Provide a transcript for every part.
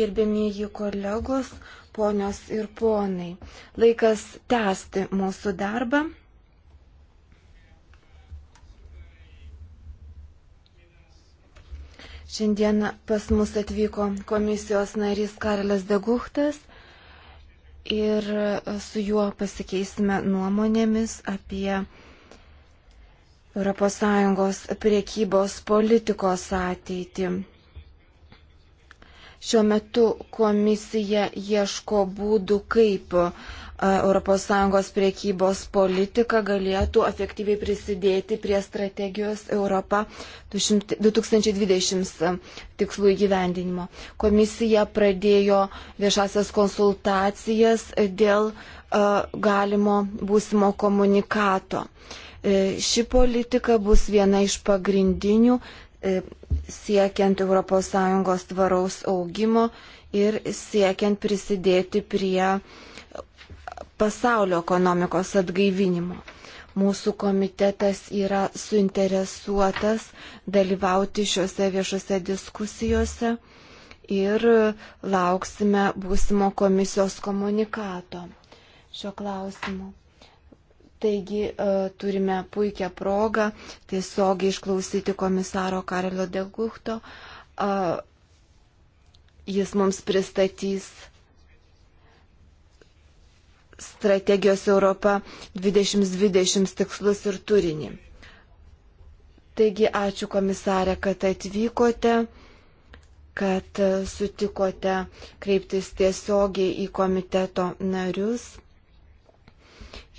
Gerbėmėji kolegos, ponios ir ponai, laikas tęsti mūsų darbą. Šiandien pas mus atvyko komisijos narys Karelas Deguhtas ir su juo pasikeisime nuomonėmis apie ES priekybos politikos ateitį. Šiuo metu komisija ieško būdų, kaip ES priekybos politika galėtų efektyviai prisidėti prie strategijos Europa 2020 e, tikslų įgyvendinimo. Komisija pradėjo viešasias konsultacijas dėl e, galimo būsimo komunikato. Uh, E, ši politika bus viena iš pagrindinių e, siekiant ES tvaraus augimo ir siekiant prisidėti prie pasaulio ekonomikos atgaivinimo. Mūsų komitetas yra suinteresuotas dalyvauti šiuose viešuose diskusijose ir lauksime būsimo komisijos komunikato šio klausimu. Taigi e, turime puikią progą tiesiog išklausyti komisaro Karelio Degukto. E, jis mums pristatys strategijos Europa 2020 tikslus ir turinį. Taigi ačiū komisarė, kad atvykote, kad sutikote kreiptis tiesiogiai į komiteto narius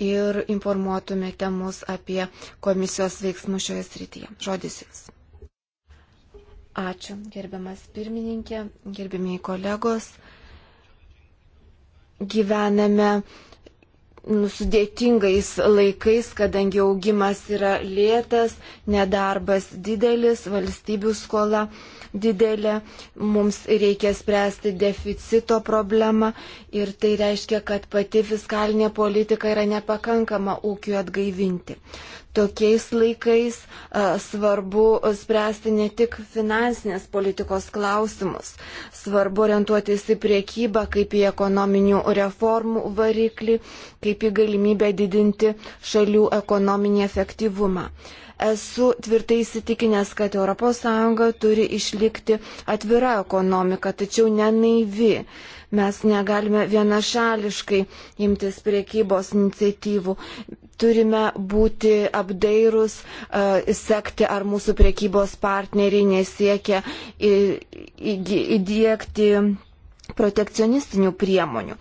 ir informuotumėte mus apie komisijos veiksmus šioje srityje. Žodis Jums. Ačiū, gerbiamas pirmininkė, gerbimiai kolegos. Gyvename sudėtingais laikais, kadangi augimas yra lėtas, nedarbas didelis, valstybių skola didelė, mums reikia spręsti deficito problemą ir tai reiškia, kad pati fiskalinė politika yra nepakankama ūkiu atgaivinti. Tokiais laikais a, svarbu spręsti ne tik finansinės politikos klausimus, svarbu orientuotis į priekybą kaip į ekonominių reformų variklį, kaip į galimybę didinti šalių ekonominį efektyvumą. Esu tvirtai įsitikinęs, kad ES turi išlikti atvira ekonomika, tačiau nenaivi. Mes negalime vienašališkai imtis priekybos iniciatyvų. Turime būti apdairūs, e, sekti, ar mūsų priekybos partneriai nesiekia įdėkti protekcionistinių priemonių.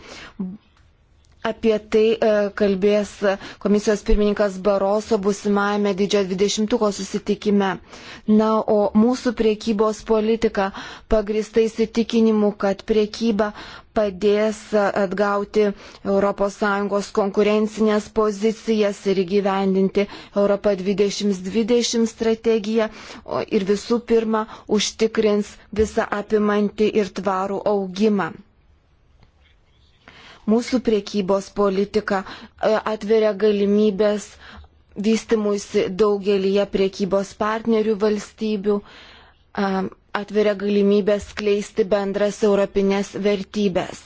Apie tai e, kalbės komisijos pirmininkas Baroso busimajame didžiojo 20-ko susitikime. Na, o mūsų priekybos politika pagrįsta įsitikinimu, kad priekyba padės atgauti ES konkurencinės pozicijas ir įgyvendinti Europą 2020 strategiją ir visų pirma užtikrins visą apimantį ir tvarų augimą. Mūsų priekybos politika e, atveria galimybės vystimuisi daugelįje priekybos partnerių valstybių, e, atveria galimybės skleisti bendras europinės vertybės.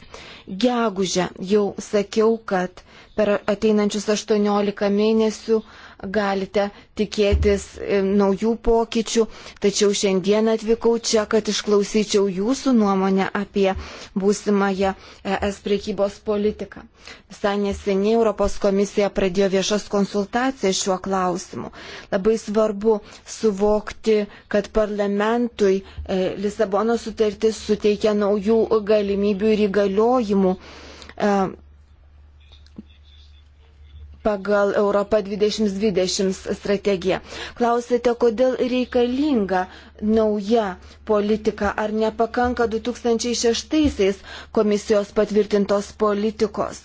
Gegužę jau sakiau, kad per ateinančius 18 mėnesių galite tikėtis e, naujų pokyčių, tačiau šiandien atvykau čia, kad išklausyčiau jūsų nuomonę apie būsimąją ES priekybos politiką. Visai neseniai Europos komisija pradėjo viešas konsultacijas šiuo klausimu. Labai svarbu suvokti, kad parlamentui e, Lisabono sutartis suteikia naujų galimybių ir įgaliojimų e, pagal Europą 2020 strategiją. Klausėte, kodėl reikalinga nauja politika, ar nepakanka 2006 komisijos patvirtintos politikos.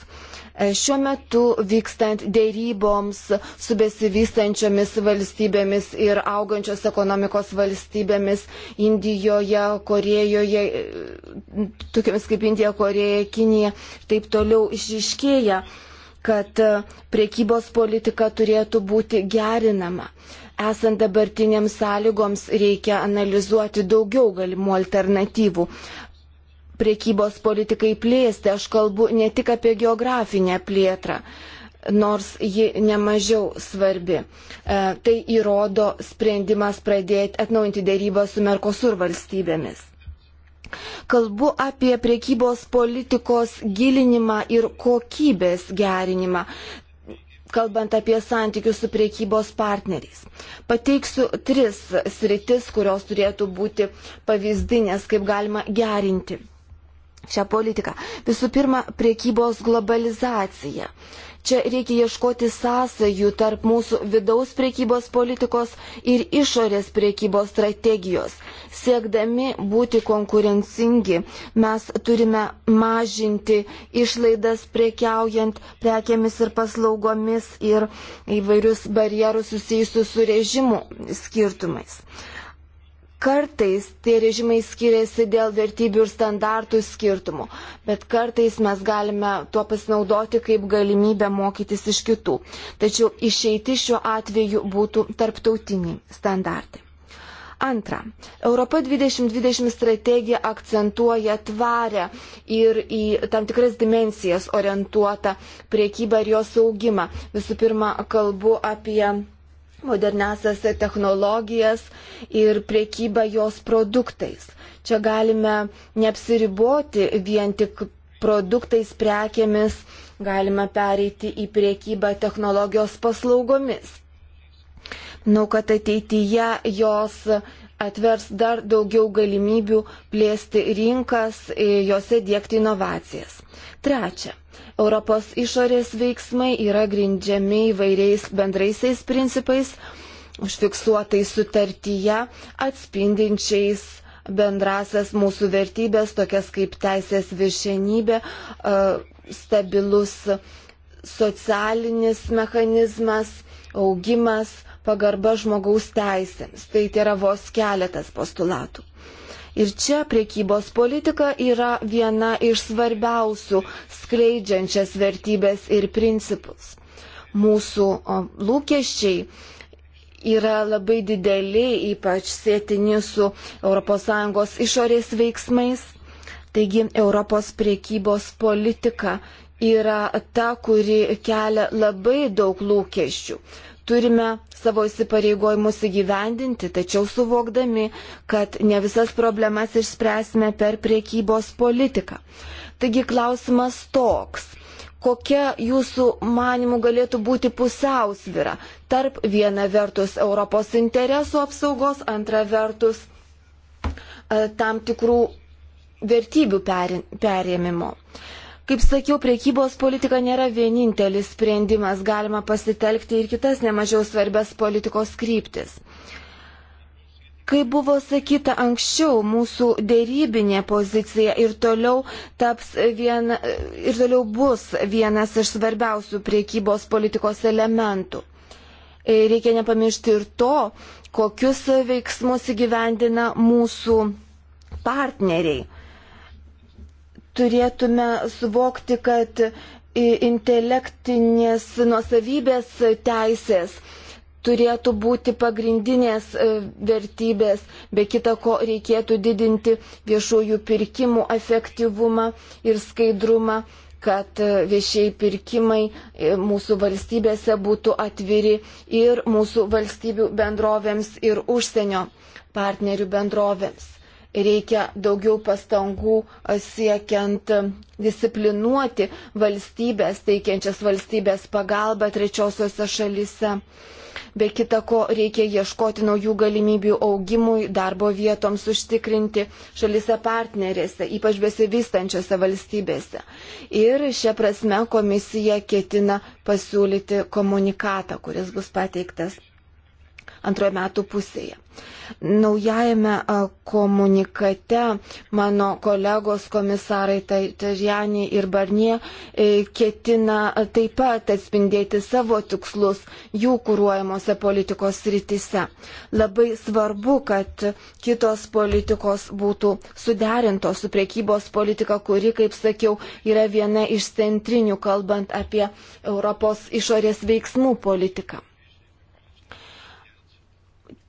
E, šiuo metu vykstant dėryboms su besivystančiomis valstybėmis ir augančios ekonomikos valstybėmis Indijoje, Korejoje, e, tokiamis kaip Indija, Koreja, Kinija, taip toliau išiškėja kad e, priekybos politika turėtų būti gerinama. Esant dabartiniams sąlygoms reikia analizuoti daugiau galimų alternatyvų. Priekybos politikai plėsti, aš kalbu ne tik apie geografinę plėtrą, nors ji nemažiau svarbi. E, tai įrodo sprendimas pradėti atnaujinti dėrybą su Merkosur valstybėmis. Kalbu apie priekybos politikos gilinimą ir kokybės gerinimą, kalbant apie santykius su priekybos partneriais. Pateiksiu tris sritis, kurios turėtų būti pavyzdinės, kaip galima gerinti šią politiką. Visų pirma, priekybos globalizacija. Čia reikia ieškoti sąsajų tarp mūsų vidaus priekybos politikos ir išorės priekybos strategijos. Siekdami būti konkurencingi, mes turime mažinti išlaidas priekiaujant prekiamis ir paslaugomis ir įvairius barjerus susijusius su režimu skirtumais. Kartais tie režimai skiriasi dėl vertybių ir standartų skirtumų, bet kartais mes galime tuo pasinaudoti kaip galimybę mokytis iš kitų. Tačiau išeiti šiuo atveju būtų tarptautiniai standartai. Antra, Europa 2020 strategija akcentuoja tvarę ir į tam tikras dimensijas orientuotą priekybą ir jos augimą. Visų pirma, kalbu apie modernesias technologijas ir priekybą jos produktais. Čia galime neapsiriboti vien tik produktais, prekėmis, galime pereiti į priekybą technologijos paslaugomis. Manau, kad ateityje jos atvers dar daugiau galimybių plėsti rinkas, e, juose dėkti inovacijas. Trečia, Europos išorės veiksmai yra grindžiami įvairiais bendraisiais principais, užfiksuotais sutartyje, atspindinčiais bendrasias mūsų vertybės, tokias kaip teisės viršenybė, e, stabilus socialinis mechanizmas, augimas, pagarba žmogaus teisėms. Tai yra vos keletas postulatų. Ir čia priekybos politika yra viena iš svarbiausių skleidžiančias vertybės ir principus. Mūsų lūkesčiai yra labai dideli, ypač sėtini su ES išorės veiksmais. Taigi Europos priekybos politika yra ta, kuri kelia labai daug lūkesčių. Turime savo įsipareigojimus įgyvendinti, tačiau suvokdami, kad ne visas problemas išspręsime per priekybos politiką. Taigi klausimas toks kokia jūsų manimų galėtų būti pusiausvyra tarp viena vertus Europos interesų apsaugos, antra vertus e, tam tikrų vertybių perėmimo. Kaip sakiau, priekybos politika nėra vienintelis sprendimas, galima pasitelkti ir kitas nemažiau svarbias politikos kryptis. Kaip buvo sakyta anksčiau, mūsų dėrybinė pozicija ir toliau, taps viena, ir toliau bus vienas iš svarbiausių priekybos politikos elementų. E, reikia nepamiršti ir to, kokius veiksmus įgyvendina mūsų partneriai turėtume suvokti, kad intelektinės nuosavybės teisės turėtų būti pagrindinės e, vertybės, be kita ko reikėtų didinti viešųjų pirkimų efektyvumą ir skaidrumą, kad e, viešiai pirkimai e, mūsų valstybėse būtų atviri ir mūsų valstybių bendrovėms ir užsienio partnerių bendrovėms reikia daugiau pastangų siekiant disciplinuoti valstybės, teikiančias valstybės pagalbą trečiosiuose šalise. Be kita ko, reikia ieškoti naujų galimybių augimui, darbo vietoms užtikrinti šalise partnerėse, ypač besivystančiose valstybėse. Ir šia prasme komisija ketina pasiūlyti komunikatą, kuris bus pateiktas antroje metų pusėje. Naujajame komunikate mano kolegos komisarai tai- Tažiani ir Barnie e, ketina taip pat atspindėti savo tikslus jų kūruojamose politikos rytise. Labai svarbu, kad kitos politikos būtų suderintos su priekybos politika, kuri, kaip sakiau, yra viena iš centrinių, kalbant apie Europos išorės veiksmų politiką.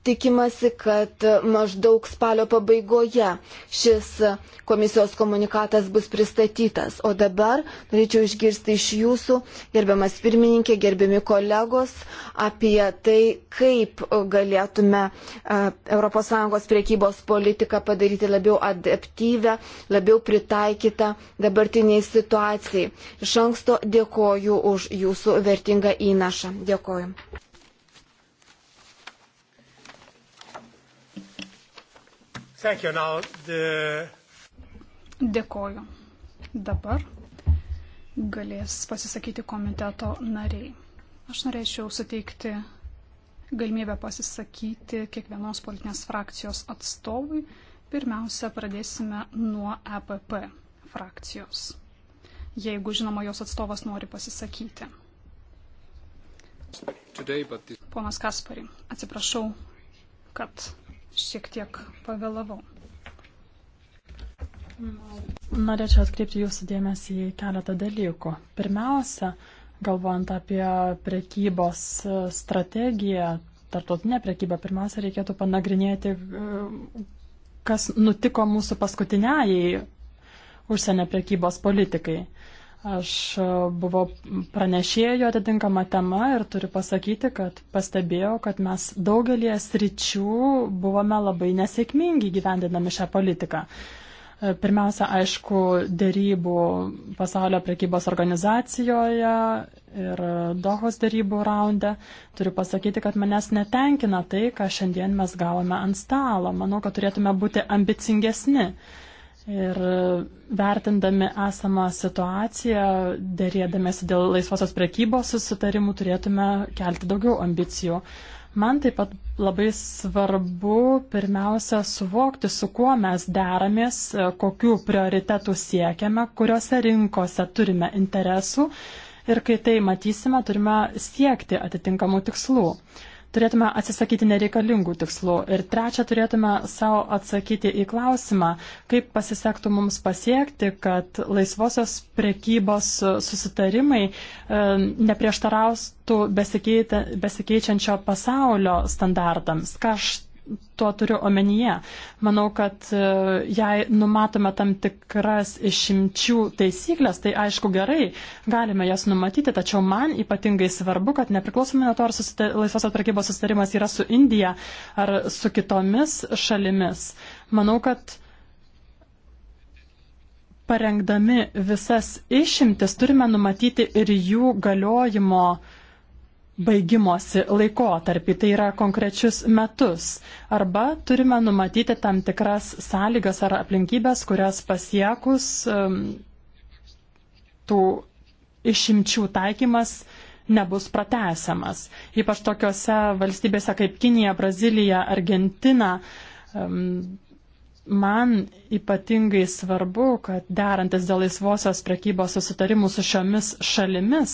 Tikimasi, kad maždaug spalio pabaigoje šis komisijos komunikatas bus pristatytas. O dabar norėčiau išgirsti iš jūsų, gerbiamas pirmininkė, gerbiami kolegos, apie tai, kaip galėtume ES priekybos politiką padaryti labiau adaptyvę, labiau pritaikytą dabartiniai situacijai. Iš anksto dėkoju už jūsų vertingą įnašą. Dėkoju. Thank you now. The... Dėkoju. Dabar galės pasisakyti komiteto nariai. Aš norėčiau suteikti galimybę pasisakyti kiekvienos politinės frakcijos atstovui. Pirmiausia, pradėsime nuo EPP frakcijos. Jeigu, žinoma, jos atstovas nori pasisakyti. Ponas Kaspari, atsiprašau, kad šiek tiek pavėlavau. Norėčiau atkreipti jūsų dėmesį į keletą dalykų. Pirmiausia, galvojant apie prekybos e, strategiją, tarptautinę prekybą, pirmiausia, reikėtų panagrinėti, e, kas nutiko mūsų paskutiniai užsienio prekybos politikai. Aš e, buvau pranešėjo atitinkama tema ir turiu pasakyti, kad pastebėjau, kad mes daugelie sričių buvome labai nesėkmingi gyvendinami šią politiką. E, pirmiausia, aišku, dėrybų pasaulio prekybos organizacijoje ir Dohos dėrybų raunde. Turiu pasakyti, kad manęs netenkina tai, ką šiandien mes gavome ant stalo. Manau, kad turėtume būti ambicingesni. Ir vertindami esamą situaciją, dėrėdamėsi dėl laisvosios prekybos susitarimų, turėtume kelti daugiau ambicijų. Man taip pat labai svarbu pirmiausia suvokti, su kuo mes deramės, kokių prioritetų siekiame, kuriuose rinkose turime interesų ir kai tai matysime, turime siekti atitinkamų tikslų turėtume atsisakyti nereikalingų tikslų. Ir trečia, turėtume savo atsakyti į klausimą, kaip pasisektų mums pasiekti, kad laisvosios prekybos susitarimai e, neprieštaraustų besikeičiančio pasaulio standartams. Ką aš tuo turiu omenyje. Manau, kad e, jei numatome tam tikras išimčių taisyklės, tai aišku gerai, galime jas numatyti, tačiau man ypatingai svarbu, kad nepriklausomai nuo to, ar susita, laisvosios prekybos sustarimas yra su Indija ar su kitomis šalimis, manau, kad Parengdami visas išimtis turime numatyti ir jų galiojimo uh, baigimosi laikotarpį, tai yra konkrečius metus. Arba turime numatyti tam tikras sąlygas ar aplinkybės, kurias pasiekus um, tų išimčių taikymas nebus pratesiamas. Ypač tokiuose valstybėse kaip Kinija, Brazilija, Argentina um, Man ypatingai svarbu, kad derantis dėl laisvosios prekybos susitarimų su šiomis šalimis,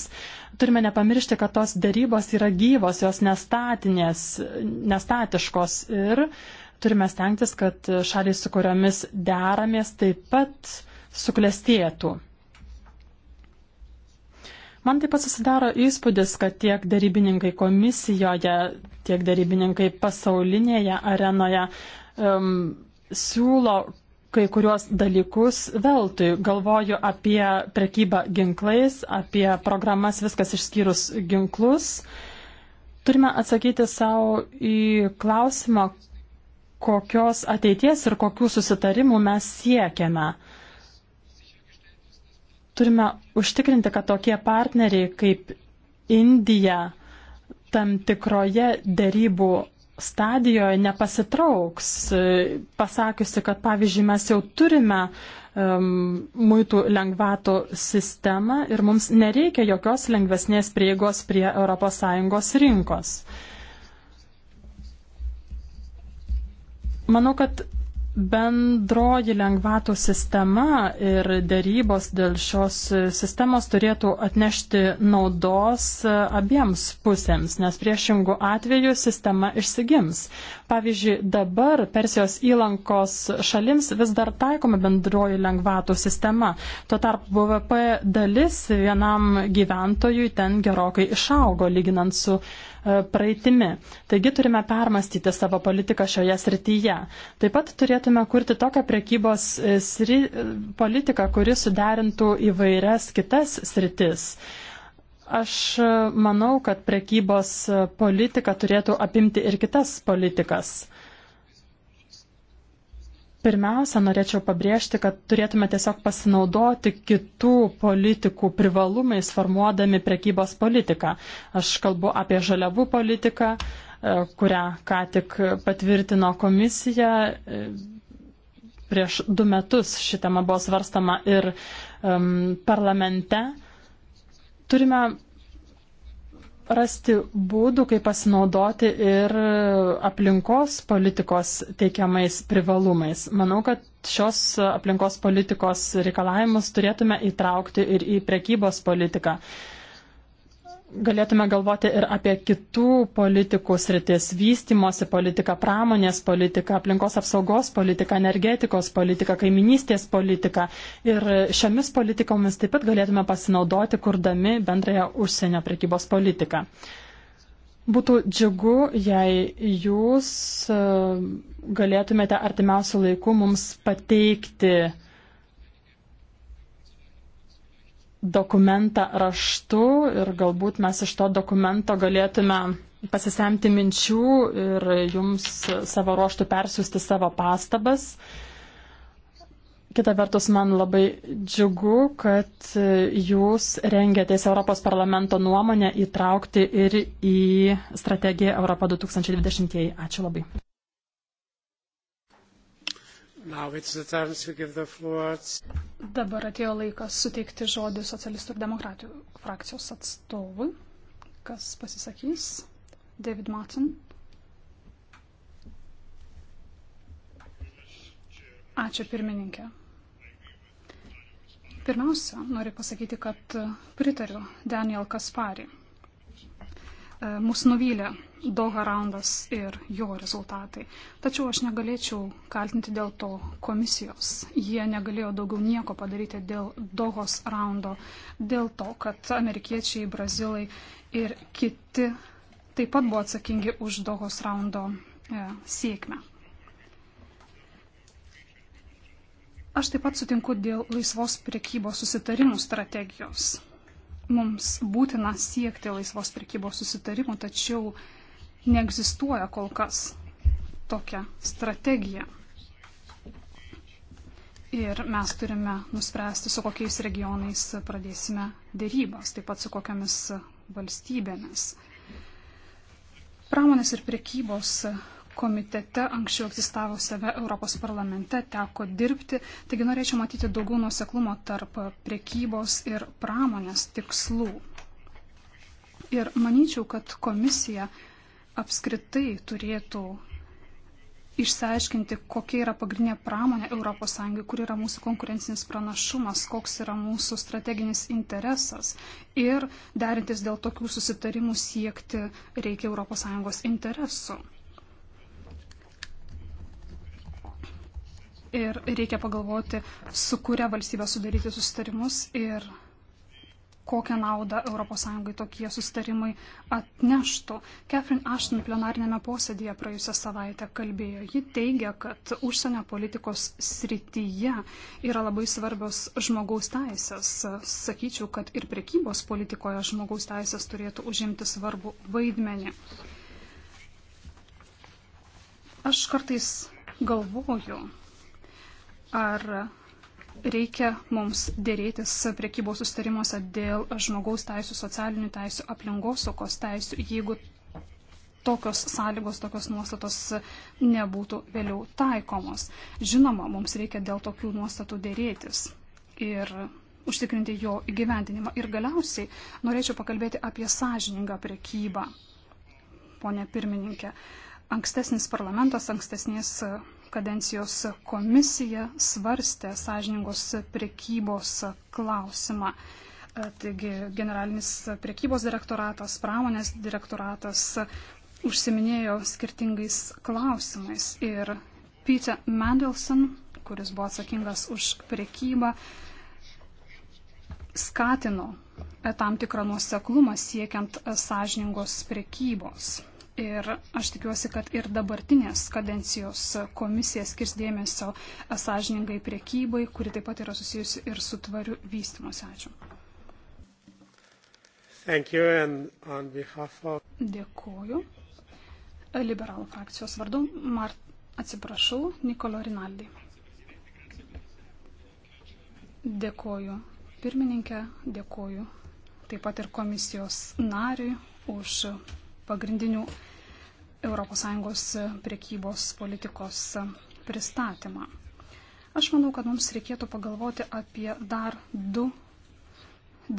turime nepamiršti, kad tos dėrybos yra gyvos, jos nestatinės, nestatiškos ir turime stengtis, kad šaliai, su kuriomis deramės, taip pat suklestėtų. Man taip pat susidaro įspūdis, kad tiek darybininkai komisijoje, tiek darybininkai pasaulinėje arenoje um, siūlo kai kuriuos dalykus veltui. Galvoju apie prekybą ginklais, apie programas viskas išskyrus ginklus. Turime atsakyti savo į klausimą, kokios ateities ir kokių susitarimų mes siekiame. Turime užtikrinti, kad tokie partneriai kaip Indija tam tikroje dėrybų stadijoje nepasitrauks, e, pasakiusi, kad pavyzdžiui mes jau turime um, muitų lengvato sistemą ir mums nereikia jokios lengvesnės prieigos prie ES rinkos. Manau, kad Bendroji lengvatų sistema ir dėrybos dėl šios sistemos turėtų atnešti naudos abiems pusėms, nes priešingų atveju sistema išsigims. Pavyzdžiui, dabar Persijos įlankos šalims vis dar taikoma bendroji lengvatų sistema. Tuo tarpu BVP dalis vienam gyventojui ten gerokai išaugo lyginant su E, praeitimi. Taigi turime permastyti savo politiką šioje srityje. Taip pat turėtume kurti tokią prekybos e, sri... E, politiką, kuri suderintų įvairias kitas sritis. Aš manau, kad prekybos politika turėtų apimti ir kitas politikas. Pirmiausia, norėčiau pabrėžti, kad turėtume tiesiog pasinaudoti kitų politikų privalumais formuodami prekybos politiką. Aš kalbu apie žaliavų politiką, e, kurią ką tik patvirtino komisija. E, prieš du metus ši tema buvo svarstama ir um, parlamente. Turime rasti būdų, kaip pasinaudoti ir aplinkos politikos teikiamais privalumais. Manau, kad šios aplinkos politikos reikalavimus turėtume įtraukti ir į prekybos politiką galėtume galvoti ir apie kitų politikų sritis - vystimosi politiką, pramonės politiką, aplinkos apsaugos politiką, energetikos politiką, kaiminystės politiką. Ir šiomis politikomis taip pat galėtume pasinaudoti, kurdami bendrąją užsienio prekybos politiką. Būtų džiugu, jei jūs e, galėtumėte artimiausių laikų mums pateikti uh, dokumentą raštu ir galbūt mes iš to dokumento galėtume pasisemti minčių ir jums savo ruoštų persiųsti savo pastabas. Kita vertus, man labai džiugu, kad jūs rengėtės Europos parlamento nuomonę įtraukti ir į strategiją Europą 2020. Ačiū labai. Dabar atėjo laikas suteikti žodį socialistų ir demokratų frakcijos atstovui. Kas pasisakys? David Martin. Ačiū pirmininkė. Pirmiausia, noriu pasakyti, kad pritariu Daniel Kaspari. E, mus nuvylė Doha raundas ir jo rezultatai. Tačiau aš negalėčiau kaltinti dėl to komisijos. Jie negalėjo daugiau nieko padaryti dėl Dohos raundo, dėl to, kad amerikiečiai, brazilai ir kiti taip pat buvo atsakingi už Dohos raundo e, sėkmę. Aš taip pat sutinku dėl laisvos priekybos susitarimų strategijos. Mums būtina siekti laisvos prekybos susitarimų, tačiau neegzistuoja kol kas tokia strategija. Ir mes turime nuspręsti, su kokiais regionais pradėsime dėrybas, taip pat su kokiamis valstybėmis. Pramonės ir priekybos komitete anksčiau egzistavusiame Europos parlamente teko dirbti, taigi norėčiau matyti daugiau nuoseklumo tarp priekybos ir pramonės tikslų. Ir manyčiau, kad komisija apskritai turėtų išsiaiškinti, kokia yra pagrindinė pramonė ES, kur yra mūsų konkurencinis pranašumas, koks yra mūsų strateginis interesas ir derintis dėl tokių susitarimų siekti reikia ES interesų. Ir reikia pagalvoti, su kuria valstybė sudaryti sustarimus ir kokią naudą ES tokie sustarimai atneštų. Catherine Ashton plenarinėme posėdėje praėjusią savaitę kalbėjo. Ji teigia, kad užsienio politikos srityje yra labai svarbios žmogaus teisės. Sakyčiau, kad ir prekybos politikoje žmogaus teisės turėtų užimti svarbu vaidmenį. Aš kartais galvoju, ar reikia mums dėrėtis priekybos sustarimuose dėl žmogaus teisų, socialinių teisų, aplinkosaugos teisų, jeigu tokios sąlygos, tokios nuostatos nebūtų vėliau taikomos. Žinoma, mums reikia dėl tokių nuostatų dėrėtis ir užtikrinti jo įgyvendinimą. Ir galiausiai norėčiau pakalbėti apie sąžiningą priekybą, ponė pirmininkė. Uh, Ankstesnis parlamentas, ankstesnės kadencijos komisija svarstė sąžiningos prekybos klausimą. E, taigi generalinis priekybos direktoratas, pramonės direktoratas užsiminėjo skirtingais klausimais. Ir Peter Mandelson, kuris buvo atsakingas už priekybą, skatino e, tam tikrą nuoseklumą siekiant e, sąžiningos priekybos. Ir aš tikiuosi, kad ir dabartinės kadencijos komisija skirs dėmesio e, sąžiningai priekybai, kuri taip pat yra susijusi ir su tvariu vystimuose. Ačiū. Of... Dėkuoju. E, liberalų frakcijos vardu, Mart, atsiprašau, Nikolo Rinaldi. Dėkuoju pirmininkė, dėkuoju taip pat ir komisijos nariui už pagrindinių ES priekybos politikos pristatymą. Aš manau, kad mums reikėtų pagalvoti apie dar du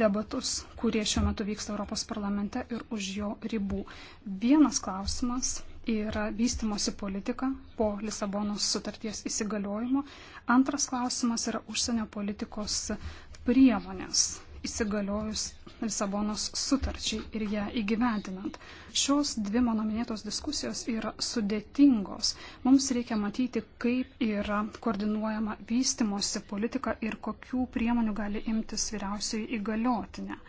debatus, kurie šiuo metu vyksta Europos parlamente ir už jo ribų. Vienas klausimas yra vystimosi politika po Lisabonos sutarties įsigaliojimo. Antras klausimas yra užsienio politikos priemonės įsigaliojus Lisabonos sutarčiai ir ją įgyvendinant. Šios dvi mano minėtos diskusijos yra sudėtingos. Mums reikia matyti, kaip yra koordinuojama vystimosi politika ir kokių priemonių gali imtis vyriausiai įgaliotinė.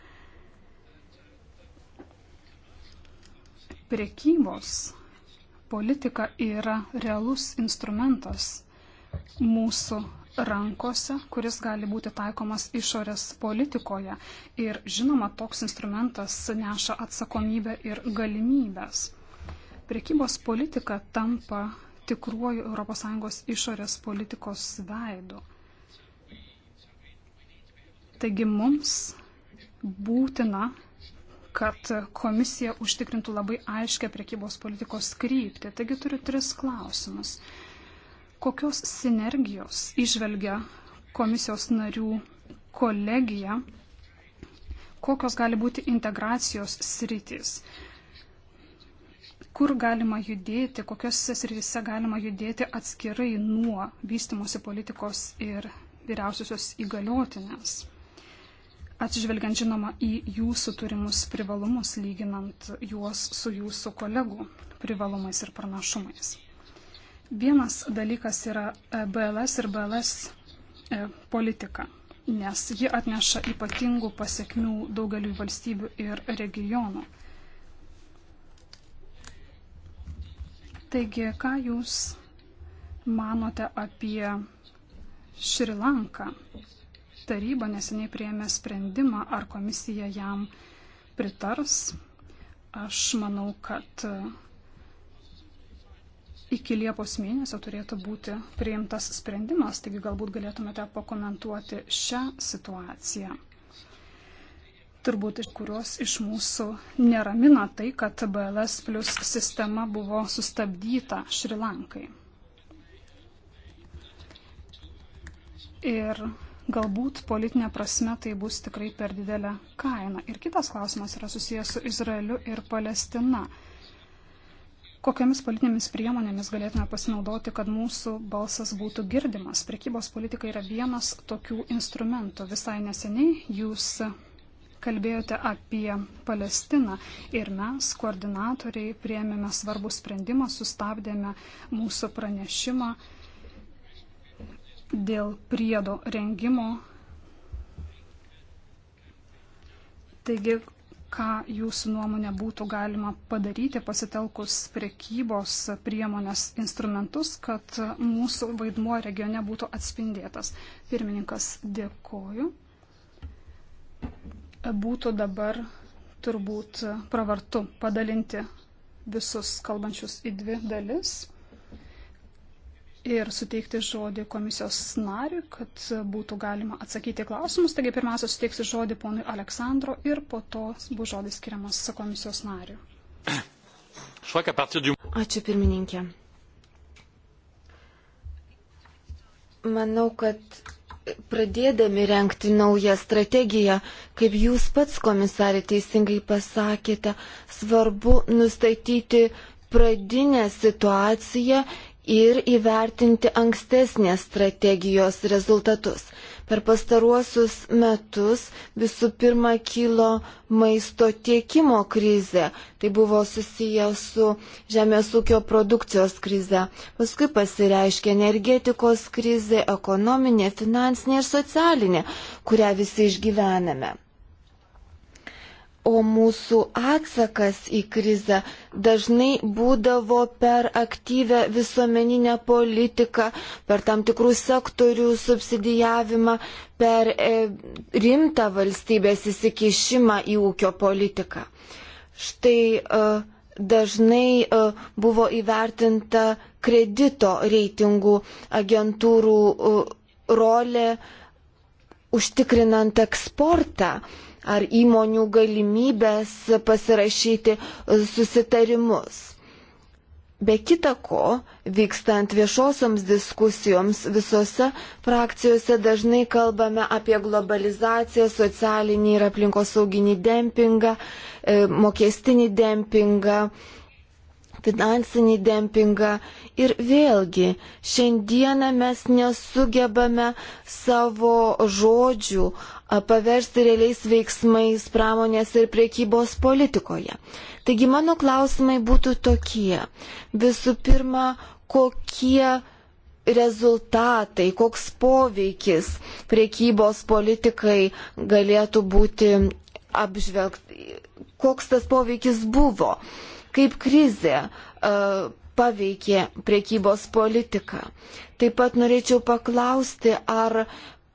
Prekybos politika yra realus instrumentas mūsų rankose, kuris gali būti taikomas išorės politikoje. Ir žinoma, toks instrumentas neša atsakomybę ir galimybės. Priekybos politika tampa tikruoju ES išorės politikos veidu. Taigi mums būtina, kad komisija užtikrintų labai aiškę priekybos politikos kryptį. Taigi turiu tris klausimus. Kokios sinergijos išvelgia komisijos narių kolegija? Kokios gali būti integracijos sritys? Kur galima judėti, kokiose srityse galima judėti atskirai nuo vystimosi politikos ir vyriausiosios įgaliotinės? atsižvelgiant žinoma į jūsų turimus privalumus, lyginant juos su jūsų kolegų privalumais ir pranašumais. Vienas dalykas yra e, BLS ir BLS e, politika, nes ji atneša ypatingų pasiekmių daugeliu valstybių ir regionų. Taigi, ką Jūs manote apie Šri Lanką? Taryba neseniai prieėmė sprendimą, ar komisija jam pritars. Aš manau, kad iki Liepos mėnesio turėtų būti priimtas sprendimas, taigi galbūt galėtumėte pakomentuoti šią situaciją. Turbūt iš kurios iš mūsų neramina tai, kad BLS plus sistema buvo sustabdyta Šri Lankai. Ir galbūt politinė prasme tai bus tikrai per didelė kaina. Ir kitas klausimas yra susijęs su Izraeliu ir Palestina kokiamis politinėmis priemonėmis galėtume pasinaudoti, kad mūsų balsas būtų girdimas. Prekybos politika yra vienas tokių instrumentų. Visai neseniai jūs kalbėjote apie Palestiną ir mes, koordinatoriai, prieėmėme svarbų sprendimą, sustabdėme mūsų pranešimą dėl priedo rengimo Taigi ką jūsų nuomonė būtų galima padaryti pasitelkus priekybos priemonės instrumentus, kad mūsų vaidmuo regione būtų atspindėtas. Pirmininkas, dėkoju. Būtų dabar turbūt pravartu padalinti visus kalbančius į dvi dalis ir suteikti žodį komisijos nariui, kad būtų galima atsakyti klausimus. Taigi pirmiausia, suteiksiu žodį ponui Aleksandro ir po to bus žodis skiriamas komisijos nariui. Ačiū pirmininkė. Manau, kad pradėdami renkti naują strategiją, kaip jūs pats komisarė teisingai pasakėte, svarbu nustatyti pradinę situaciją ir įvertinti ankstesnės strategijos rezultatus. Per pastaruosius metus visų pirma kilo maisto tiekimo krizė, tai buvo susiję su žemės ūkio produkcijos krize, paskui pasireiškė energetikos krizė, ekonominė, finansinė ir socialinė, kurią visi išgyvename. O mūsų atsakas į krizę dažnai būdavo per aktyvę visuomeninę politiką, per tam tikrų sektorių subsidijavimą, per e, rimtą valstybės įsikišimą į ūkio politiką. Štai e, dažnai e, buvo įvertinta kredito reitingų agentūrų e, rolė e, užtikrinant eksportą ar įmonių galimybės pasirašyti e, susitarimus. Be kita ko, vykstant viešosioms diskusijoms visose frakcijose dažnai kalbame apie globalizaciją, socialinį ir aplinkosauginį dempingą, e, mokestinį dempingą, finansinį dempingą. Ir vėlgi, šiandieną mes nesugebame savo žodžių paversti realiais veiksmais pramonės ir priekybos politikoje. Taigi mano klausimai būtų tokie. Visų pirma, kokie rezultatai, koks poveikis priekybos politikai galėtų būti apžvelgti, koks tas poveikis buvo. Uh, kaip krizė e, paveikė priekybos politiką. Taip pat norėčiau paklausti, ar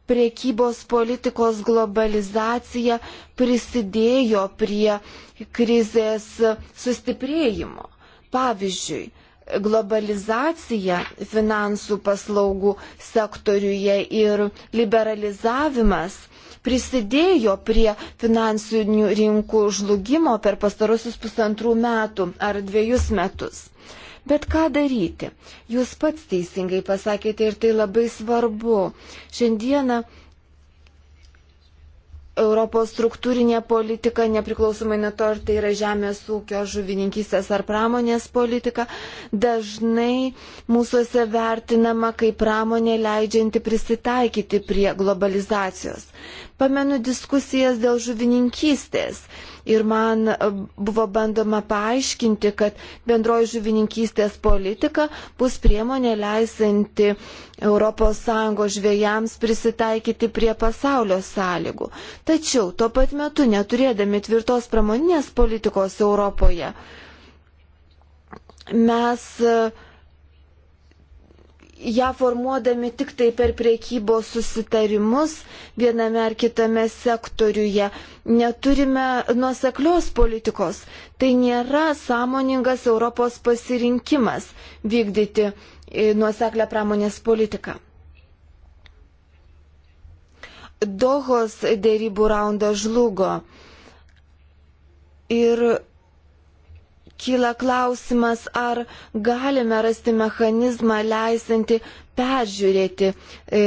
priekybos politikos globalizacija prisidėjo prie krizės sustiprėjimo. Pavyzdžiui, globalizacija finansų paslaugų sektoriuje ir liberalizavimas prisidėjo prie finansinių rinkų žlugimo per pastarusius pusantrų metų ar dviejus metus. Bet ką daryti? Jūs pats teisingai pasakėte ir tai labai svarbu. Šiandieną Europos struktūrinė politika, nepriklausomai nuo to, ar tai yra žemės ūkio, žuvininkystės ar pramonės politika, dažnai mūsųse vertinama kaip pramonė leidžianti prisitaikyti prie globalizacijos. Pamenu diskusijas dėl žuvininkystės ir man e, buvo bandoma paaiškinti, kad bendroji žuvininkystės politika bus priemonė leisanti ES žvėjams prisitaikyti prie pasaulio sąlygų. Tačiau tuo pat metu neturėdami tvirtos pramoninės politikos Europoje, mes uh, ją formuodami tik tai per priekybos susitarimus viename ar kitame sektoriuje. Neturime nuoseklios politikos. Tai nėra sąmoningas Europos pasirinkimas vykdyti e, nuoseklę pramonės politiką. Dohos dėrybų raundas žlugo. Ir kyla klausimas, ar galime rasti mechanizmą leisinti peržiūrėti e,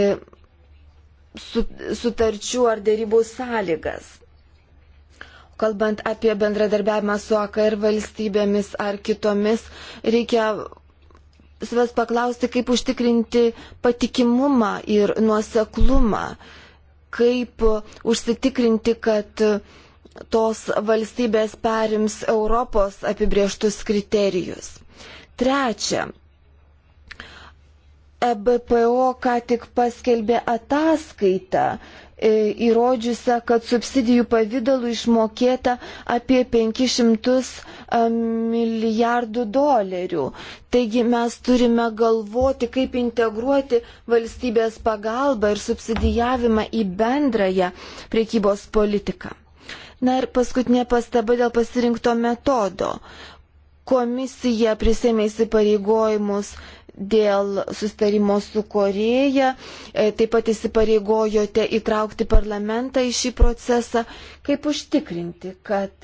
su, sutarčių ar dėrybų sąlygas. Kalbant apie bendradarbiavimą su AKR valstybėmis ar kitomis, reikia savęs paklausti, kaip užtikrinti patikimumą ir nuoseklumą, kaip užsitikrinti, kad e, tos valstybės perims Europos apibrieštus kriterijus. Trečia, EBPO ką tik paskelbė ataskaitą e, įrodžiusią, kad subsidijų pavydalų išmokėta apie 500 e, milijardų dolerių. Taigi mes turime galvoti, kaip integruoti valstybės pagalbą ir subsidijavimą į bendrąją priekybos politiką. Na ir paskutinė pastaba dėl pasirinkto metodo. Komisija prisėmė įsipareigojimus dėl sustarimo su Koreja, e, taip pat įsipareigojote įtraukti parlamentą į šį procesą. Kaip užtikrinti, kad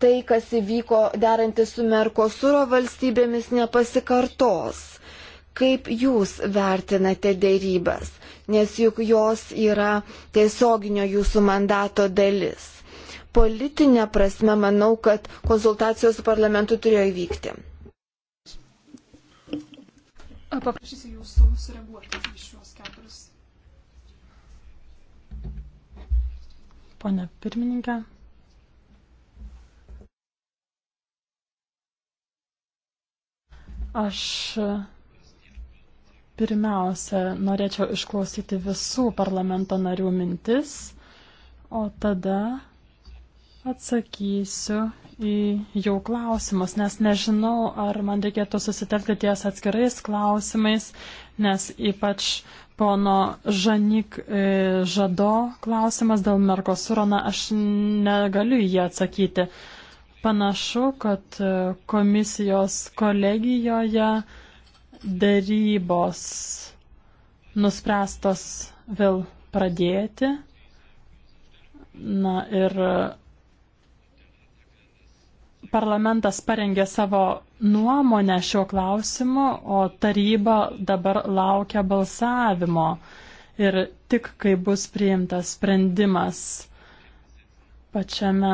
tai, kas įvyko derantys su Merkosuro valstybėmis, nepasikartos? Kaip jūs vertinate dėrybas, nes juk jos yra tiesioginio jūsų mandato dalis? Politinė prasme manau, kad konsultacijos su parlamentu turėjo įvykti. Paprašysiu jūsų sureaguoti į šiuos keturis. Pone pirmininkė. Aš Pirmiausia, norėčiau išklausyti visų parlamento narių mintis, o tada atsakysiu į jų klausimus, nes nežinau, ar man reikėtų susitelkti ties atskirais klausimais, nes ypač pono Žanik e, Žado klausimas dėl Merkosuro, na, aš negaliu jį atsakyti. Panašu, kad e, komisijos kolegijoje darybos nuspręstos vėl pradėti. Na ir parlamentas parengė savo nuomonę šiuo klausimu, o taryba dabar laukia balsavimo. Ir tik kai bus priimtas sprendimas pačiame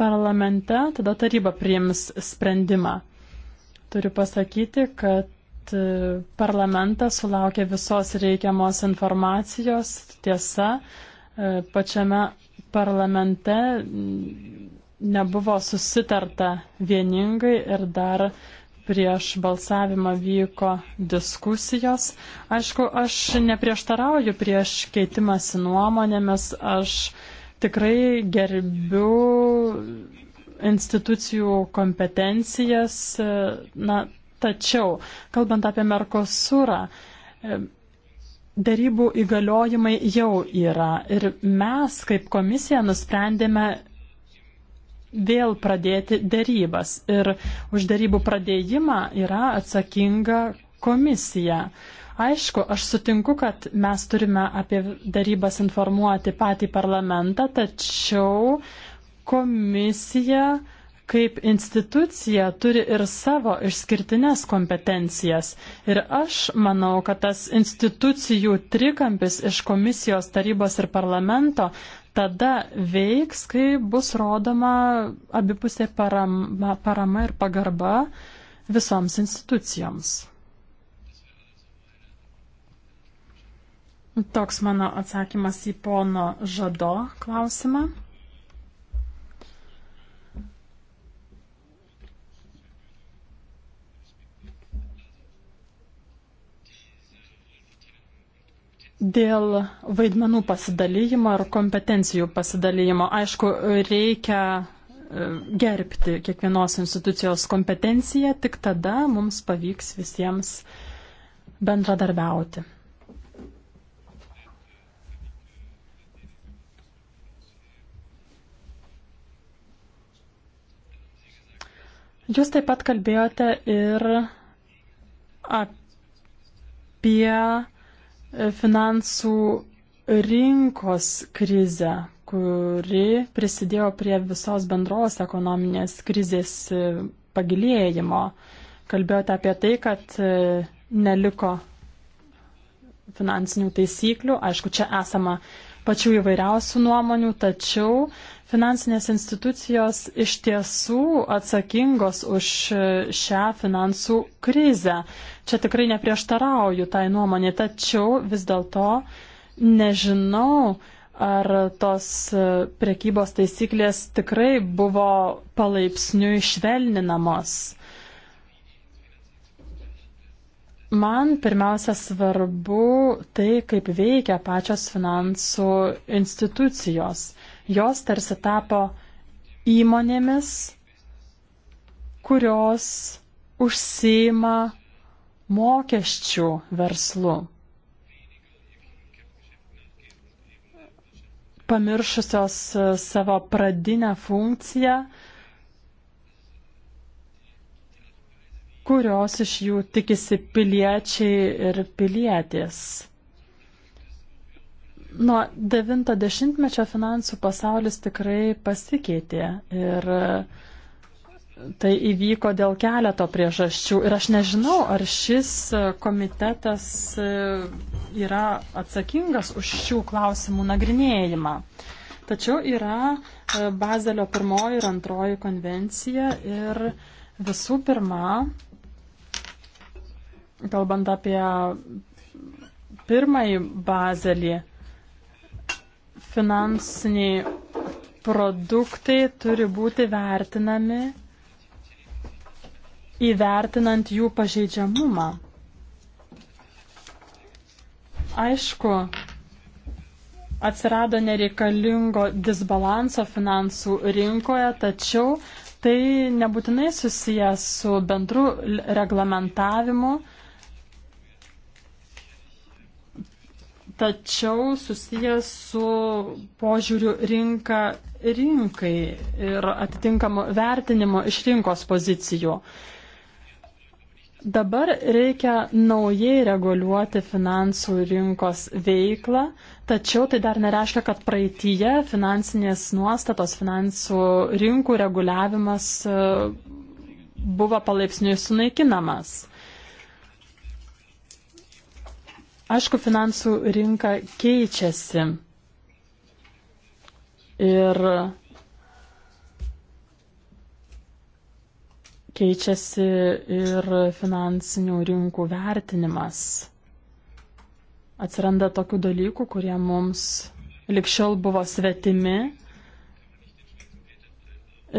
parlamente, tada taryba priims sprendimą. Turiu pasakyti, kad e, parlamentas sulaukė visos reikiamos informacijos. Tiesa, e, pačiame parlamente nebuvo susitarta vieningai ir dar prieš balsavimą vyko diskusijos. Aišku, aš neprieštarauju prieš keitimąsi nuomonėmis, aš tikrai gerbiu institucijų kompetencijas. E, na, tačiau, kalbant apie Merkosurą, e, darybų įgaliojimai jau yra ir mes kaip komisija nusprendėme vėl pradėti darybas ir už darybų pradėjimą yra atsakinga komisija. Aišku, aš sutinku, kad mes turime apie darybas informuoti patį parlamentą, tačiau komisija kaip institucija turi ir savo išskirtines kompetencijas. Ir aš manau, kad tas institucijų trikampis iš komisijos tarybos ir parlamento tada veiks, kai bus rodoma abipusė parama, parama ir pagarba visoms institucijoms. Toks mano atsakymas į pono Žado klausimą. Dėl vaidmenų pasidalymo ir kompetencijų pasidalymo, aišku, reikia e, gerbti kiekvienos institucijos kompetenciją, tik tada mums pavyks visiems bendradarbiauti. Jūs taip pat kalbėjote ir apie finansų rinkos krizę, kuri prisidėjo prie visos bendros ekonominės krizės pagilėjimo. Kalbėjote apie tai, kad e, neliko finansinių taisyklių. Aišku, čia esama pačių įvairiausių nuomonių, tačiau uh, Finansinės institucijos iš tiesų atsakingos už šią finansų krizę. Čia tikrai neprieštarauju tai nuomonė, tačiau vis dėlto nežinau, ar tos prekybos taisyklės tikrai buvo palaipsniui švelninamos. Man pirmiausia svarbu tai, kaip veikia pačios finansų institucijos. Jos tarsi tapo įmonėmis, kurios užsima mokesčių verslu. Pamiršusios e, savo pradinę funkciją, kurios iš jų tikisi piliečiai ir pilietės. Nuo 90-mečio finansų pasaulis tikrai pasikeitė ir e, tai įvyko dėl keleto priežasčių. Ir aš nežinau, ar šis e, komitetas e, yra atsakingas už šių klausimų nagrinėjimą. Tačiau yra Bazelio pirmoji ir antroji konvencija ir visų pirma, kalbant apie pirmąjį Bazelį, finansiniai produktai turi būti vertinami įvertinant jų pažeidžiamumą. Aišku, atsirado nereikalingo disbalanso finansų rinkoje, tačiau tai nebūtinai susijęs su bendru reglamentavimu. tačiau susijęs su požiūriu rinka rinkai ir atitinkamo vertinimo iš rinkos pozicijų. Dabar reikia naujai reguliuoti finansų rinkos veiklą, tačiau tai dar nereiškia, kad praeitįje finansinės nuostatos, finansų rinkų reguliavimas e, buvo palaipsniui sunaikinamas. Aišku, finansų rinka keičiasi. Ir keičiasi ir finansinių rinkų vertinimas. Atsiranda tokių dalykų, kurie mums likščiau buvo svetimi.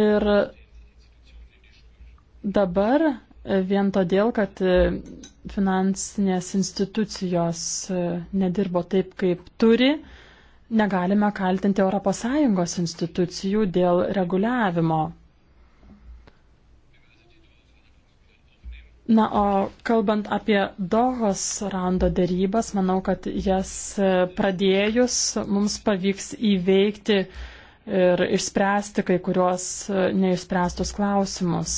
Ir dabar vien todėl, kad e, finansinės institucijos e, nedirbo taip, kaip turi, negalime kaltinti ES institucijų dėl reguliavimo. Na, o kalbant apie Dohos rando dėrybas, manau, kad jas e, pradėjus mums pavyks įveikti ir išspręsti kai kuriuos neišspręstus klausimus.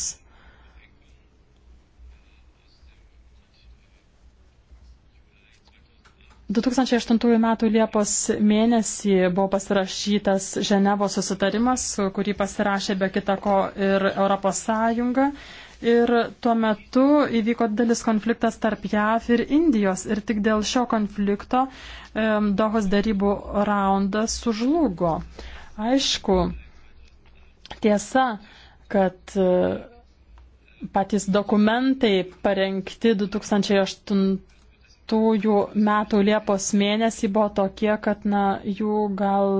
2008 m. Liepos mėnesį buvo pasirašytas Ženevos susitarimas, kurį pasirašė be kitako ir ES. Ir tuo metu įvyko didelis konfliktas tarp JAV ir Indijos. Ir tik dėl šio konflikto um, Dohos darybų raundas sužlugo. Aišku, tiesa, kad uh, patys dokumentai parengti 2008 metų Liepos mėnesį buvo tokie, kad na, jų gal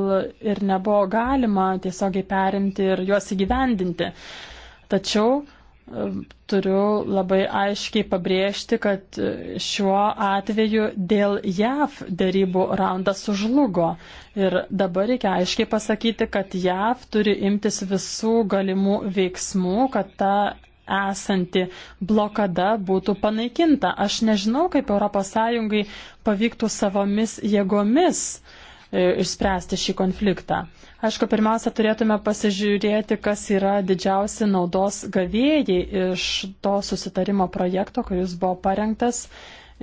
ir nebuvo galima tiesiogiai perimti ir juos įgyvendinti. Tačiau e, turiu labai aiškiai pabrėžti, kad e, šiuo atveju dėl JAV dėrybų raundas sužlugo. Ir dabar reikia aiškiai pasakyti, kad JAV turi imtis visų galimų veiksmų, kad ta esanti blokada būtų panaikinta. Aš nežinau, kaip ES pavyktų savomis jėgomis e, išspręsti šį konfliktą. Aišku, pirmiausia, turėtume pasižiūrėti, kas yra didžiausi naudos gavėjai iš to susitarimo projekto, kuris buvo parengtas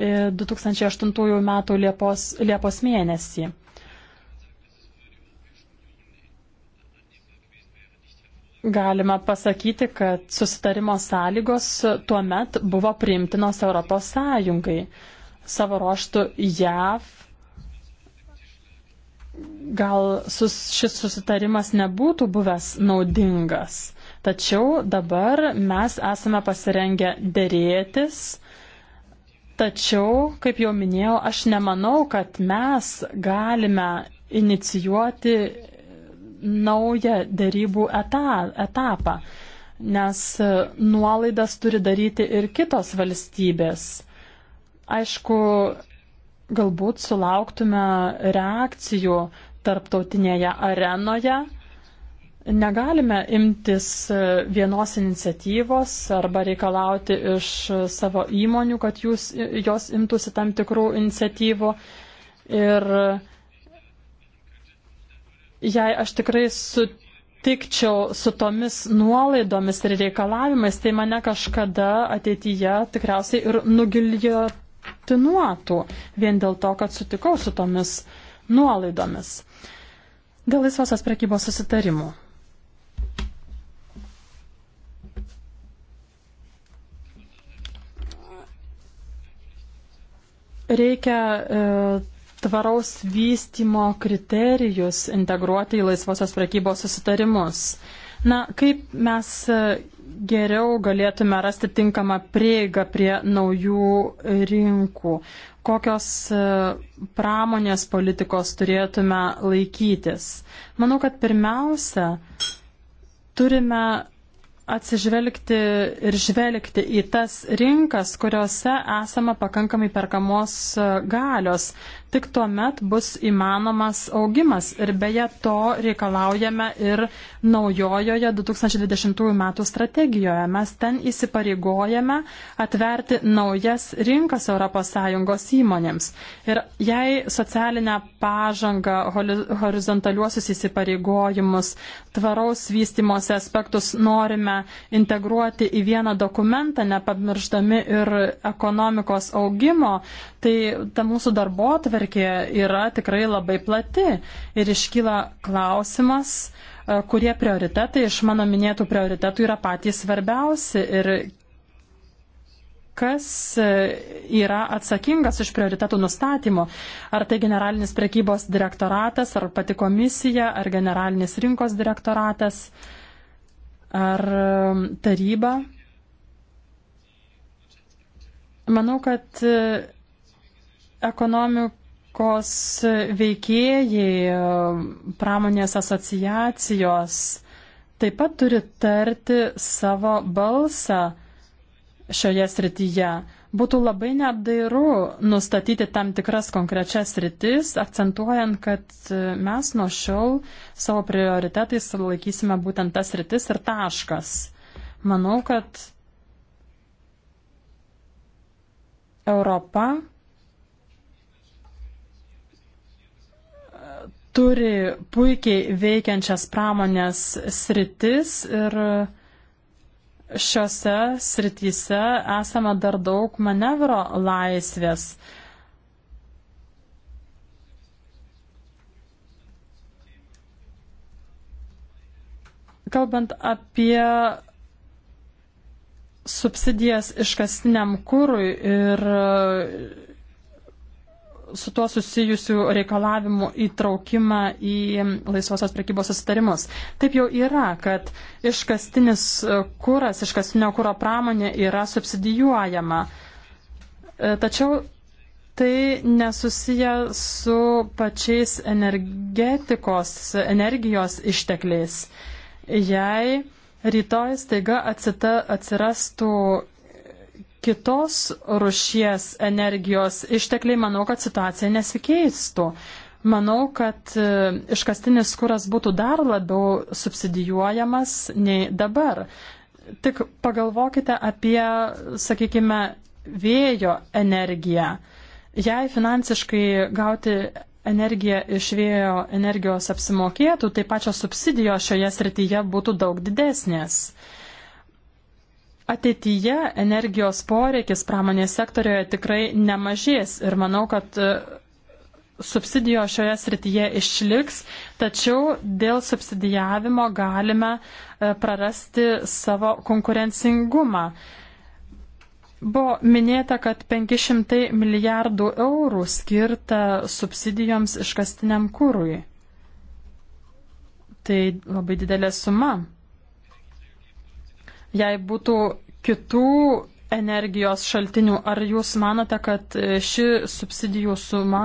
2008 e, m. Liepos, Liepos mėnesį. Galima pasakyti, kad susitarimo sąlygos tuo met buvo priimtinos Europos Sąjungai. Savo ruoštų JAV gal sus, šis susitarimas nebūtų buvęs naudingas, tačiau dabar mes esame pasirengę dėrėtis. Tačiau, kaip jau minėjau, aš nemanau, kad mes galime inicijuoti naują dėrybų etapą, nes nuolaidas turi daryti ir kitos valstybės. Aišku, galbūt sulauktume reakcijų tarptautinėje arenoje. Negalime imtis vienos iniciatyvos arba reikalauti iš savo įmonių, kad jūs, jos imtųsi tam tikrų iniciatyvų. Ir uh, jei aš tikrai sutikčiau su tomis nuolaidomis ir reikalavimais, tai mane kažkada ateityje tikriausiai ir nugiljotinuotų vien dėl to, kad sutikau su tomis nuolaidomis. Dėl laisvosios prekybos susitarimų. Reikia e, tvaraus vystimo kriterijus integruoti į laisvosios prekybos susitarimus. Na, kaip mes e, geriau galėtume rasti tinkamą prieigą prie naujų rinkų? Kokios e, pramonės politikos turėtume laikytis? Manau, kad pirmiausia, turime atsižvelgti ir žvelgti į tas rinkas, kuriuose esama pakankamai perkamos e, galios. Tik tuomet bus įmanomas augimas ir beje to reikalaujame ir naujojoje 2020 m. strategijoje. Mes ten įsipareigojame atverti naujas rinkas ES įmonėms. Ir jei socialinę pažangą, horizontaliuosius įsipareigojimus, tvaraus vystimosi aspektus norime integruoti į vieną dokumentą, nepamirštami ir ekonomikos augimo, tai ta mūsų darbo atverė darbotvarkė yra tikrai labai plati ir iškyla klausimas, e, kurie prioritetai iš mano minėtų prioritetų yra patys svarbiausi ir kas e, yra atsakingas iš prioritetų nustatymo. Ar tai generalinis prekybos direktoratas, ar pati komisija, ar generalinis rinkos direktoratas, ar taryba. Manau, kad e, ekonomikų rinkos veikėjai, pramonės asociacijos taip pat turi tarti savo balsą šioje srityje. Būtų labai neapdairu nustatyti tam tikras konkrečias sritis, akcentuojant, kad mes nuo šiol savo prioritetais laikysime būtent tas sritis ir taškas. Manau, kad Europa turi puikiai veikiančias pramonės sritis ir šiuose srityse esame dar daug manevro laisvės. Kalbant apie subsidijas iškastiniam kūrui ir su tuo susijusių reikalavimų įtraukimą į laisvosios prekybos susitarimus. Taip jau yra, kad iškastinis kuras, iškastinio kūro pramonė yra subsidijuojama. E, tačiau tai nesusiję su pačiais energetikos, energijos ištekliais. Jei rytoj staiga atsita, atsirastų kitos rušies energijos ištekliai, manau, kad situacija nesikeistų. Manau, kad e, iškastinis kuras būtų dar labiau subsidijuojamas nei dabar. Tik pagalvokite apie, sakykime, vėjo energiją. Jei finansiškai gauti energiją iš vėjo energijos apsimokėtų, tai pačios subsidijos šioje srityje būtų daug didesnės ateityje energijos poreikis pramonės sektorioje tikrai nemažės ir manau, kad e, subsidijos šioje srityje išliks, tačiau dėl subsidijavimo galime e, prarasti savo konkurencingumą. Buvo minėta, kad 500 milijardų eurų skirta subsidijoms iškastiniam kūrui. Tai labai didelė suma jei būtų kitų energijos šaltinių, ar jūs manote, kad ši subsidijų suma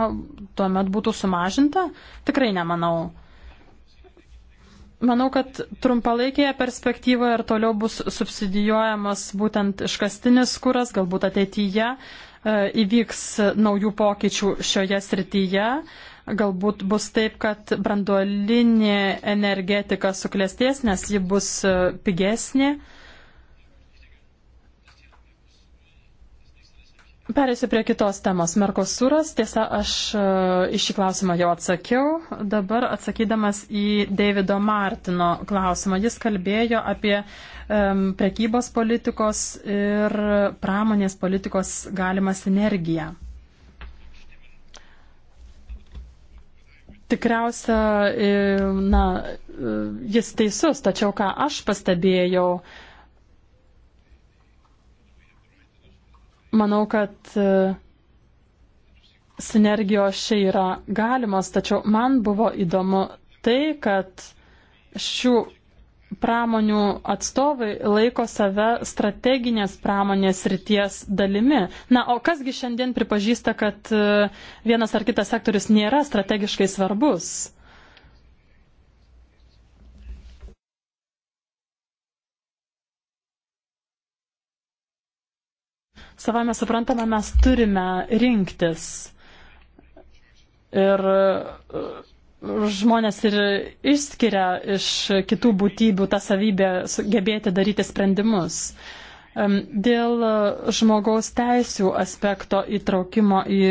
tuomet būtų sumažinta? Tikrai nemanau. Manau, kad trumpalaikėje perspektyvoje ir toliau bus subsidijuojamas būtent iškastinis kuras, galbūt ateityje e, įvyks naujų pokyčių šioje srityje. Galbūt bus taip, kad branduolinė energetika suklestės, nes ji bus e, pigesnė. Perėsiu prie kitos temos. Merkosuras, tiesa, aš iš e, šį klausimą jau atsakiau. Dabar atsakydamas į Davido Martino klausimą, jis kalbėjo apie um, prekybos politikos ir pramonės politikos galimą sinergiją. Tikriausia, e, na, e, jis teisus, tačiau ką aš pastebėjau, uh, Manau, kad e, sinergijos čia yra galimas, tačiau man buvo įdomu tai, kad šių pramonių atstovai laiko save strateginės pramonės ryties dalimi. Na, o kasgi šiandien pripažįsta, kad e, vienas ar kitas sektorius nėra strategiškai svarbus? savame suprantama, mes turime rinktis. Ir e, žmonės ir išskiria iš kitų būtybių tą savybę gebėti daryti sprendimus. Dėl e, žmogaus teisų aspekto įtraukimo į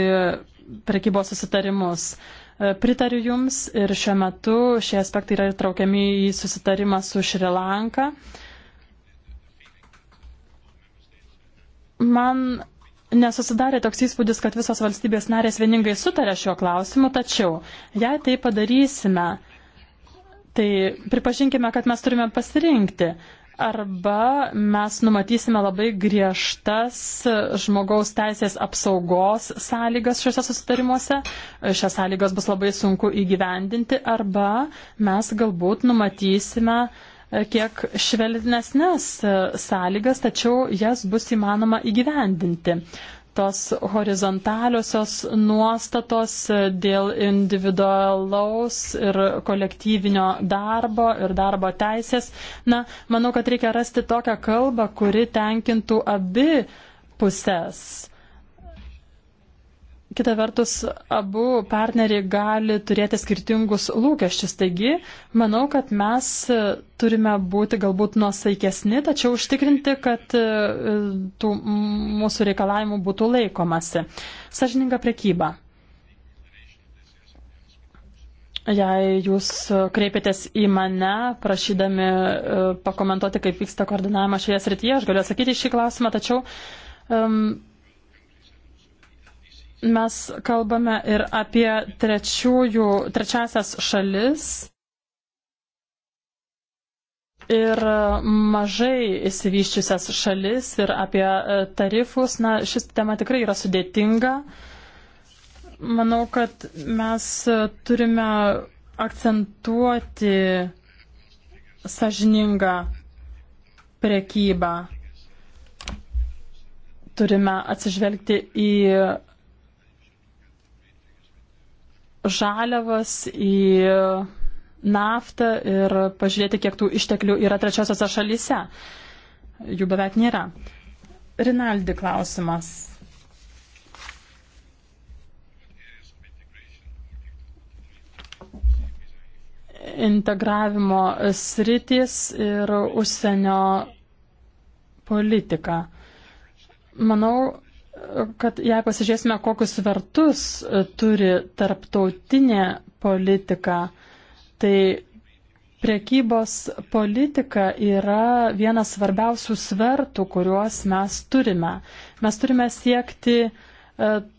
prekybos susitarimus. E, pritariu Jums ir šiuo metu šie aspektai yra įtraukiami į susitarimą su Šri Lanka. Uh, Man nesusidarė toks įspūdis, kad visos valstybės narės vieningai sutarė šiuo klausimu, tačiau jei tai padarysime, tai pripažinkime, kad mes turime pasirinkti. Arba mes numatysime labai griežtas žmogaus teisės apsaugos sąlygas šiuose susitarimuose, šias sąlygas bus labai sunku įgyvendinti, arba mes galbūt numatysime uh, E, kiek švelnesnės e, sąlygas, tačiau jas bus įmanoma įgyvendinti. Tos horizontaliosios nuostatos e, dėl individualaus ir kolektyvinio darbo ir darbo teisės. Na, manau, kad reikia rasti tokią kalbą, kuri tenkintų abi pusės Kita vertus, abu partneriai gali turėti skirtingus lūkesčius. Taigi, manau, kad mes turime būti galbūt nuosaikesni, tačiau užtikrinti, kad e, tų mūsų reikalavimų būtų laikomasi. Sažininga prekyba. Jei jūs kreipėtės į mane, prašydami e, pakomentuoti, kaip vyksta koordinavimas šioje srityje, aš galiu atsakyti šį klausimą, tačiau um, mes kalbame ir apie trečiųjų, trečiasias šalis. Ir mažai įsivyščiusias šalis ir apie e, tarifus, na, šis tema tikrai yra sudėtinga. Manau, kad mes e, turime akcentuoti sažiningą prekybą. Turime atsižvelgti į žaliavas, į naftą ir pažiūrėti, kiek tų išteklių yra trečiosiose šalyse. Jų beveik nėra. Rinaldi klausimas. integravimo sritys ir užsienio politika. Manau, kad jei pasižiūrėsime, kokius vertus e, turi tarptautinė politika, tai Prekybos politika yra vienas svarbiausių svertų, kuriuos mes turime. Mes turime siekti e,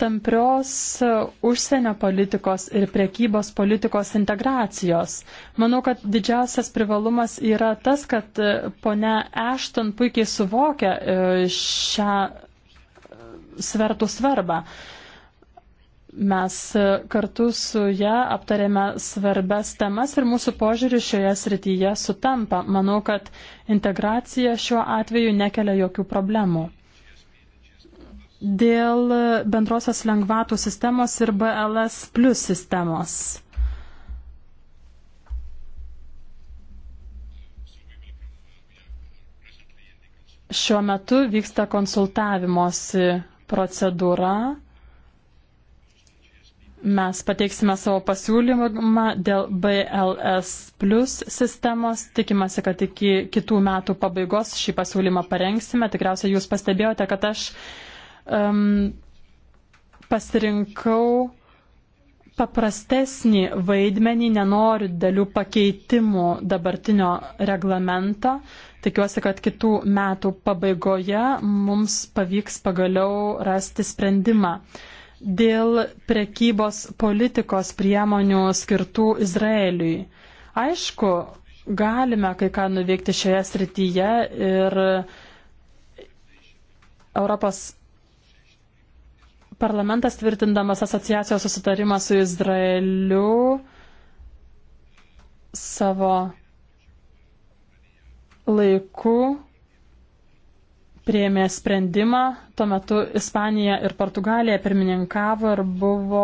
tamprios užsienio politikos ir prekybos politikos integracijos. Manau, kad didžiausias privalumas yra tas, kad e, ponia Ešton puikiai suvokia šią svertų svarbą. Mes kartu su ją aptarėme svarbes temas ir mūsų požiūrį šioje srityje sutampa. Manau, kad integracija šiuo atveju nekelia jokių problemų. Dėl bendrosios lengvatų sistemos ir BLS plus sistemos. Šiuo metu vyksta konsultavimosi procedūra. Mes pateiksime savo pasiūlymą dėl BLS plus sistemos. Tikimasi, kad iki kitų metų pabaigos šį pasiūlymą parengsime. Tikriausiai jūs pastebėjote, kad aš um, pasirinkau paprastesnį vaidmenį, nenoriu dėlių pakeitimų dabartinio reglamento. Tikiuosi, kad kitų metų pabaigoje mums pavyks pagaliau rasti sprendimą. Dėl prekybos politikos priemonių skirtų Izraeliui. Aišku, galime kai ką nuveikti šioje srityje ir Europos Parlamentas tvirtindamas asociacijos susitarimą su Izraeliu savo laiku prieėmė sprendimą. Tuo metu Ispanija ir Portugalija pirmininkavo ir buvo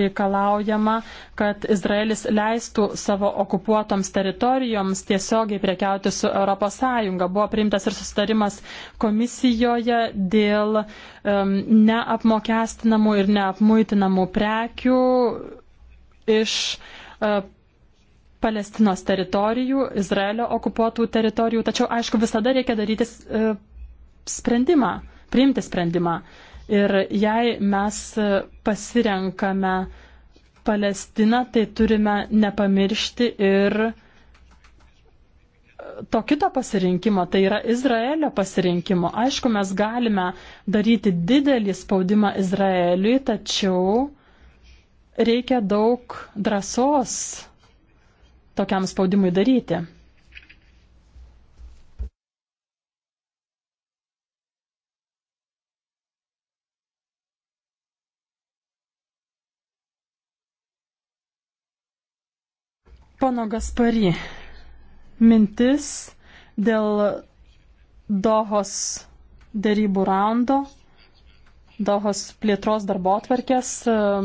reikalaujama, kad Izraelis leistų savo okupuotoms teritorijoms tiesiogiai prekiauti su ES. Buvo priimtas ir sustarimas komisijoje dėl um, neapmokestinamų ir neapmuitinamų prekių iš uh, Palestinos teritorijų, Izraelio okupuotų teritorijų, tačiau aišku visada reikia daryti e, sprendimą, priimti sprendimą. Ir jei mes pasirenkame Palestiną, tai turime nepamiršti ir to kito pasirinkimo, tai yra Izraelio pasirinkimo. Aišku, mes galime daryti didelį spaudimą Izraeliui, tačiau reikia daug drąsos tokiam spaudimui daryti. Pono Gaspari, mintis dėl Dohos dėrybų raundo, Dohos plėtros darbo atverkės,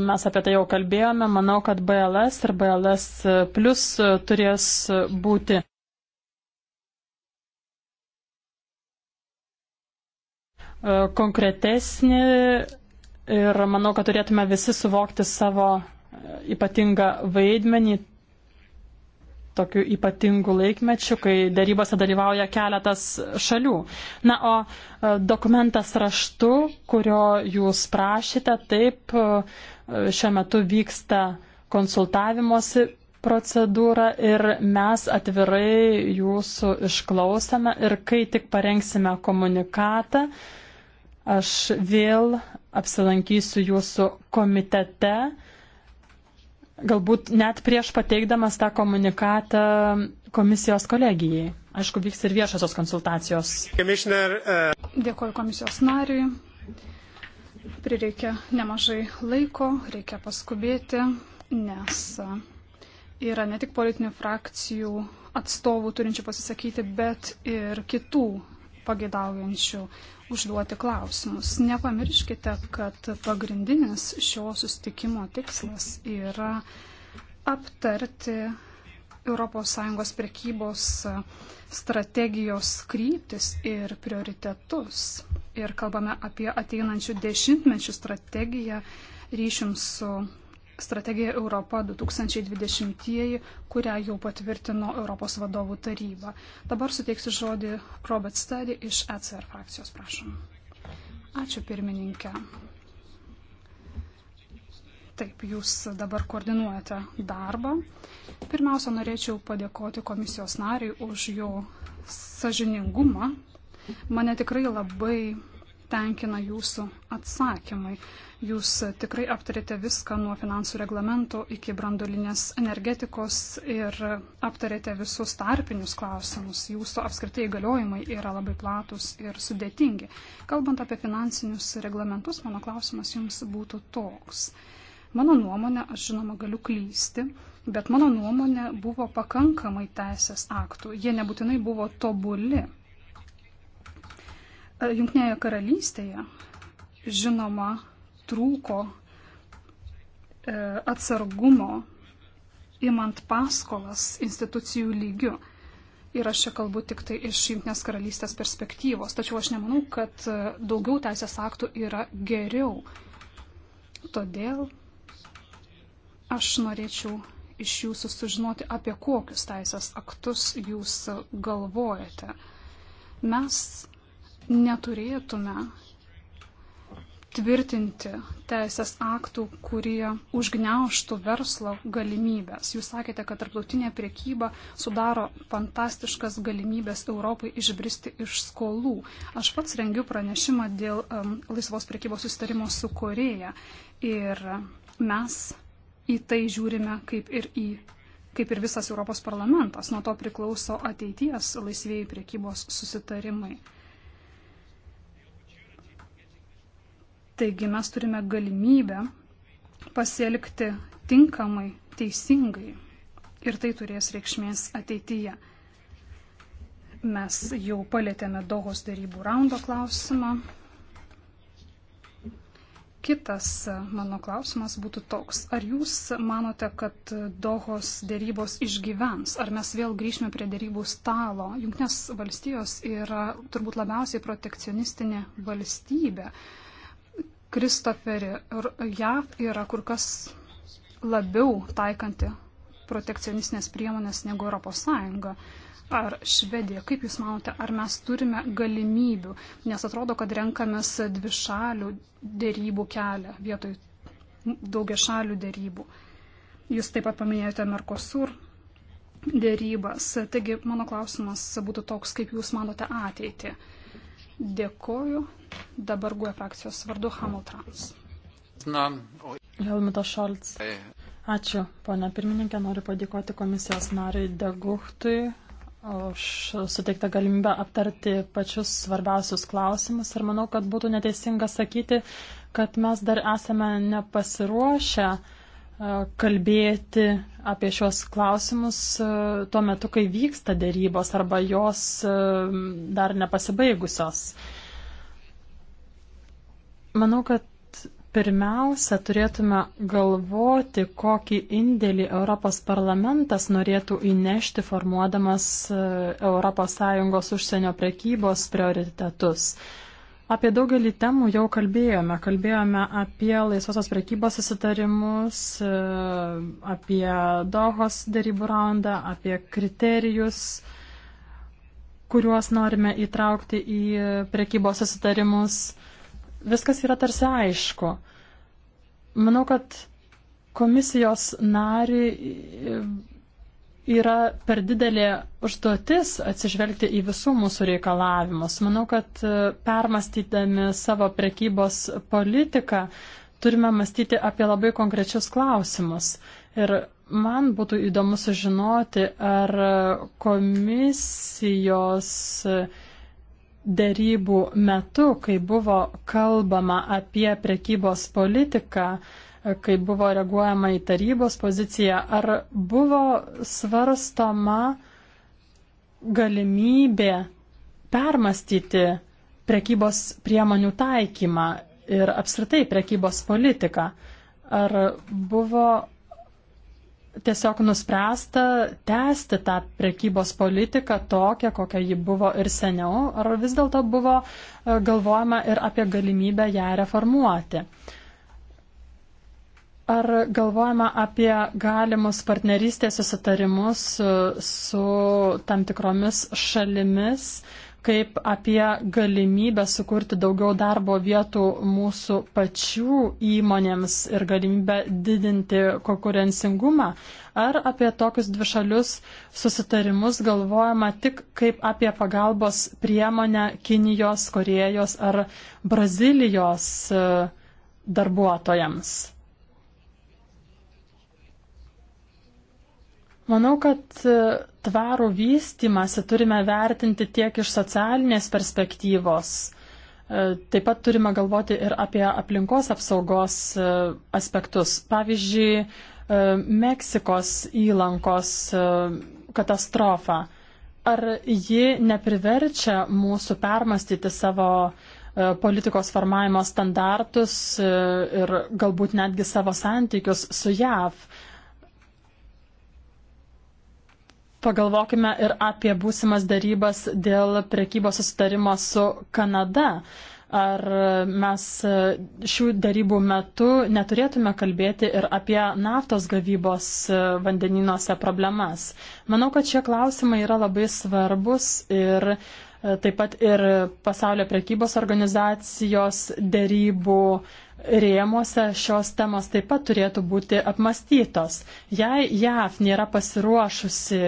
mes apie tai jau kalbėjome, manau, kad BLS ir BLS plus turės būti. konkretesnį ir manau, kad turėtume visi suvokti savo ypatingą vaidmenį tokiu ypatingu laikmečiu, kai darybose dalyvauja keletas šalių. Na, o e, dokumentas raštu, kurio jūs prašyte, taip e, šiuo metu vyksta konsultavimuose procedūrą ir mes atvirai jūsų išklausome ir kai tik parengsime komunikatą, aš vėl apsilankysiu jūsų komitete galbūt net prieš pateikdamas tą komunikatą komisijos kolegijai. Aišku, vyks ir viešosios konsultacijos. Uh, Dėkuoju komisijos nariui. Prireikia nemažai laiko, reikia paskubėti, nes uh, yra ne tik politinių frakcijų atstovų turinčių pasisakyti, bet ir kitų pagėdaujančių užduoti klausimus. Nepamirškite, kad pagrindinis šio sustikimo tikslas yra aptarti ES prekybos strategijos kryptis ir prioritetus. Ir kalbame apie ateinančių dešimtmečių strategiją ryšium su strategija Europa 2020, kurią jau patvirtino Europos vadovų taryba. Dabar suteiksiu žodį Robert Steady iš ECR frakcijos, prašom. Ačiū pirmininkė. Taip, jūs dabar koordinuojate darbą. Pirmiausia, norėčiau padėkoti komisijos nariai už jo sažiningumą. Mane tikrai labai tenkina jūsų atsakymai. Jūs tikrai aptarėte viską nuo finansų reglamento iki brandolinės energetikos ir aptarėte visus tarpinius klausimus. Jūsų apskritai įgaliojimai yra labai platus ir sudėtingi. Kalbant apie finansinius reglamentus, mano klausimas jums būtų toks. Mano nuomonė, aš žinoma galiu klysti, bet mano nuomonė buvo pakankamai teisės aktų. Jie nebūtinai buvo tobuli Junknėje karalystėje, žinoma, trūko e, atsargumo imant paskolas institucijų lygių. Ir aš čia kalbu tik tai iš Junktinės karalystės perspektyvos. Tačiau aš nemanau, kad e, daugiau teisės aktų yra geriau. Todėl aš norėčiau iš jūsų sužinoti, apie kokius teisės aktus jūs galvojate. Mes neturėtume tvirtinti teisės aktų, kurie užgneuštų verslo galimybės. Jūs sakėte, kad tarptautinė priekyba sudaro fantastiškas galimybės Europai išbristi iš skolų. Aš pats rengiu pranešimą dėl um, laisvos priekybos sustarimo su Koreja ir mes į tai žiūrime kaip ir į kaip ir visas Europos parlamentas, nuo to priklauso ateities laisvėjai priekybos susitarimai. Taigi mes turime galimybę pasielgti tinkamai, teisingai ir tai turės reikšmės ateityje. Mes jau palėtėme Dohos darybų raundo klausimą. Kitas mano klausimas būtų toks. Ar jūs manote, kad Dohos dėrybos išgyvens? Ar mes vėl grįžime prie dėrybų stalo? Junktinės valstijos yra turbūt labiausiai protekcionistinė valstybė. Kristoferi, ir JAV yra kur kas labiau taikanti protekcionistinės priemonės negu ES ar Švedija. Kaip Jūs manote, ar mes turime galimybių, nes atrodo, kad renkamės dvi šalių dėrybų kelią vietoj daugia šalių dėrybų. Jūs taip pat paminėjote Mercosur dėrybas. Taigi mano klausimas būtų toks, kaip Jūs manote ateitį. Dėkoju. Dabar guoja e frakcijos vardu Hamiltonas. Helmutas Šolts. Tai- Ačiū, ponia pirmininkė. Noriu padėkoti komisijos nariui Deguhtui už suteiktą galimybę aptarti pačius svarbiausius klausimus. Ir manau, kad būtų neteisinga sakyti, kad mes dar esame nepasiruošę uh, kalbėti apie šios klausimus tuo metu, kai vyksta dėrybos arba jos dar nepasibaigusios. Manau, kad pirmiausia turėtume galvoti, kokį indėlį Europos parlamentas norėtų įnešti formuodamas ES užsienio prekybos prioritetus. Apie daugelį temų jau kalbėjome. Kalbėjome apie laisvosios prekybos susitarimus, e, apie Dohos darybų raundą, apie kriterijus, kuriuos norime įtraukti į prekybos susitarimus. Viskas yra tarsi aišku. Manau, kad komisijos nariui yra per didelė užduotis atsižvelgti į visų mūsų reikalavimus. Manau, kad e, permastydami savo prekybos politiką turime mąstyti apie labai konkrečius klausimus. Ir man būtų įdomu sužinoti, ar komisijos dėrybų metu, kai buvo kalbama apie prekybos politiką, uh, kai buvo reaguojama į tarybos poziciją, ar buvo svarstoma galimybė permastyti prekybos priemonių taikymą ir apskritai prekybos politiką? Ar buvo tiesiog nuspręsta tęsti tą prekybos politiką tokią, kokia ji buvo ir seniau, ar vis dėlto buvo e, galvojama ir apie galimybę ją reformuoti? Uh, Ar galvojama apie galimus partnerystės susitarimus su, e, su tam tikromis šalimis, kaip apie galimybę sukurti daugiau darbo vietų mūsų pačių įmonėms ir galimybę didinti konkurencingumą? Ar apie tokius dvišalius susitarimus galvojama tik kaip apie pagalbos priemonę Kinijos, Korejos ar Brazilijos e, darbuotojams? Manau, kad e, tvarų vystimąsi turime vertinti tiek iš socialinės perspektyvos. E, taip pat turime galvoti ir apie aplinkos apsaugos e, aspektus. Pavyzdžiui, Meksikos įlankos katastrofą. Ar ji nepriverčia mūsų permastyti savo politikos formavimo standartus ir galbūt netgi savo santykius su JAV? Pagalvokime ir apie būsimas darybas dėl prekybos susitarimo su Kanada. Ar mes šių darybų metu neturėtume kalbėti ir apie naftos gavybos vandeninuose problemas? Manau, kad šie klausimai yra labai svarbus ir e, taip pat ir pasaulio prekybos organizacijos darybų uh, rėmose šios temos taip pat turėtų būti apmastytos. Jei JAV nėra pasiruošusi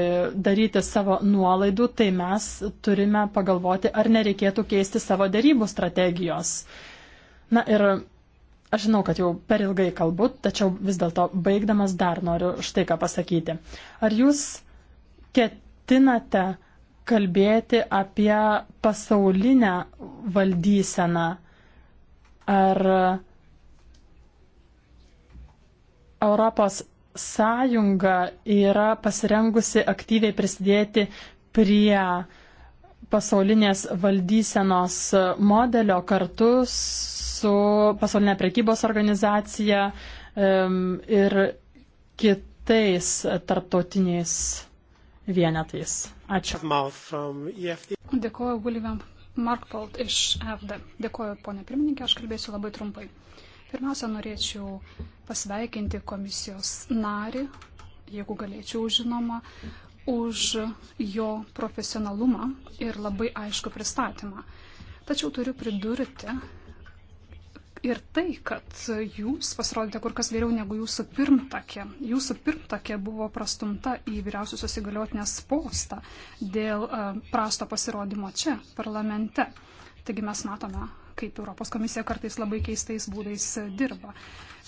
daryti savo nuolaidų, tai mes turime pagalvoti, ar nereikėtų keisti savo darybų strategijos. Na ir aš žinau, kad jau per ilgai kalbu, tačiau vis dėlto baigdamas dar noriu štai ką pasakyti. Ar jūs ketinate kalbėti apie pasaulinę valdyseną? Ar Europos Sąjunga yra pasirengusi aktyviai prisidėti prie pasaulinės valdysenos modelio kartu su pasaulinė prekybos organizacija ir kitais tarptautiniais vienetais. Ačiū. Dėkuoju William Markfold iš FD. Dėkuoju, ponė pirmininkė, aš kalbėsiu labai trumpai. Pirmiausia, norėčiau pasveikinti komisijos narį, jeigu galėčiau žinoma, už jo profesionalumą ir labai aišku pristatymą. Tačiau turiu pridurti ir tai, kad jūs pasirodėte kur kas geriau negu jūsų pirmtakė. Jūsų pirmtakė buvo prastumta į vyriausiosios įgaliotinės postą dėl e, prasto pasirodymo čia, parlamente. Taigi mes matome kaip Europos komisija kartais labai keistais būdais dirba.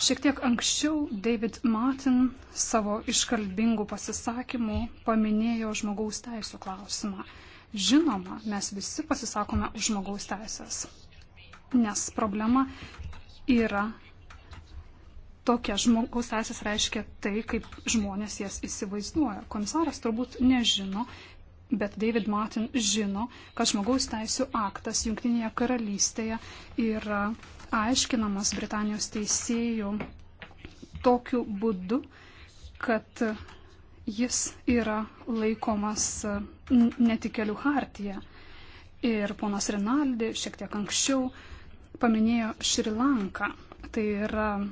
Šiek tiek anksčiau David Martin savo iškalbingų pasisakymų paminėjo žmogaus teisų klausimą. Žinoma, mes visi pasisakome už žmogaus teisės, nes problema yra tokia žmogaus teisės reiškia tai, kaip žmonės jas įsivaizduoja. Komisaras turbūt nežino, Bet David Martin žino, kad žmogaus teisų aktas Junktinėje karalystėje yra aiškinamas Britanijos teisėjų tokiu būdu, kad jis yra laikomas e, netikelių hartyje. Ir ponas Rinaldi šiek tiek anksčiau paminėjo Šrilanką. Tai yra e,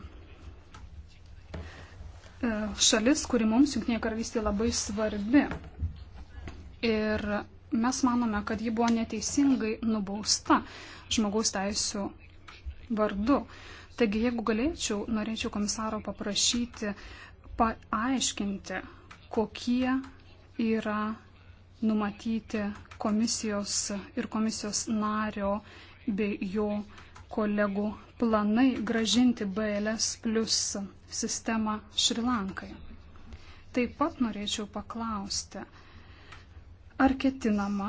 šalis, kuri mums Junktinėje karalystėje labai svarbi. Ir mes manome, kad ji buvo neteisingai nubausta žmogaus teisų vardu. Taigi, jeigu galėčiau, norėčiau komisaro paprašyti paaiškinti, kokie yra numatyti komisijos ir komisijos nario bei jo kolegų planai gražinti BLS plus sistemą Šrilankai. Taip pat norėčiau paklausti, Ar ketinama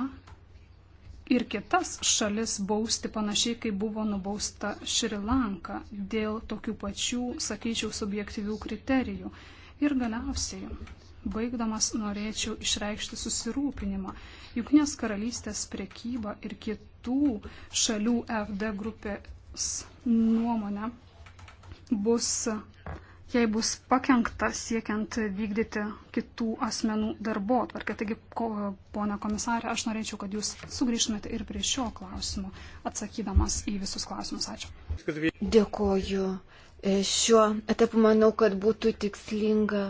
ir kitas šalis bausti panašiai, kaip buvo nubausta Šri Lanka dėl tokių pačių, sakyčiau, subjektyvių kriterijų? Ir galiausiai, baigdamas, norėčiau išreikšti susirūpinimą. Juknės karalystės priekyba ir kitų šalių FD grupės nuomonė bus jei bus pakengta siekiant vykdyti kitų asmenų darbo atvarkę. Taigi, ko, ponia komisarė, aš norėčiau, kad jūs sugrįžtumėte ir prie šio klausimo, atsakydamas į visus klausimus. Ačiū. Dėkoju. E, šiuo etapu manau, kad būtų tikslinga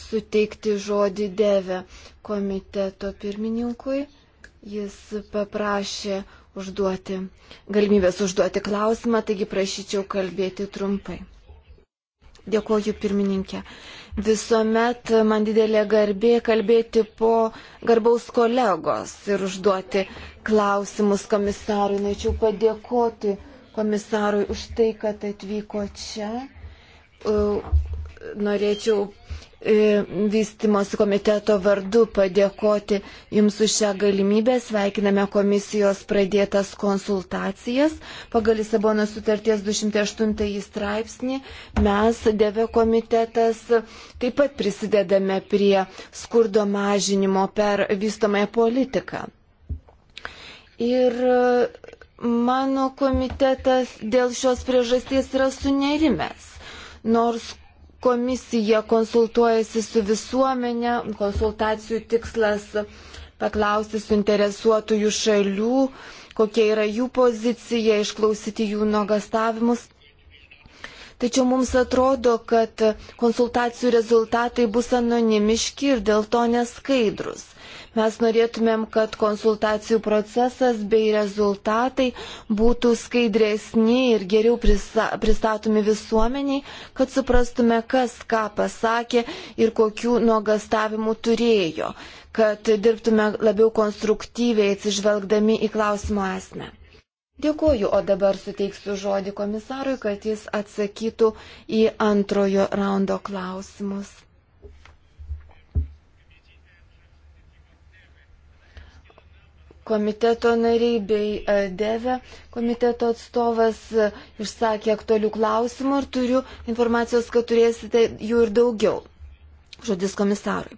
suteikti žodį Deve komiteto pirmininkui. Jis paprašė užduoti, galimybės užduoti klausimą, taigi prašyčiau kalbėti trumpai. Dėkuoju pirmininkė. Visuomet man didelė garbė kalbėti po garbaus kolegos ir užduoti klausimus komisarui. Norėčiau padėkoti komisarui už tai, kad atvyko čia. Norėčiau E, vystimosi komiteto vardu padėkoti Jums už šią galimybę. Sveikiname komisijos pradėtas konsultacijas. Pagal Lisabono sutarties 208 straipsnį mes, DV komitetas, taip pat prisidedame prie skurdo mažinimo per vystomąją politiką. Ir e, mano komitetas dėl šios priežasties yra sunerimęs. Nors Komisija konsultuojasi su visuomenė, konsultacijų tikslas paklausti suinteresuotųjų šalių, kokia yra jų pozicija, išklausyti jų nuogastavimus. Tačiau mums atrodo, kad konsultacijų rezultatai bus anonimiški ir dėl to neskaidrus. Mes norėtumėm, kad konsultacijų procesas bei rezultatai būtų skaidresni ir geriau pristatomi visuomeniai, kad suprastume, kas ką pasakė ir kokių nuogastavimų turėjo, kad dirbtume labiau konstruktyviai atsižvelgdami į klausimo esmę. Dėkuoju, o dabar suteiksiu žodį komisarui, kad jis atsakytų į antrojo raundo klausimus. komiteto nariai bei e, Deve komiteto atstovas e, išsakė aktualių klausimų ir turiu informacijos, kad turėsite jų ir daugiau. Žodis komisarui.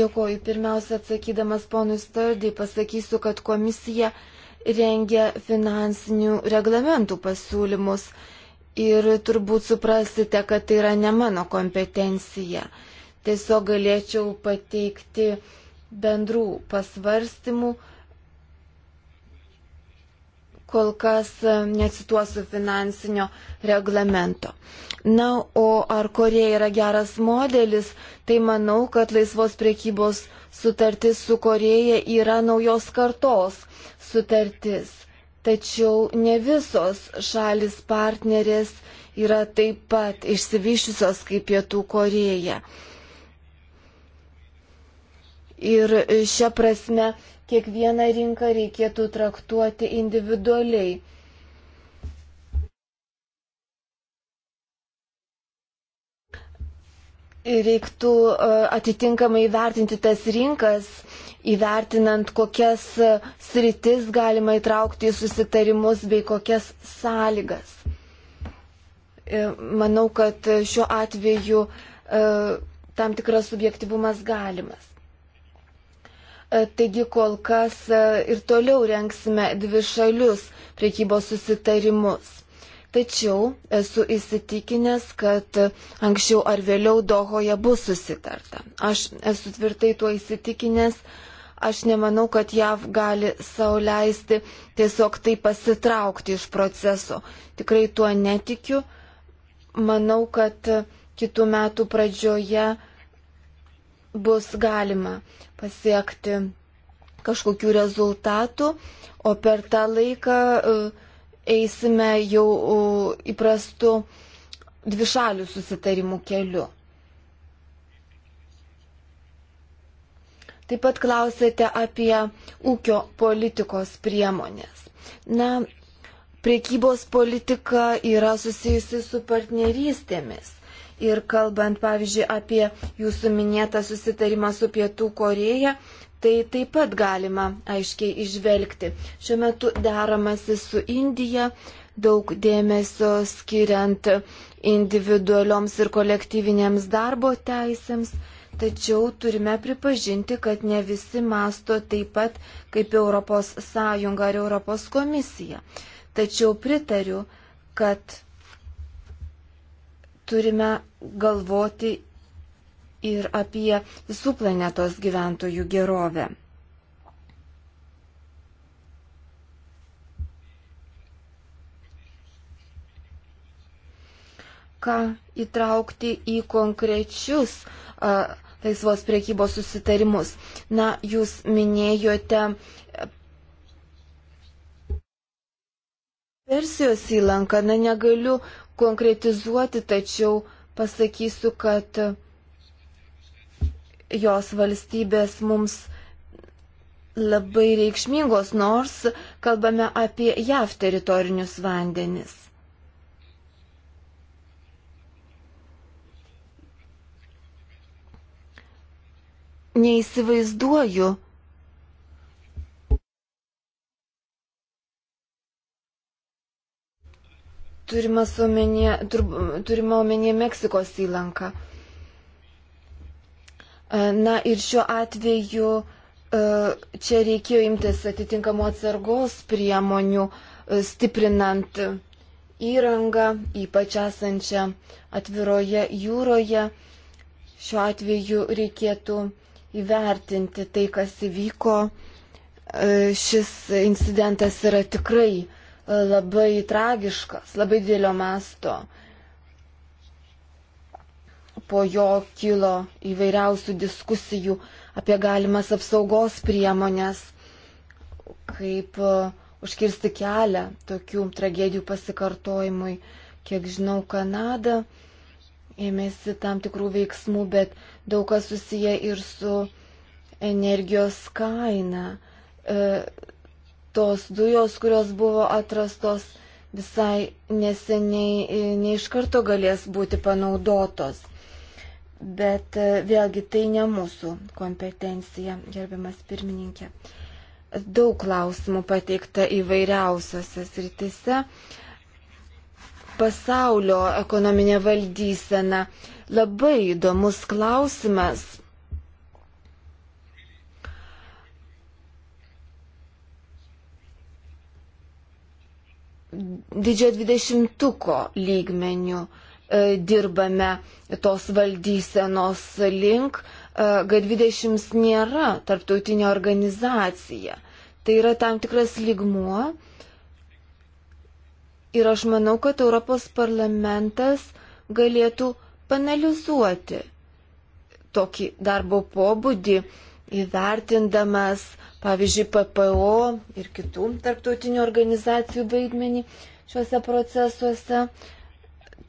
Dėkoju. Pirmiausia, atsakydamas ponui Stardai, pasakysiu, kad komisija rengia finansinių reglamentų pasiūlymus ir turbūt suprasite, kad tai yra ne mano kompetencija. Tiesiog galėčiau pateikti bendrų pasvarstymų kol kas e, necituosiu finansinio reglamento. Na, o ar Koreja yra geras modelis, tai manau, kad laisvos priekybos sutartis su Koreja yra naujos kartos sutartis. Tačiau ne visos šalis partnerės yra taip pat išsivyšusios kaip Pietų Koreja. Ir šią prasme kiekvieną rinką reikėtų traktuoti individualiai. Reiktų e, atitinkamai vertinti tas rinkas, įvertinant, kokias e, sritis galima įtraukti į susitarimus bei kokias sąlygas. E, manau, kad šiuo atveju tam tikras subjektivumas galimas. E, taigi kol kas e, ir toliau renksime dvi šalius priekybos susitarimus. Tačiau esu įsitikinęs, kad anksčiau ar vėliau Dohoje bus susitarta. Aš esu tvirtai tuo įsitikinęs. Aš nemanau, kad JAV gali sauliaisti tiesiog tai pasitraukti iš proceso. Tikrai tuo netikiu. Manau, kad kitų metų pradžioje bus galima pasiekti kažkokių rezultatų, o per tą laiką e, eisime jau e, įprastu dvišalių susitarimų keliu. Taip pat klausėte apie ūkio politikos priemonės. Na, priekybos politika yra susijusi su partnerystėmis. Ir kalbant, pavyzdžiui, apie jūsų minėtą susitarimą su Pietų Koreja, tai taip pat galima aiškiai išvelgti. Šiuo metu deramasi su Indija, daug dėmesio skiriant individualioms ir kolektyvinėms darbo teisėms, tačiau turime pripažinti, kad ne visi masto taip pat kaip ES ar ES komisija. Tačiau pritariu, kad turime galvoti ir apie visų planetos gyventojų gerovę. Ką įtraukti į konkrečius uh, laisvos priekybos susitarimus? Na, jūs minėjote e, Persijos įlanką, na negaliu konkretizuoti, tačiau pasakysiu, kad jos valstybės mums labai reikšmingos, nors kalbame apie JAV teritorinius vandenis. Neįsivaizduoju, turima omenyje tur, Meksikos įlanka. E, na ir šiuo atveju e, čia reikėjo imtis atitinkamų atsargos priemonių, e, stiprinant įrangą, ypač esančią atviroje jūroje. Šiuo atveju reikėtų įvertinti tai, kas įvyko. Šis incidentas yra tikrai labai tragiškas, labai didelio masto. Po jo kilo įvairiausių diskusijų apie galimas apsaugos priemonės, kaip e, užkirsti kelią tokių tragedijų pasikartojimui. Kiek žinau, Kanada ėmėsi tam tikrų veiksmų, bet daug kas susiję ir su energijos kaina. E, tos dujos, kurios buvo atrastos visai neseniai, e, ne iš karto galės būti panaudotos. Bet e, vėlgi tai ne mūsų kompetencija, gerbiamas pirmininkė. Daug klausimų pateikta įvairiausiose sritise. Pasaulio ekonominė valdysena. Labai įdomus klausimas didžiojo dvidešimtuko lygmenių e, dirbame tos valdysenos link, e, G20 nėra tarptautinė organizacija. Tai yra tam tikras lygmuo. Ir aš manau, kad Europos parlamentas galėtų panalizuoti tokį darbo pobūdį, įvertindamas, pavyzdžiui, PPO ir kitų tarptautinių organizacijų vaidmenį šiuose procesuose.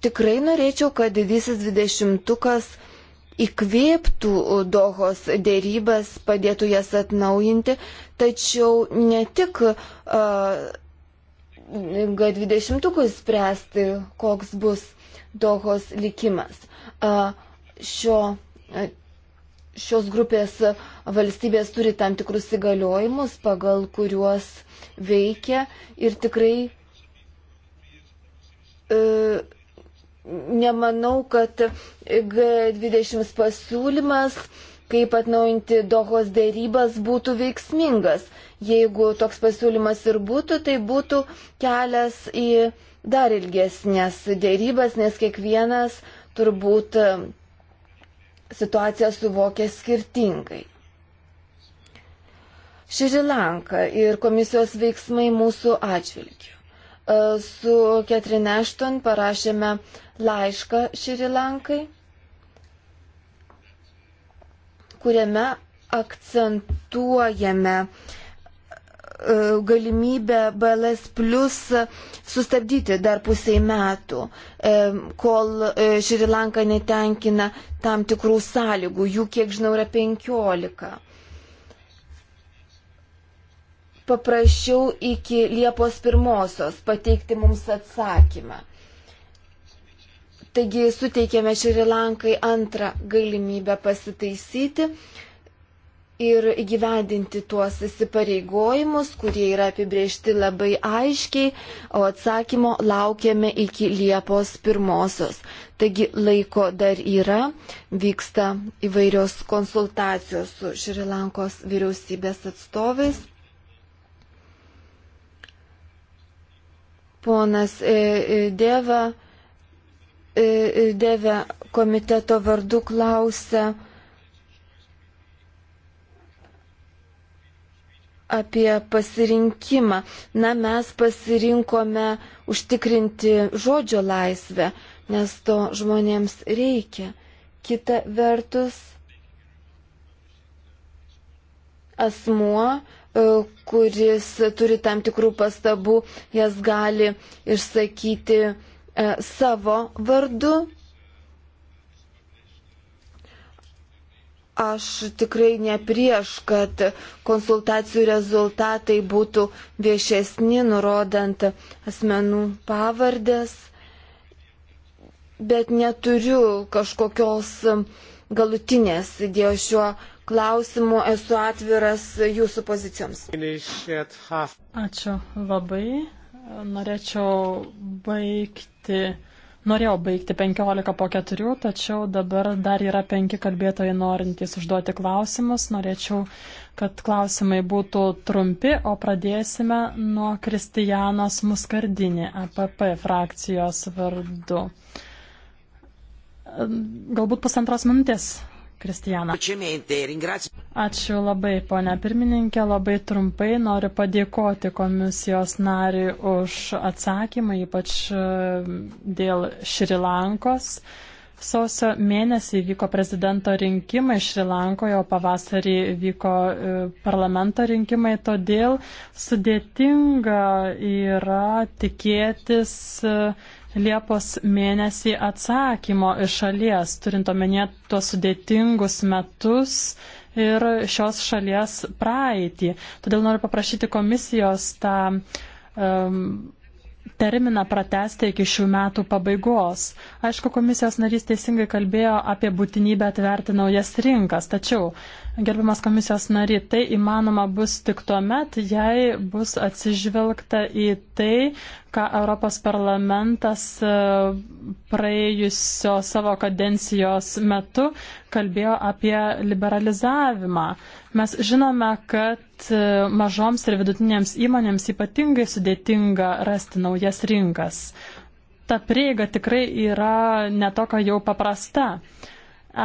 Tikrai norėčiau, kad didysis dvidešimtukas įkvėptų Dohos dėrybas, padėtų jas atnaujinti, tačiau ne tik uh, G20 spręsti, koks bus Dohos likimas. Uh, šio uh, šios grupės valstybės turi tam tikrus įgaliojimus, pagal kuriuos veikia ir tikrai e, nemanau, kad G20 pasiūlymas, kaip atnaujinti dohos dėrybas, būtų veiksmingas. Jeigu toks pasiūlymas ir būtų, tai būtų kelias į dar ilgesnės dėrybas, nes kiekvienas turbūt situaciją suvokia skirtingai. Šrilanka ir komisijos veiksmai mūsų atžvilgiu. E, su Ketrin Ešton parašėme laišką Šrilankai, kuriame akcentuojame uh, E, galimybę BLS plus sustabdyti dar pusiai metų, e, kol e, Šri Lanka netenkina tam tikrų sąlygų, jų kiek žinau yra penkiolika. Paprašiau iki Liepos pirmosios pateikti mums atsakymą. Taigi suteikėme Šri Lankai antrą galimybę pasitaisyti ir įgyvendinti tuos įsipareigojimus, kurie yra apibriežti labai aiškiai, o atsakymo laukiame iki Liepos pirmosios. Taigi laiko dar yra, vyksta įvairios konsultacijos su Šrilankos vyriausybės atstovais. Ponas e, e, Deva, e, Deva komiteto vardu klausia, apie pasirinkimą. Na, mes pasirinkome užtikrinti žodžio laisvę, nes to žmonėms reikia. Kita vertus, asmuo, e, kuris turi tam tikrų pastabų, jas gali išsakyti e, savo vardu Aš tikrai ne prieš, kad konsultacijų rezultatai būtų viešesni, nurodant asmenų pavardės, bet neturiu kažkokios galutinės idėjos šiuo klausimu, esu atviras jūsų pozicijoms. Ačiū labai. Norėčiau baigti Norėjau baigti 15 po 4, tačiau dabar dar yra 5 kalbėtojai norintys užduoti klausimus. Norėčiau, kad klausimai būtų trumpi, o pradėsime nuo Kristijanos Muskardinį APP frakcijos vardu. Galbūt pusantros minutės Kristijana. Ačiū labai, ponia pirmininkė. Labai trumpai noriu padėkoti komisijos nariui už atsakymą, ypač e, dėl Šrilankos. Sausio mėnesį vyko prezidento rinkimai Šrilankoje, o pavasarį vyko e, parlamento rinkimai, todėl sudėtinga yra tikėtis uh, Liepos mėnesį atsakymo iš šalies, turint omenyje tuos sudėtingus metus ir šios šalies praeitį. Todėl noriu paprašyti komisijos tą um, terminą pratesti iki šių metų pabaigos. Aišku, komisijos narys teisingai kalbėjo apie būtinybę atverti naujas rinkas, tačiau, gerbiamas komisijos nary, tai įmanoma bus tik tuo met, jei bus atsižvelgta į tai, ką Europos parlamentas e, praėjusio savo kadencijos metu kalbėjo apie liberalizavimą. Mes žinome, kad e, mažoms ir vidutinėms įmonėms ypatingai sudėtinga rasti naujas rinkas. Ta prieiga tikrai yra netoka jau paprasta.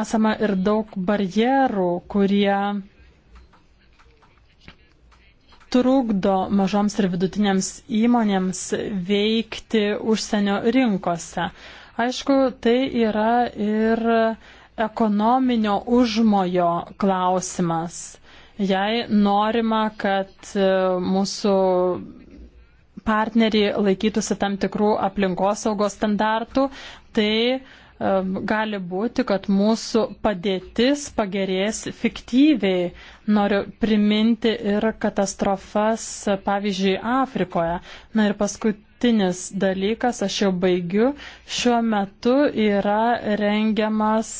Esama ir daug barjerų, kurie trukdo mažoms ir vidutinėms įmonėms veikti užsienio rinkose. Aišku, tai yra ir ekonominio užmojo klausimas. Jei norima, kad e, mūsų partneriai laikytųsi tam tikrų aplinkosaugos standartų, tai uh, gali būti, kad mūsų padėtis pagerės fiktyviai. Noriu priminti ir katastrofas, pavyzdžiui, Afrikoje. Na ir paskutinis dalykas, aš jau baigiu, šiuo metu yra rengiamas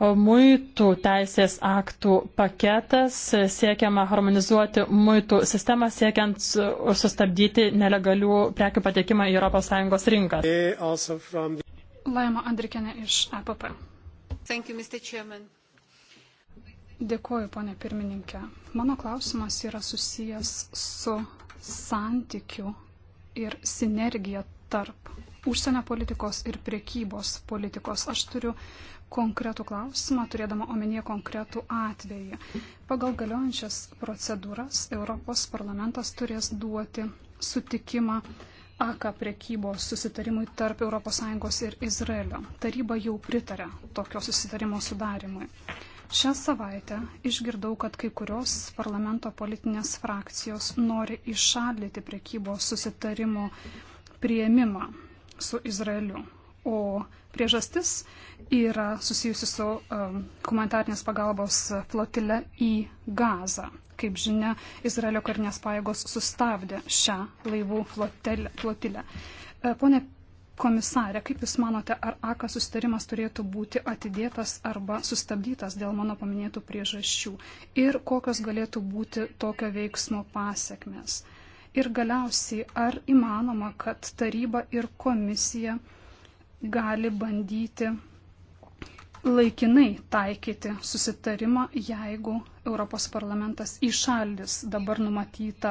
muitų teisės aktų paketas, siekiama harmonizuoti muitų sistemą, siekiant sustabdyti nelegalių prekių patekimą į ES rinką. Laima Andrikenė iš APP. E Thank you, Mr. Chairman. Dėkuoju, ponė pirmininkė. Mano klausimas yra susijęs su santykiu ir sinergija tarp užsienio politikos ir priekybos politikos. Aš turiu konkretų klausimą, turėdama omenyje konkretų atvejį. Pagal galiojančias procedūras Europos parlamentas turės duoti sutikimą AKA priekybos susitarimui tarp ES ir Izraelio. Taryba jau pritarė tokio susitarimo sudarimui. Šią savaitę išgirdau, kad kai kurios parlamento politinės frakcijos nori išaldyti priekybos susitarimo prieimimą su Izraeliu. O priežastis yra susijusi su um, humanitarnės pagalbos flotile į Gazą. Kaip žinia, Izraelio karinės pajėgos sustabdė šią laivų flotilę. E, pone komisarė, kaip Jūs manote, ar AKA sustarimas turėtų būti atidėtas arba sustabdytas dėl mano paminėtų priežasčių? Ir kokios galėtų būti tokio veiksmo pasiekmes? Ir galiausiai, ar įmanoma, kad taryba ir komisija gali bandyti laikinai taikyti susitarimą, jeigu Europos parlamentas įšaldys dabar numatytą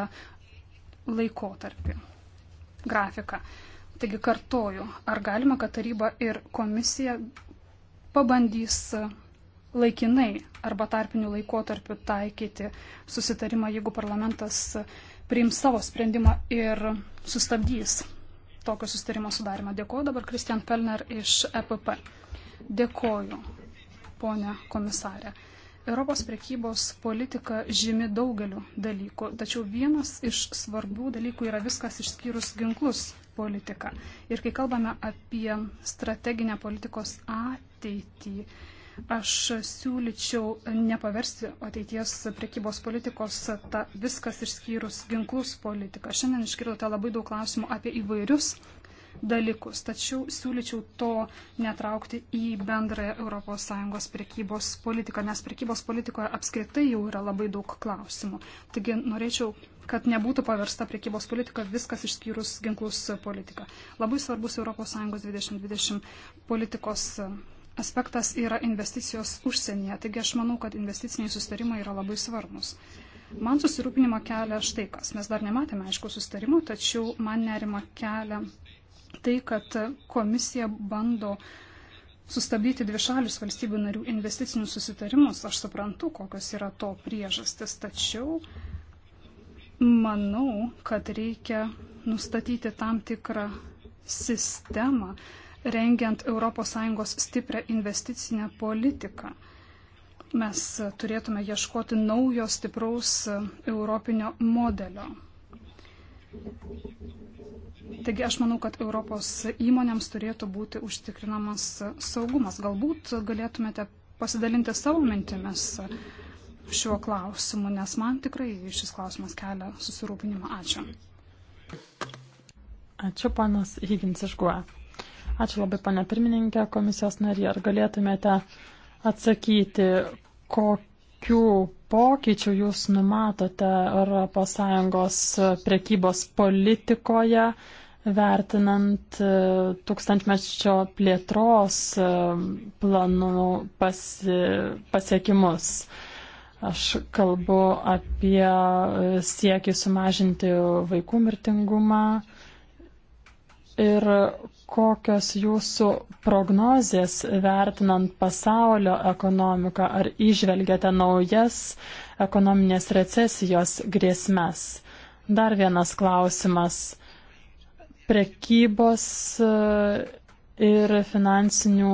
laikotarpį, grafiką. Taigi kartoju, ar galima, kad taryba ir komisija pabandys laikinai arba tarpinių laikotarpių taikyti susitarimą, jeigu parlamentas priims savo sprendimą ir sustabdys tokio susitarimo sudarimą. Dėkuoju dabar Kristian Pelner iš EPP. Dėkoju, ponė komisarė. Europos prekybos politika žymi daugeliu dalykų, tačiau vienas iš svarbių dalykų yra viskas išskyrus ginklus politiką. Ir kai kalbame apie strateginę politikos ateitį, aš siūlyčiau nepaversti ateities prekybos politikos ta viskas išskyrus ginklus politika. Šiandien iškirtote labai daug klausimų apie įvairius dalykus. Tačiau siūlyčiau to netraukti į bendrąją ES prekybos politiką, nes prekybos politikoje apskritai jau yra labai daug klausimų. Taigi norėčiau, kad nebūtų paversta prekybos politika viskas išskyrus ginklus politiką. Labai svarbus ES 2020 politikos aspektas yra investicijos užsienyje. Taigi aš manau, kad investiciniai sustarimai yra labai svarbus. Man susirūpinimą kelia štai kas. Mes dar nematėme, aišku, sustarimo, tačiau man nerima kelia tai, kad komisija bando sustabdyti dvišalius valstybių narių investicinius susitarimus. Aš suprantu, kokios yra to priežastis, tačiau manau, kad reikia nustatyti tam tikrą sistemą, rengiant ES stiprią investicinę politiką. Mes turėtume ieškoti naujo stipraus europinio modelio. Taigi aš manau, kad Europos įmonėms turėtų būti užtikrinamas saugumas. Galbūt galėtumėte pasidalinti savo mintimis šiuo klausimu, nes man tikrai šis klausimas kelia susirūpinimą. Ačiū. Ačiū, panas Higgins iš Guo. E. Ačiū labai, pane pirmininkė, komisijos narė. Ar galėtumėte atsakyti, kokia kokių pokyčių jūs numatote ES prekybos politikoje, vertinant e, tūkstantmečio plėtros e, planų pasi, pasiekimus. Aš kalbu apie e, siekį sumažinti vaikų mirtingumą ir kokios jūsų prognozės vertinant pasaulio ekonomiką, ar išvelgiate naujas ekonominės recesijos grėsmes? Dar vienas klausimas. Prekybos e, ir finansinių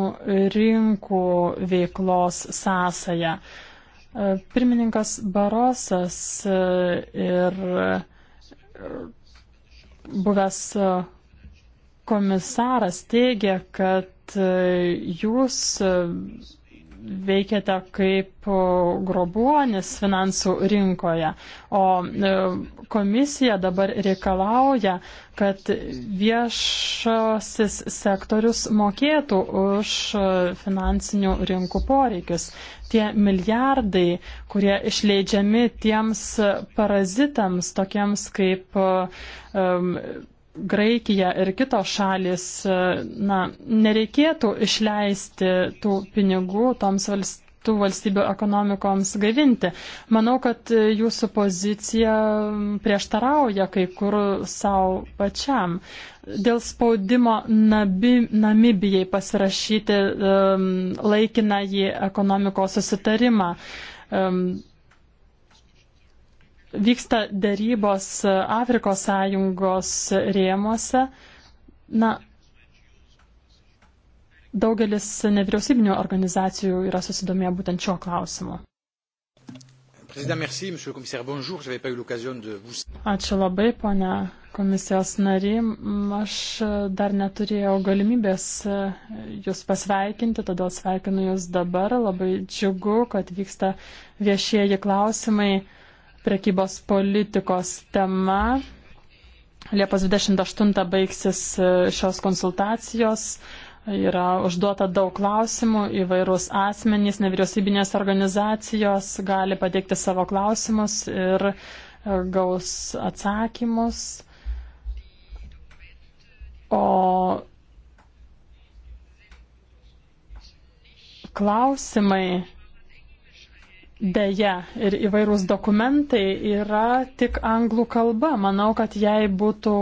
rinkų veiklos sąsaja. E, pirmininkas Barosas e, ir buvęs komisaras teigia, kad e, jūs e, veikiate kaip grobuonis finansų rinkoje, o e, komisija dabar reikalauja, kad viešasis sektorius mokėtų už finansinių rinkų poreikius. Tie milijardai, kurie išleidžiami tiems parazitams, tokiems kaip um, Graikija ir kitos šalis, e, na, nereikėtų išleisti tų pinigų toms valstybėms tų valstybių ekonomikoms gaivinti. Manau, kad e, jūsų pozicija prieštarauja kai kur savo pačiam. Dėl spaudimo nabi, Namibijai pasirašyti um, laikinąjį ekonomikos susitarimą. Um, vyksta dėrybos Afrikos sąjungos rėmuose. Na, daugelis nevyriausybinių organizacijų yra susidomėję būtent šio klausimu. Ačiū labai, ponia komisijos nary. Aš dar neturėjau galimybės jūs pasveikinti, todėl sveikinu jūs dabar. Labai džiugu, kad vyksta viešieji klausimai prekybos politikos tema. Liepos 28 baigsis e, šios konsultacijos. Yra užduota daug klausimų, įvairūs asmenys, nevyriausybinės organizacijos gali pateikti savo klausimus ir e, gaus atsakymus. O klausimai Deja, ir įvairūs dokumentai yra tik anglų kalba. Manau, kad jei būtų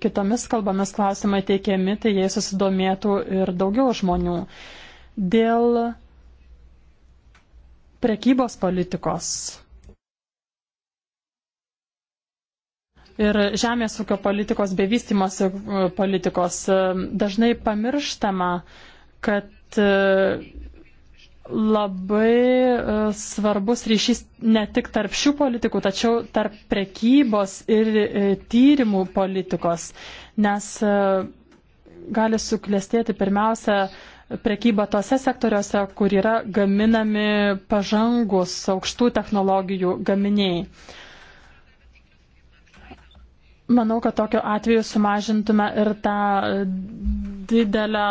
kitomis kalbomis klausimai teikiami, tai jais susidomėtų ir daugiau žmonių. Dėl prekybos politikos ir žemės ūkio politikos bei vystimosi e, politikos e, dažnai pamirštama, kad e, labai e, svarbus ryšys ne tik tarp šių politikų, tačiau tarp prekybos ir e, tyrimų politikos, nes e, gali suklestėti pirmiausia prekyba tose sektoriuose, kur yra gaminami pažangus aukštų technologijų gaminiai. Manau, kad tokiu atveju sumažintume ir tą didelę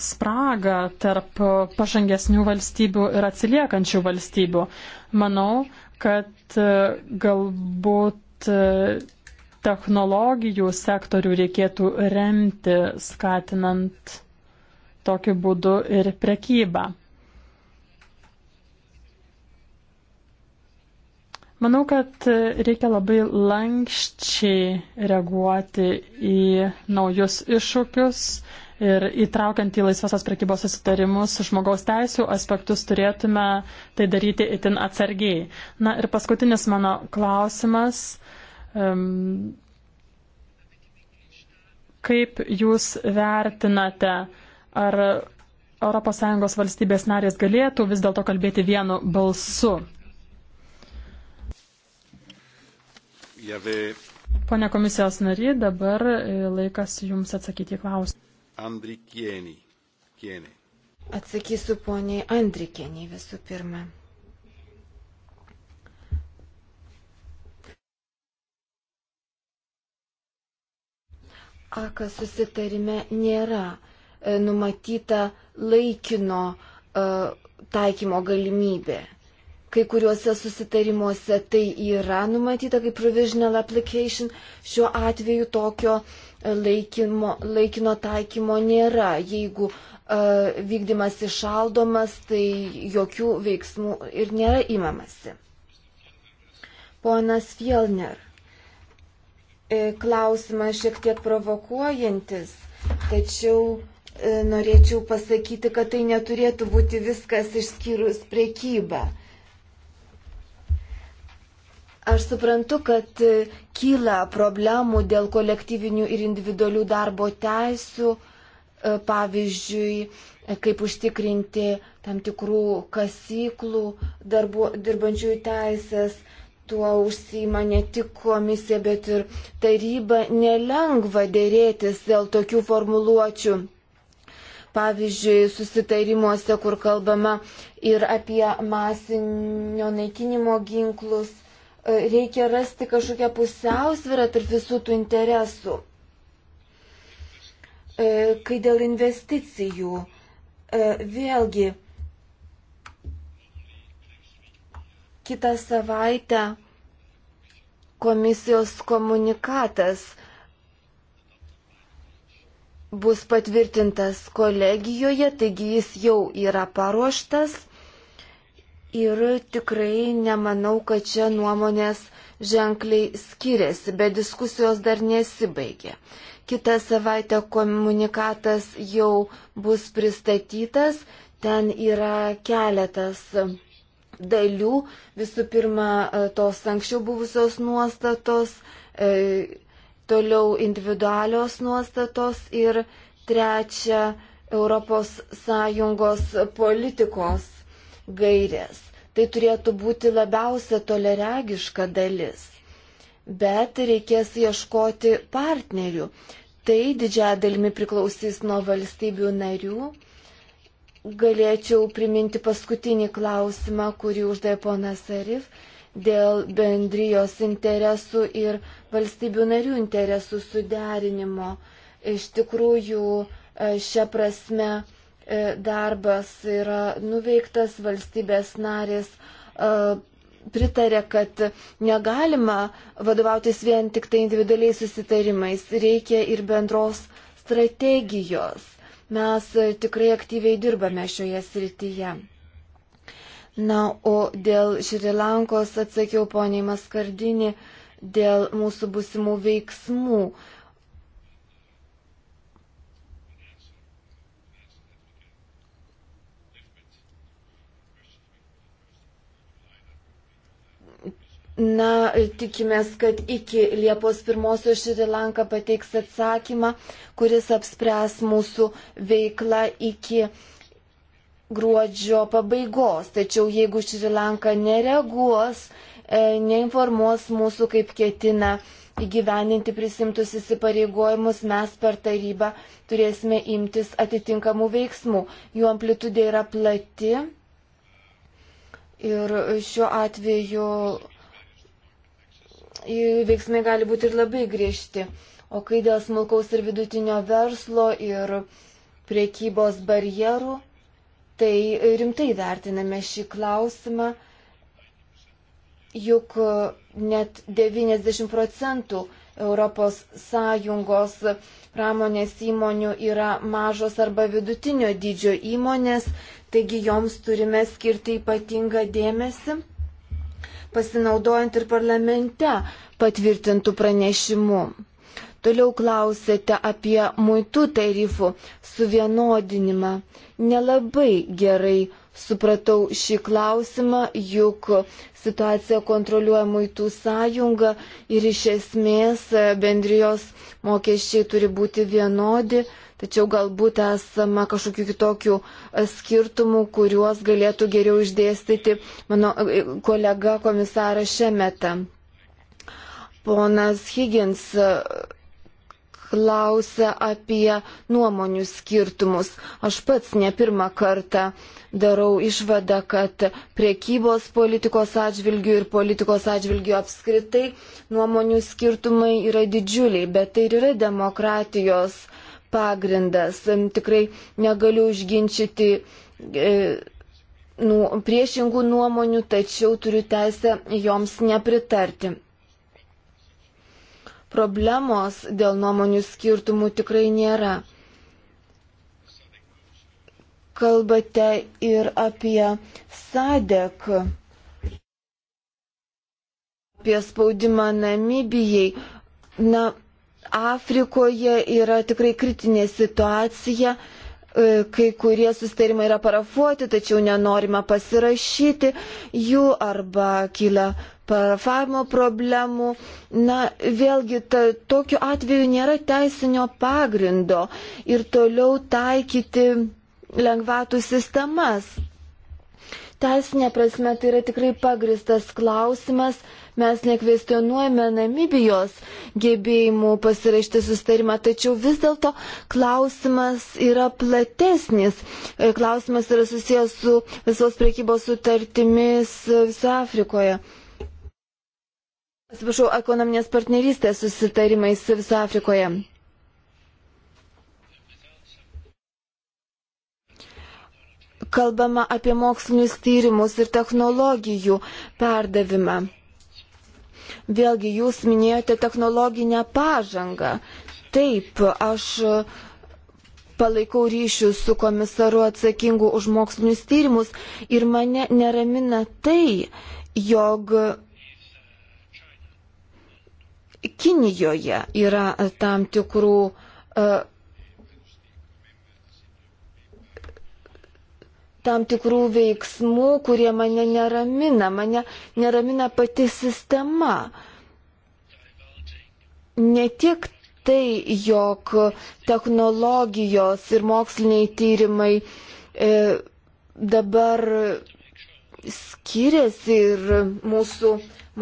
spragą tarp pažangesnių valstybių ir atsiliekančių valstybių. Manau, kad e, galbūt e, technologijų sektorių reikėtų remti, skatinant tokiu būdu ir prekybą. Manau, kad reikia labai lankščiai reaguoti į naujus iššūkius, ir įtraukiant į laisvosios prekybos susitarimus žmogaus teisų aspektus turėtume tai daryti itin atsargiai. Na ir paskutinis mano klausimas. Um, kaip jūs vertinate, ar ES valstybės narės galėtų vis dėlto kalbėti vienu balsu? Pone komisijos nary, dabar e, laikas jums atsakyti į klausimą. Andrikienį. Kienį. Atsakysiu poniai Andrikienį visų pirma. AKA susitarime nėra e, numatyta laikino e, taikymo galimybė. Kai kuriuose susitarimuose tai yra numatyta kaip provisional application, šiuo atveju tokio uh, laikimo, laikino taikymo nėra. Jeigu uh, vykdymas išaldomas, tai jokių veiksmų ir nėra imamasi. Ponas Fielner, e, klausimas šiek tiek provokuojantis, tačiau e, norėčiau pasakyti, kad tai neturėtų būti viskas išskyrus priekybą. Aš suprantu, kad e, kyla problemų dėl kolektyvinių ir individualių darbo teisų, e, pavyzdžiui, kaip užtikrinti tam tikrų kasyklų darbu, dirbančiųjų teisės, tuo užsima ne tik komisija, bet ir taryba nelengva dėrėtis dėl tokių formuluočių. Pavyzdžiui, susitarimuose, kur kalbama ir apie masinio naikinimo ginklus, reikia rasti kažkokią pusiausvyrą tarp visų tų interesų. E, kai dėl investicijų, e, vėlgi, kitą savaitę komisijos komunikatas bus patvirtintas kolegijoje, taigi jis jau yra paruoštas. Ir tikrai nemanau, kad čia nuomonės ženkliai skiriasi, bet diskusijos dar nesibaigė. Kita savaitė komunikatas jau bus pristatytas, ten yra keletas dalių. Visų pirma, tos anksčiau buvusios nuostatos, e, toliau individualios nuostatos ir trečia Europos Sąjungos politikos gairės. Tai turėtų būti labiausia toleregiška dalis. Bet reikės ieškoti partnerių. Tai didžiąją dalimi priklausys nuo valstybių narių. Galėčiau priminti paskutinį klausimą, kurį uždavė ponas Arif dėl bendrijos interesų ir valstybių narių interesų suderinimo. Iš tikrųjų, e, šią prasme E, darbas yra nuveiktas, valstybės narės e, pritarė, kad negalima vadovautis vien tik tai individualiais susitarimais, reikia ir bendros strategijos. Mes tikrai aktyviai dirbame šioje srityje. Na, o dėl Šrilankos atsakiau poniai Maskardinį dėl mūsų busimų veiksmų. Na, tikimės, kad iki Liepos 1 Šri Lanka pateiks atsakymą, kuris apspręs mūsų veiklą iki gruodžio pabaigos. Tačiau jeigu Šri Lanka nereaguos, e, neinformuos mūsų, kaip ketina įgyveninti prisimtus įsipareigojimus, mes per tarybą turėsime imtis atitinkamų veiksmų. Jų amplitudė yra plati. Ir šiuo atveju veiksmai gali būti ir labai griežti. O kai dėl smulkaus ir vidutinio verslo ir priekybos barjerų, tai rimtai vertiname šį klausimą, juk net 90 procentų ES pramonės įmonių yra mažos arba vidutinio dydžio įmonės, taigi joms turime skirti ypatingą dėmesį pasinaudojant ir parlamente patvirtintų pranešimų. Toliau klausėte apie muitų tarifų suvienodinimą. Nelabai gerai supratau šį klausimą, juk situaciją kontroliuoja muitų sąjunga ir iš esmės bendrijos mokesčiai turi būti vienodi, tačiau galbūt esama kažkokių kitokių e, skirtumų, kuriuos galėtų geriau išdėstyti mano e, kolega komisaras Šemeta. Ponas Higgins e, klausia apie nuomonių skirtumus. Aš pats ne pirmą kartą darau išvadą, kad priekybos politikos atžvilgių ir politikos atžvilgių apskritai nuomonių skirtumai yra didžiuliai, bet tai ir yra demokratijos uh, pagrindas. Tikrai negaliu užginčyti e, nu, priešingų nuomonių, tačiau turiu teisę joms nepritarti. Problemos dėl nuomonių skirtumų tikrai nėra. Kalbate ir apie sadek, apie spaudimą Namibijai. Na, Afrikoje yra tikrai kritinė situacija e, kai kurie sustarimai yra parafuoti, tačiau nenorima pasirašyti jų arba kyla parafavimo problemų. Na, vėlgi, ta, tokiu atveju nėra teisinio pagrindo ir toliau taikyti lengvatų sistemas. Teisinė prasme tai yra tikrai pagristas klausimas Mes nekvestionuojame Namibijos gebėjimų pasirašyti sustarimą, tačiau vis dėlto klausimas yra platesnis. E, klausimas yra susijęs su visos priekybos sutartimis e, viso Afrikoje. Atsiprašau, ekonominės partnerystės susitarimais viso Afrikoje. kalbama apie mokslinius tyrimus ir technologijų perdavimą. Vėlgi, jūs minėjote technologinę pažangą. Taip, aš e, palaikau ryšius su komisaru atsakingu už mokslinius tyrimus ir mane neramina tai, jog Kinijoje yra tam tikrų uh, tam tikrų veiksmų, kurie mane neramina, mane neramina pati sistema. Ne tik tai, jog technologijos ir moksliniai tyrimai e, dabar skiriasi ir mūsų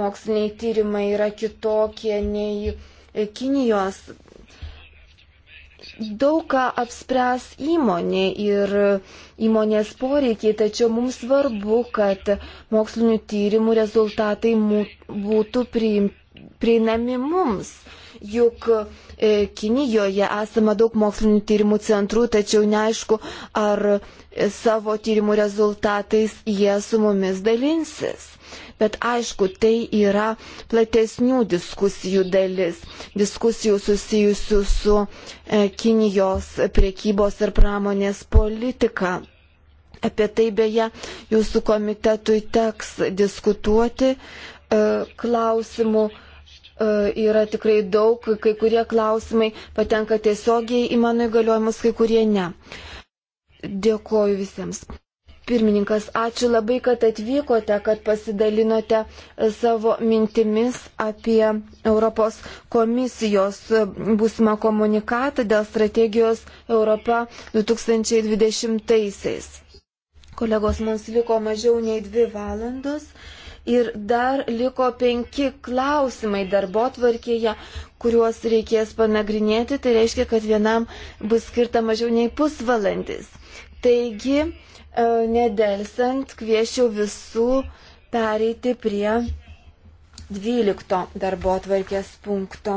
moksliniai tyrimai yra kitokie nei Kinijos daug ką apspręs įmonė ir įmonės poreikiai, tačiau mums svarbu, kad mokslinių tyrimų rezultatai būtų prieinami mums. Juk e, Kinijoje esama daug mokslinių tyrimų centrų, tačiau neaišku, ar savo tyrimų rezultatais jie su mumis dalinsis. Bet aišku, tai yra platesnių diskusijų dalis, diskusijų susijusių su e, Kinijos priekybos ir pramonės politika. Apie tai beje jūsų komitetui teks diskutuoti e, klausimų e, yra tikrai daug, kai kurie klausimai patenka tiesiogiai į mano įgaliojimus, kai kurie ne. Dėkoju visiems. Pirmininkas, ačiū labai, kad atvykote, kad pasidalinote e, savo mintimis apie Europos komisijos e, būsimą komunikatą dėl strategijos Europa 2020. -aisiais. Kolegos, mums liko mažiau nei dvi valandos ir dar liko penki klausimai darbo tvarkėje, kuriuos reikės panagrinėti, tai reiškia, kad vienam bus skirta mažiau nei pusvalandis. Taigi, E, nedelsant kviečiu visų pereiti prie 12 darbo atvarkės punkto.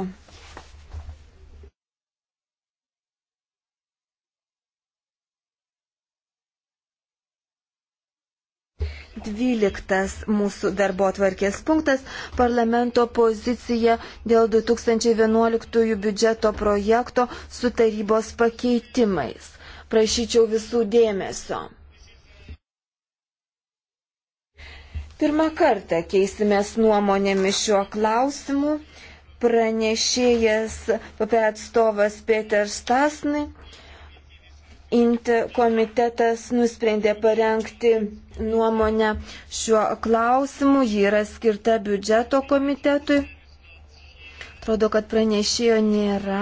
Dvyliktas mūsų darbo atvarkės punktas - parlamento pozicija dėl 2011 biudžeto projekto su tarybos pakeitimais. Prašyčiau visų dėmesio. Pirmą kartą keisimės nuomonėmis šiuo klausimu. Pranešėjas PP atstovas Peter Stasny. Inte komitetas nusprendė parengti nuomonę šiuo klausimu. Ji yra skirta biudžeto komitetui. Atrodo, kad pranešėjo nėra.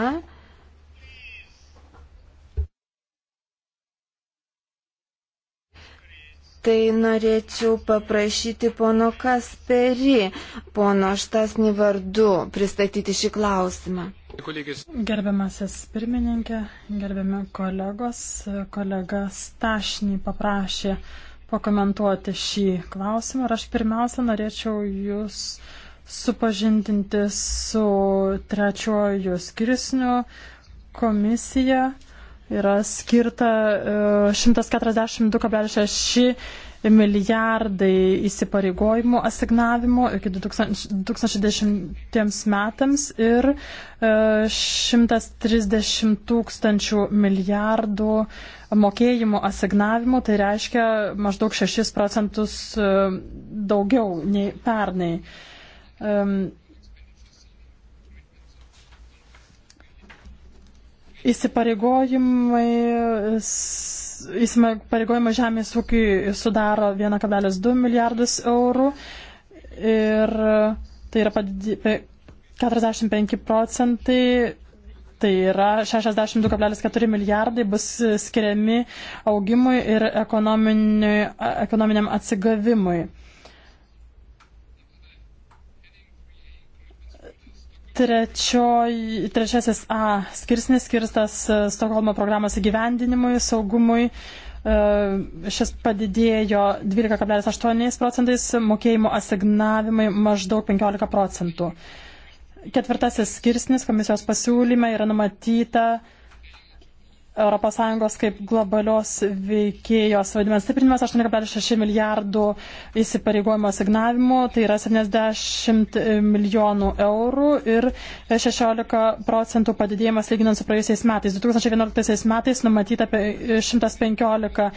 tai norėčiau paprašyti pono Kasperi, pono Štasni vardu, pristatyti šį klausimą. Gerbiamasis pirmininkė, gerbiami kolegos, kolega Stašny paprašė pakomentuoti šį klausimą ir aš pirmiausia norėčiau jūs supažindinti su trečiojus skirsniu komisija yra skirta 142,6 e, milijardai įsipareigojimų asignavimo iki 2010 metams ir 130 e, tūkstančių milijardų mokėjimų asignavimų, tai reiškia maždaug 6 procentus e, daugiau nei pernai. Įsipareigojimai įsipareigojimai žemės ūkiui sudaro 1,2 milijardus eurų ir tai yra padidė, 45 procentai, tai yra 62,4 milijardai bus skiriami augimui ir ekonominiam atsigavimui. Trečioj, trečiasis A skirsnis skirstas e, Stokholmo programos įgyvendinimui, saugumui. E, šis padidėjo 12,8 procentais, mokėjimo asignavimai maždaug 15 procentų. Ketvirtasis skirsnis komisijos pasiūlyme yra numatyta ES kaip globalios veikėjos vaidmens stiprinimas 8,6 milijardų įsipareigojimo signavimų, tai yra 70 milijonų eurų ir 16 procentų padidėjimas lyginant su praėjusiais metais. 2011 metais numatyta 115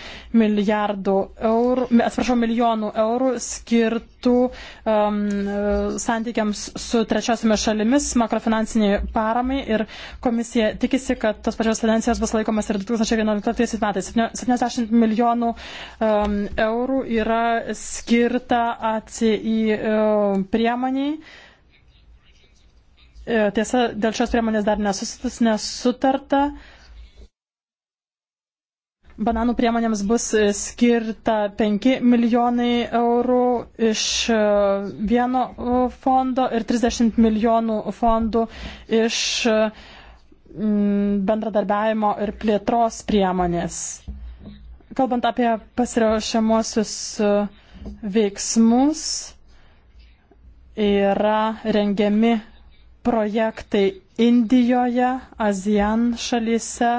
milijardų eurų, atsiprašau, milijonų eurų skirt skirtų um, santykiams su trečiosiomis šalimis, makrofinansiniai paramai ir komisija tikisi, kad tos pačios tendencijos bus laikomas ir 2011 metais. 70 milijonų um, eurų yra skirta ACI um, priemoniai. E, tiesa, dėl šios priemonės dar nesutarta. Bananų priemonėms bus e, skirta 5 milijonai eurų iš e, vieno e, fondo ir 30 milijonų fondų iš bendradarbiavimo ir plėtros priemonės. Kalbant apie pasiruošiamuosius veiksmus, yra rengiami projektai Indijoje, ASEAN šalyse,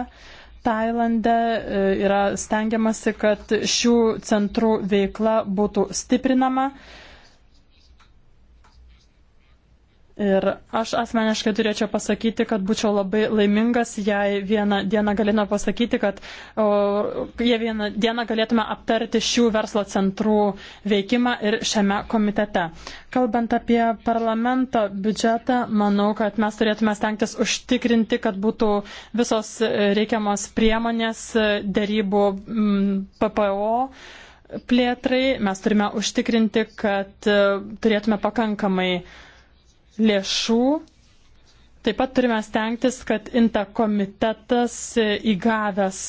Tailande e, yra stengiamasi, kad šių centrų veikla būtų stiprinama. Ir aš asmeniškai turėčiau pasakyti, kad būčiau labai laimingas, jei vieną dieną galėtume pasakyti, kad o, jei vieną dieną galėtume aptarti šių verslo centrų veikimą ir šiame komitete. Kalbant apie parlamento biudžetą, manau, kad mes turėtume stengtis užtikrinti, kad būtų visos reikiamos priemonės dėrybų mm, PPO plėtrai. Mes turime užtikrinti, kad e, turėtume pakankamai lėšų. Taip pat turime stengtis, kad INTA komitetas įgavęs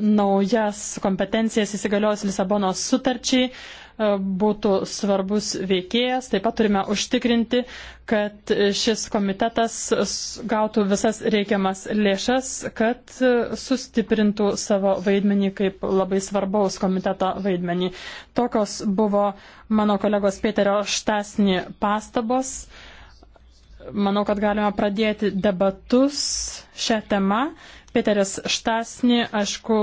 naujas kompetencijas įsigaliojus Lisabonos sutarčiai būtų svarbus veikėjas. Taip pat turime užtikrinti, kad šis komitetas gautų visas reikiamas lėšas, kad sustiprintų savo vaidmenį kaip labai svarbaus komiteto vaidmenį. Tokios buvo mano kolegos Peterio Štasni pastabos manau, kad galime pradėti debatus šią temą. Peteris Štasni, aišku,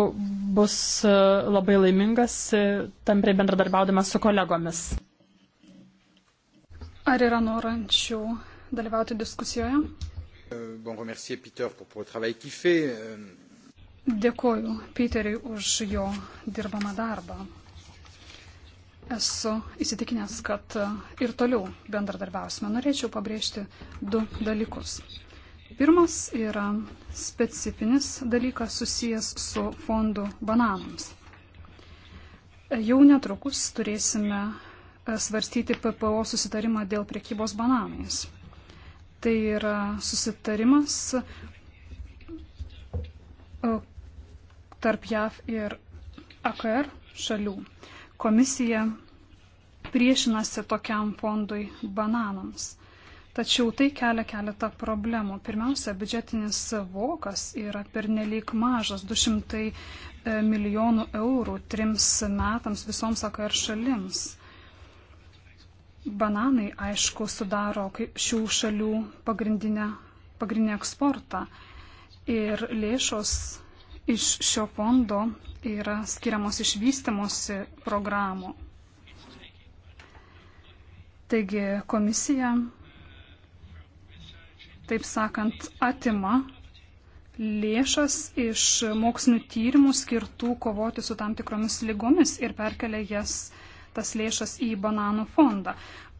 bus e, labai laimingas, e, tampriai bendradarbiaudamas su kolegomis. Ar yra norančių dalyvauti diskusijoje? Euh, euh. Dėkoju Peteriui už jo dirbamą darbą esu įsitikinęs, kad ir toliau bendradarbiausime. Norėčiau pabrėžti du dalykus. Pirmas yra specifinis dalykas susijęs su fondu bananams. Jau netrukus turėsime e, svarstyti PPO susitarimą dėl priekybos bananais. Tai yra susitarimas e, tarp JAV ir AKR šalių. Komisija priešinasi tokiam fondui bananams. Tačiau tai kelia keletą problemų. Pirmiausia, biudžetinis vokas yra pernelyg mažas - 200 e, milijonų eurų trims metams visoms AKR šalims. Bananai, aišku, sudaro šių šalių pagrindinę, pagrindinę eksportą ir lėšos iš šio fondo yra skiriamos išvystymosi programų. Taigi komisija, taip sakant, atima lėšas iš mokslinių tyrimų skirtų kovoti su tam tikromis lygomis ir perkelia jas tas lėšas į bananų fondą.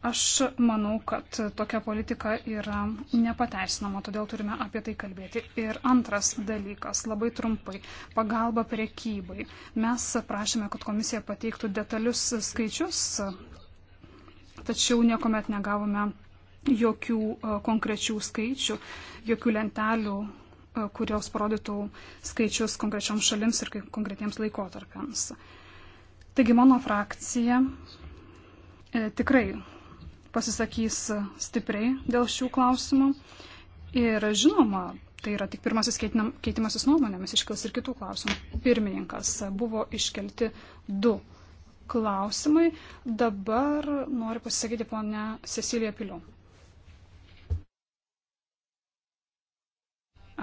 Aš manau, kad tokia politika yra nepateisinama, todėl turime apie tai kalbėti. Ir antras dalykas, labai trumpai, pagalba priekybai. Mes prašėme, kad komisija pateiktų detalius skaičius, tačiau niekuomet negavome jokių e, konkrečių skaičių, jokių lentelių e, kurios parodytų skaičius konkrečioms šalims ir konkretiems laikotarpiams. Taigi mano frakcija e, tikrai pasisakys stipriai dėl šių klausimų. Ir žinoma, tai yra tik pirmasis keitimasis nuomonėmis, iškils ir kitų klausimų. Pirmininkas buvo iškelti du klausimai. Dabar noriu pasisakyti ponę Ceciliją Piliu.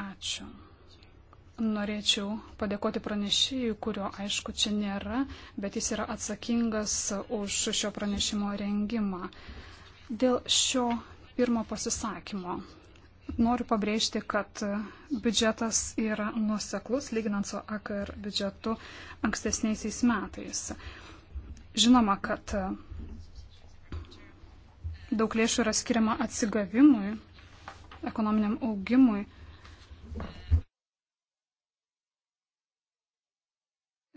Ačiū. Norėčiau padėkoti pranešėjui, kurio aišku čia nėra, bet jis yra atsakingas už šio pranešimo rengimą. Dėl šio pirmo pasisakymo noriu pabrėžti, kad biudžetas yra nuseklus, lyginant su AKR biudžetu ankstesniaisiais metais. Žinoma, kad daug lėšų yra skiriama atsigavimui, ekonominiam augimui.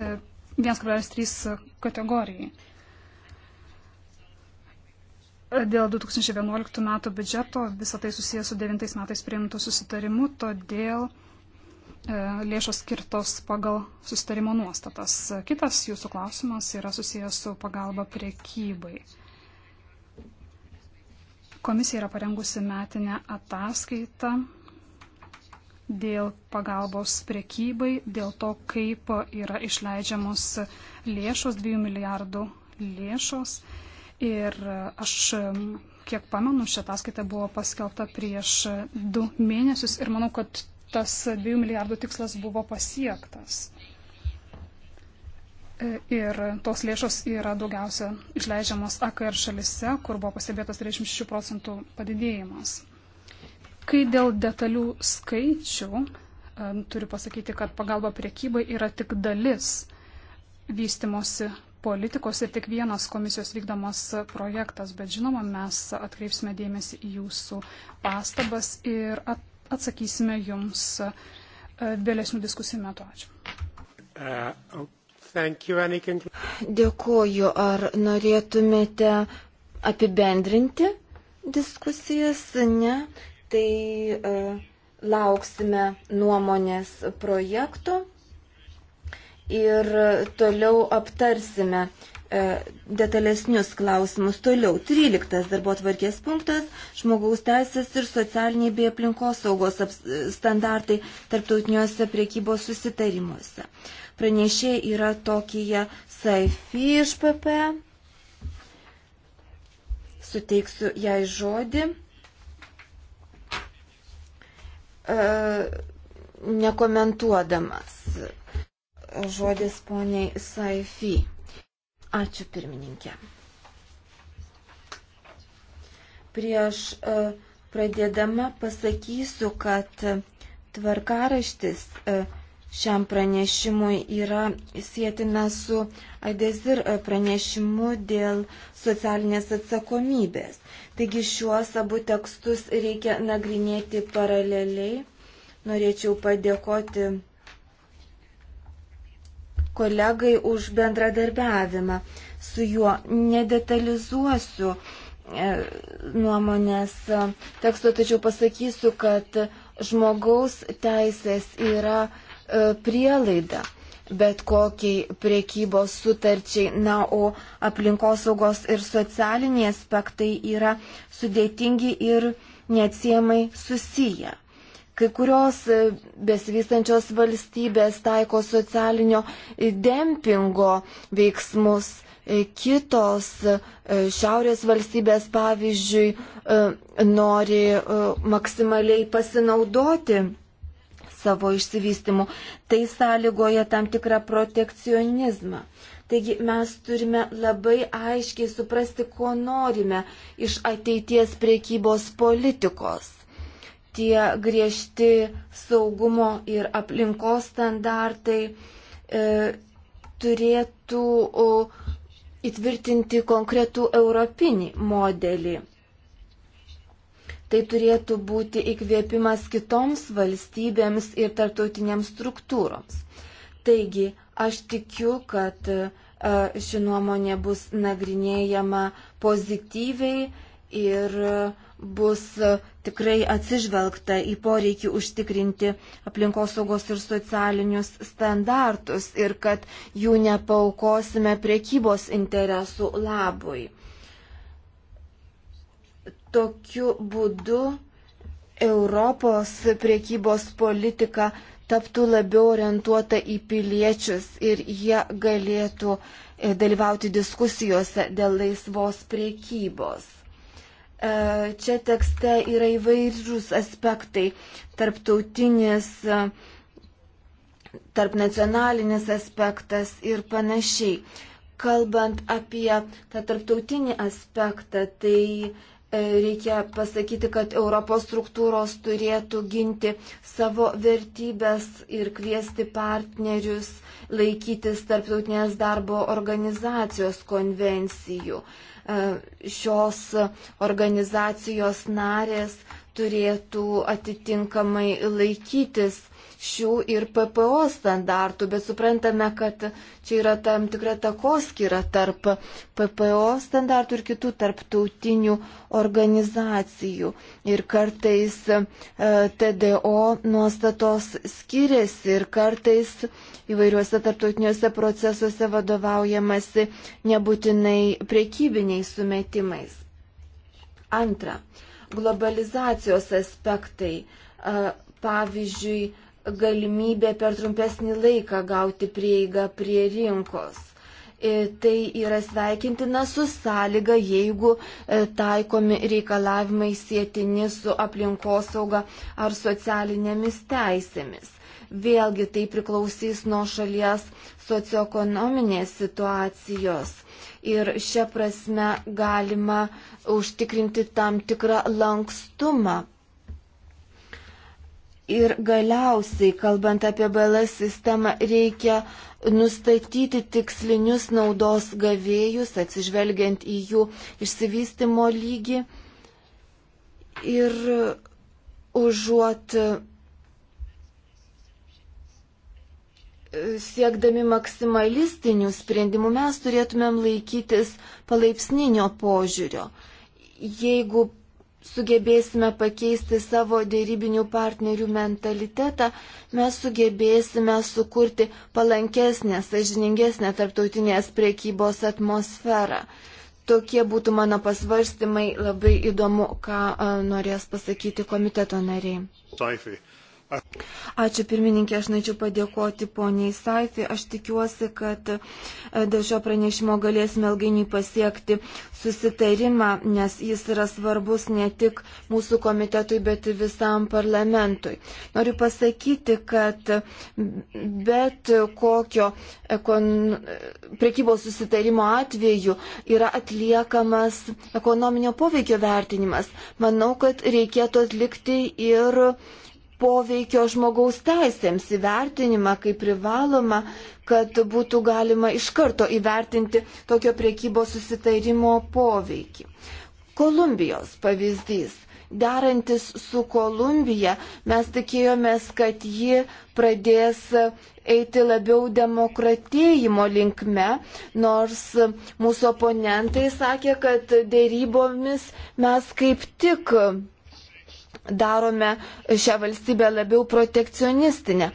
E, 1,3 kategorijai. Dėl 2011 metų biudžeto visą tai susijęs su 9 metais priimtų susitarimu, todėl e, lėšos skirtos pagal susitarimo nuostatas. Kitas jūsų klausimas yra susijęs su pagalba priekybai. Komisija yra parengusi metinę ataskaitą dėl pagalbos priekybai, dėl to, kaip yra išleidžiamos lėšos, 2 milijardų lėšos. Ir aš, kiek pamenu, šitą skaitą buvo paskelbta prieš du mėnesius ir manau, kad tas 2 milijardų tikslas buvo pasiektas. Ir tos lėšos yra daugiausia išleidžiamos AKR šalise, kur buvo pastebėtas 36 procentų padidėjimas. Kai dėl detalių skaičių, turiu pasakyti, kad pagalba priekybai yra tik dalis vystimosi politikos ir tik vienas komisijos vykdomas projektas, bet žinoma, mes atkreipsime dėmesį į jūsų pastabas ir atsakysime jums e, vėlesnių diskusijų metu. Ačiū. Uh, oh, you, Dėkuoju. Ar norėtumėte apibendrinti diskusijas? Ne. Tai uh, lauksime nuomonės projektų ir toliau aptarsime e, detalesnius klausimus. Toliau, 13 darbo tvarkės punktas - žmogaus teisės ir socialiniai bei aplinkos saugos standartai tarptautiniuose priekybos susitarimuose. Pranešė yra tokie Saifi iš PP. Suteiksiu jai žodį. E, nekomentuodamas žodis poniai Saifi. Ačiū pirmininkė. Prieš e, pradėdama pasakysiu, kad tvarkaraštis e, šiam pranešimui yra sėtina su Adesir e, pranešimu dėl socialinės atsakomybės. Taigi šiuos abu tekstus reikia nagrinėti paraleliai. Norėčiau padėkoti kolegai už bendradarbiavimą. Su juo nedetalizuosiu e, nuomonės e, teksto, tačiau pasakysiu, kad žmogaus teisės yra e, prielaida bet kokiai priekybos sutarčiai. Na, o aplinkosaugos ir socialiniai aspektai yra sudėtingi ir neatsiemai susiję. Kai kurios e, besivystančios valstybės taiko socialinio e, dempingo veiksmus, e, kitos šiaurės valstybės, pavyzdžiui, nori maksimaliai pasinaudoti savo išsivystimu. Tai sąlygoja tam tikrą protekcionizmą. Taigi mes turime labai aiškiai suprasti, ko norime iš ateities priekybos politikos tie griežti saugumo ir aplinkos standartai e, turėtų o, įtvirtinti konkretų europinį modelį. Tai turėtų būti įkvėpimas kitoms valstybėms ir tarptautiniams struktūroms. Taigi, aš tikiu, kad e, ši nuomonė bus nagrinėjama pozityviai ir uh, bus e, tikrai atsižvelgta į poreikį užtikrinti aplinkosaugos ir socialinius standartus ir kad jų nepaukosime prekybos interesų labui. Tokiu būdu Europos priekybos politika taptų labiau orientuota į piliečius ir jie galėtų e, dalyvauti diskusijose dėl laisvos priekybos. E, čia tekste yra įvairūs aspektai - tarptautinis, e, tarp nacionalinis aspektas ir panašiai. Kalbant apie tą tarptautinį aspektą, tai e, reikia pasakyti, kad Europos struktūros turėtų ginti savo vertybės ir kviesti partnerius laikytis tarptautinės darbo organizacijos konvencijų. Uh, šios organizacijos narės turėtų atitinkamai laikytis šių ir PPO standartų, bet suprantame, kad čia yra tam tikra takoskyra tarp PPO standartų ir kitų tarptautinių organizacijų. Ir kartais e, TDO nuostatos skiriasi ir kartais įvairiuose tarptautiniuose procesuose vadovaujamasi nebūtinai priekybiniais sumetimais. Antra, globalizacijos aspektai. E, pavyzdžiui, galimybė per trumpesnį laiką gauti prieigą prie rinkos. E, tai yra sveikintina su sąlyga, jeigu e, taikomi reikalavimai sėtini su aplinkosauga ar socialinėmis teisėmis. Vėlgi tai priklausys nuo šalies socioekonominės situacijos. Ir šią prasme galima užtikrinti tam tikrą lankstumą Ir galiausiai, kalbant apie BLS sistemą, reikia nustatyti tikslinius naudos gavėjus, atsižvelgiant į jų išsivystimo lygį. Ir užuot siekdami maksimalistinių sprendimų, mes turėtumėm laikytis palaipsninio požiūrio. Jeigu sugebėsime pakeisti savo dėrybinių partnerių mentalitetą, mes sugebėsime sukurti palankesnę, sažiningesnę tarptautinės priekybos atmosferą. Tokie būtų mano pasvarstymai, labai įdomu, ką a, norės pasakyti komiteto nariai. Saifi. Ačiū pirmininkė, aš norėčiau padėkoti poniai Saifi. Aš tikiuosi, kad e, dėl šio pranešimo galėsime ilgainiui pasiekti susitarimą, nes jis yra svarbus ne tik mūsų komitetui, bet ir visam parlamentui. Noriu pasakyti, kad bet kokio ekon... prekybos susitarimo atveju yra atliekamas ekonominio poveikio vertinimas. Manau, kad reikėtų atlikti ir poveikio žmogaus teisėms įvertinimą kaip privaloma, kad būtų galima iš karto įvertinti tokio priekybos susitarimo poveikį. Kolumbijos pavyzdys. Darantis su Kolumbija mes tikėjomės, kad ji pradės eiti labiau demokratėjimo linkme, nors mūsų oponentai sakė, kad dėrybomis mes kaip tik darome šią valstybę labiau protekcionistinę.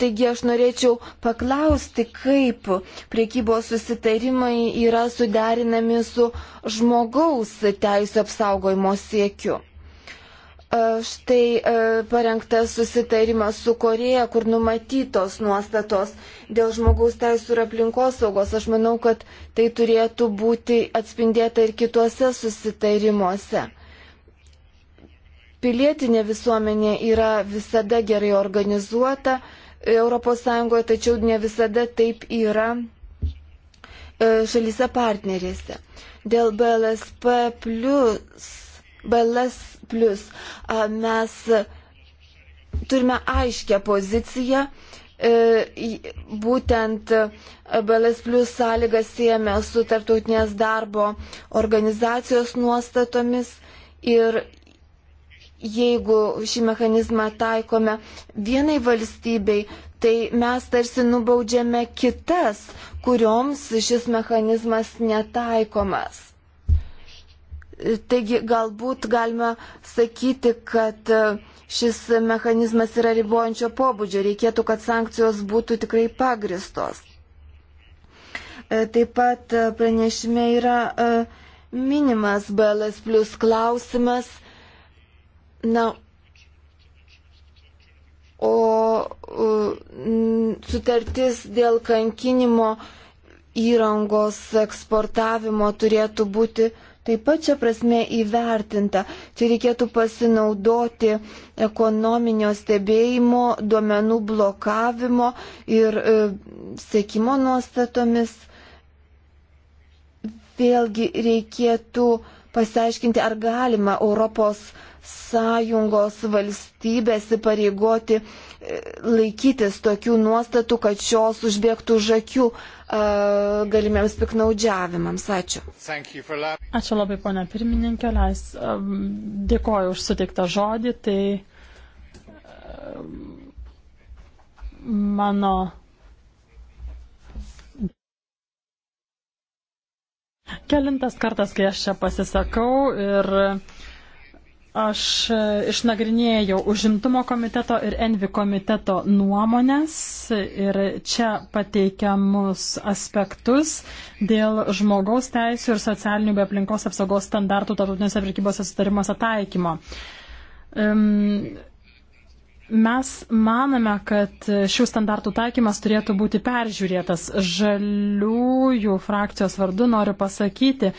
Taigi aš norėčiau paklausti, kaip priekybos susitarimai yra suderinami su žmogaus teisų apsaugojimo siekiu. E, štai e, parengtas susitarimas su Koreja, kur numatytos nuostatos dėl žmogaus teisų ir aplinkos saugos. Aš manau, kad tai turėtų būti atspindėta ir kituose susitarimuose pilietinė visuomenė yra visada gerai organizuota ES, tačiau ne visada taip yra e, šalyse partnerėse. Dėl BLSP plus, BLS plus mes turime aiškę poziciją, e, būtent BLS plus sąlygas siejame su tarptautinės darbo organizacijos nuostatomis ir jeigu šį mechanizmą taikome vienai valstybei, tai mes tarsi nubaudžiame kitas, kurioms šis mechanizmas netaikomas. Taigi galbūt galima sakyti, kad šis mechanizmas yra ribojančio pobūdžio, reikėtų, kad sankcijos būtų tikrai pagristos. E, taip pat e, pranešime yra e, minimas BLS plus klausimas Na, o sutartis dėl kankinimo įrangos eksportavimo turėtų būti taip pat čia prasme įvertinta. Čia reikėtų pasinaudoti ekonominio stebėjimo, duomenų blokavimo ir e, sėkimo nuostatomis. Vėlgi reikėtų pasiaiškinti, ar galima Europos sąjungos valstybės įpareigoti e, laikytis tokių nuostatų, kad šios užbėgtų už akių e, galimiems piknaudžiavimams. Ačiū. Ačiū labai, ponia pirmininkė. Leis, e, dėkoju už suteiktą žodį. Tai mano. Kelintas kartas, kai aš čia pasisakau ir Aš e, išnagrinėjau užimtumo komiteto ir Envi komiteto nuomonės ir čia pateikiamus aspektus dėl žmogaus teisų ir socialinių bei aplinkos apsaugos standartų tarptautiniuose prekybos susitarimuose taikymo. Mes manome, kad šių standartų taikymas turėtų būti peržiūrėtas. Žaliųjų frakcijos vardu noriu pasakyti,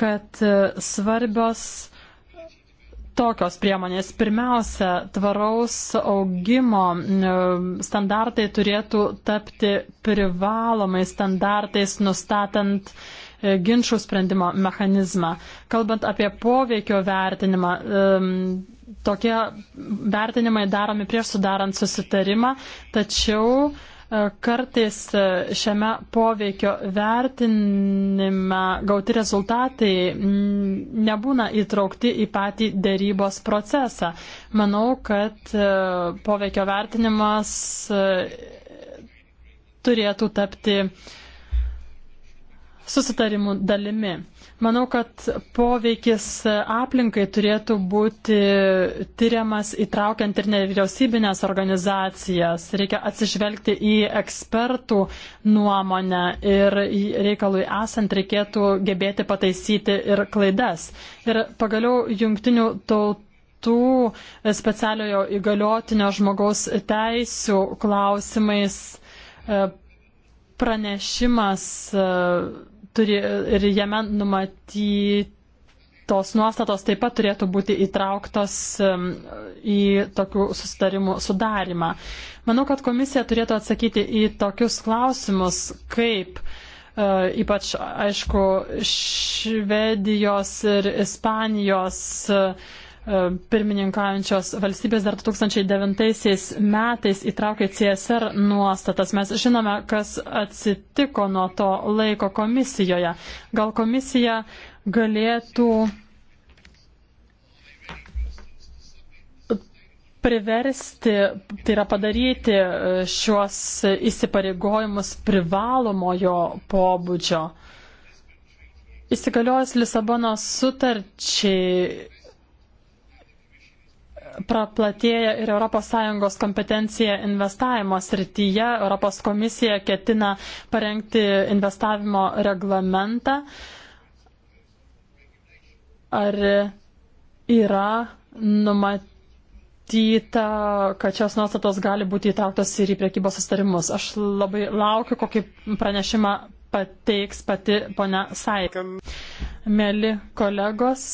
kad svarbios tokios priemonės. Pirmiausia, tvaraus augimo standartai turėtų tapti privalomai standartais, nustatant e, ginčių sprendimo mechanizmą. Kalbant apie poveikio vertinimą, tokie vertinimai daromi prieš sudarant susitarimą, tačiau Kartais e, šiame poveikio vertinime gauti rezultatai mm, nebūna įtraukti į patį dėrybos procesą. Manau, kad e, poveikio vertinimas e, turėtų tapti susitarimų dalimi. Manau, kad poveikis aplinkai turėtų būti tyriamas įtraukiant ir nevyriausybinės organizacijas. Reikia atsižvelgti į ekspertų nuomonę ir reikalui esant reikėtų gebėti pataisyti ir klaidas. Ir pagaliau jungtinių tautų tautų specialiojo įgaliotinio žmogaus teisų klausimais e, pranešimas e, turi, ir jame numatytos nuostatos taip pat turėtų būti įtrauktos um, į tokių susitarimų sudarimą. Manau, kad komisija turėtų atsakyti į tokius klausimus, kaip uh, ypač, aišku, Švedijos ir Ispanijos uh, E, pirmininkaujančios valstybės dar 2009 metais įtraukė CSR nuostatas. Mes žinome, kas atsitiko nuo to laiko komisijoje. Gal komisija galėtų priversti, tai yra padaryti šiuos įsipareigojimus privalomojo pobūdžio. Įsigaliojus Lisabonos sutarčiai praplatėja ir ES kompetencija investavimo srityje. Europos komisija ketina parengti investavimo reglamentą. Ar yra numatyta, kad šios nuostatos gali būti įtrauktos ir į priekybos sustarimus? Aš labai laukiu, kokį pranešimą pateiks pati ponia Saikam. Mėly kolegos,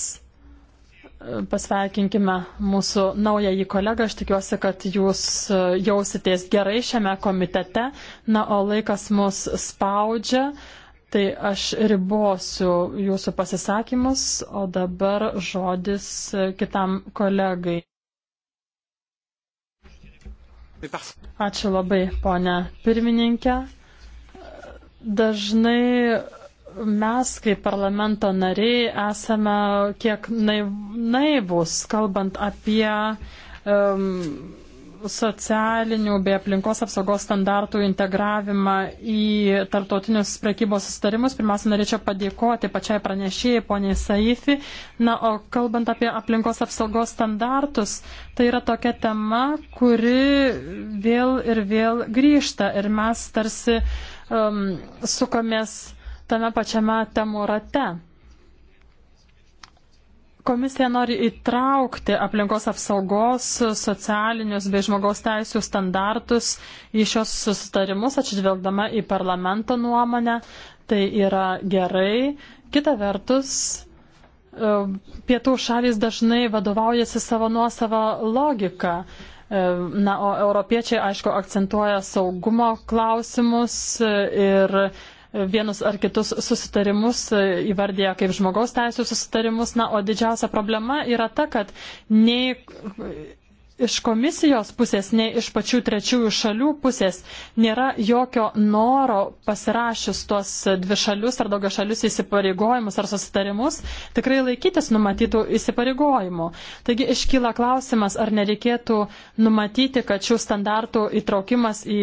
pasveikinkime mūsų naująjį kolegą. Aš tikiuosi, kad jūs e, jausitės gerai šiame komitete. Na, o laikas mus spaudžia, tai aš ribosiu jūsų pasisakymus, o dabar žodis kitam kolegai. Ačiū labai, ponia pirmininkė. Dažnai mes, kaip parlamento nariai, esame kiek naivus, kalbant apie um, socialinių bei aplinkos apsaugos standartų integravimą į tartotinius prekybos sustarimus. Pirmiausia, norėčiau padėkoti pačiai pranešėjai, poniai Saifi. Na, o kalbant apie aplinkos apsaugos standartus, tai yra tokia tema, kuri vėl ir vėl grįžta ir mes tarsi um, sukomės tame pačiame temų rate. Komisija nori įtraukti aplinkos apsaugos, socialinius bei žmogaus teisų standartus į šios susitarimus, atžvelgdama į parlamento nuomonę. Tai yra gerai. Kita vertus, e, pietų šalys dažnai vadovaujasi savo nuosavą logiką. E, na, o europiečiai, aišku, akcentuoja saugumo klausimus ir vienus ar kitus susitarimus, įvardėja kaip žmogaus teisų susitarimus. Na, o didžiausia problema yra ta, kad nei iš komisijos pusės, nei iš pačių trečiųjų šalių pusės nėra jokio noro pasirašius tuos dvišalius ar daugiašalius įsipareigojimus ar susitarimus tikrai laikytis numatytų įsipareigojimų. Taigi iškyla klausimas, ar nereikėtų numatyti, kad šių standartų įtraukimas į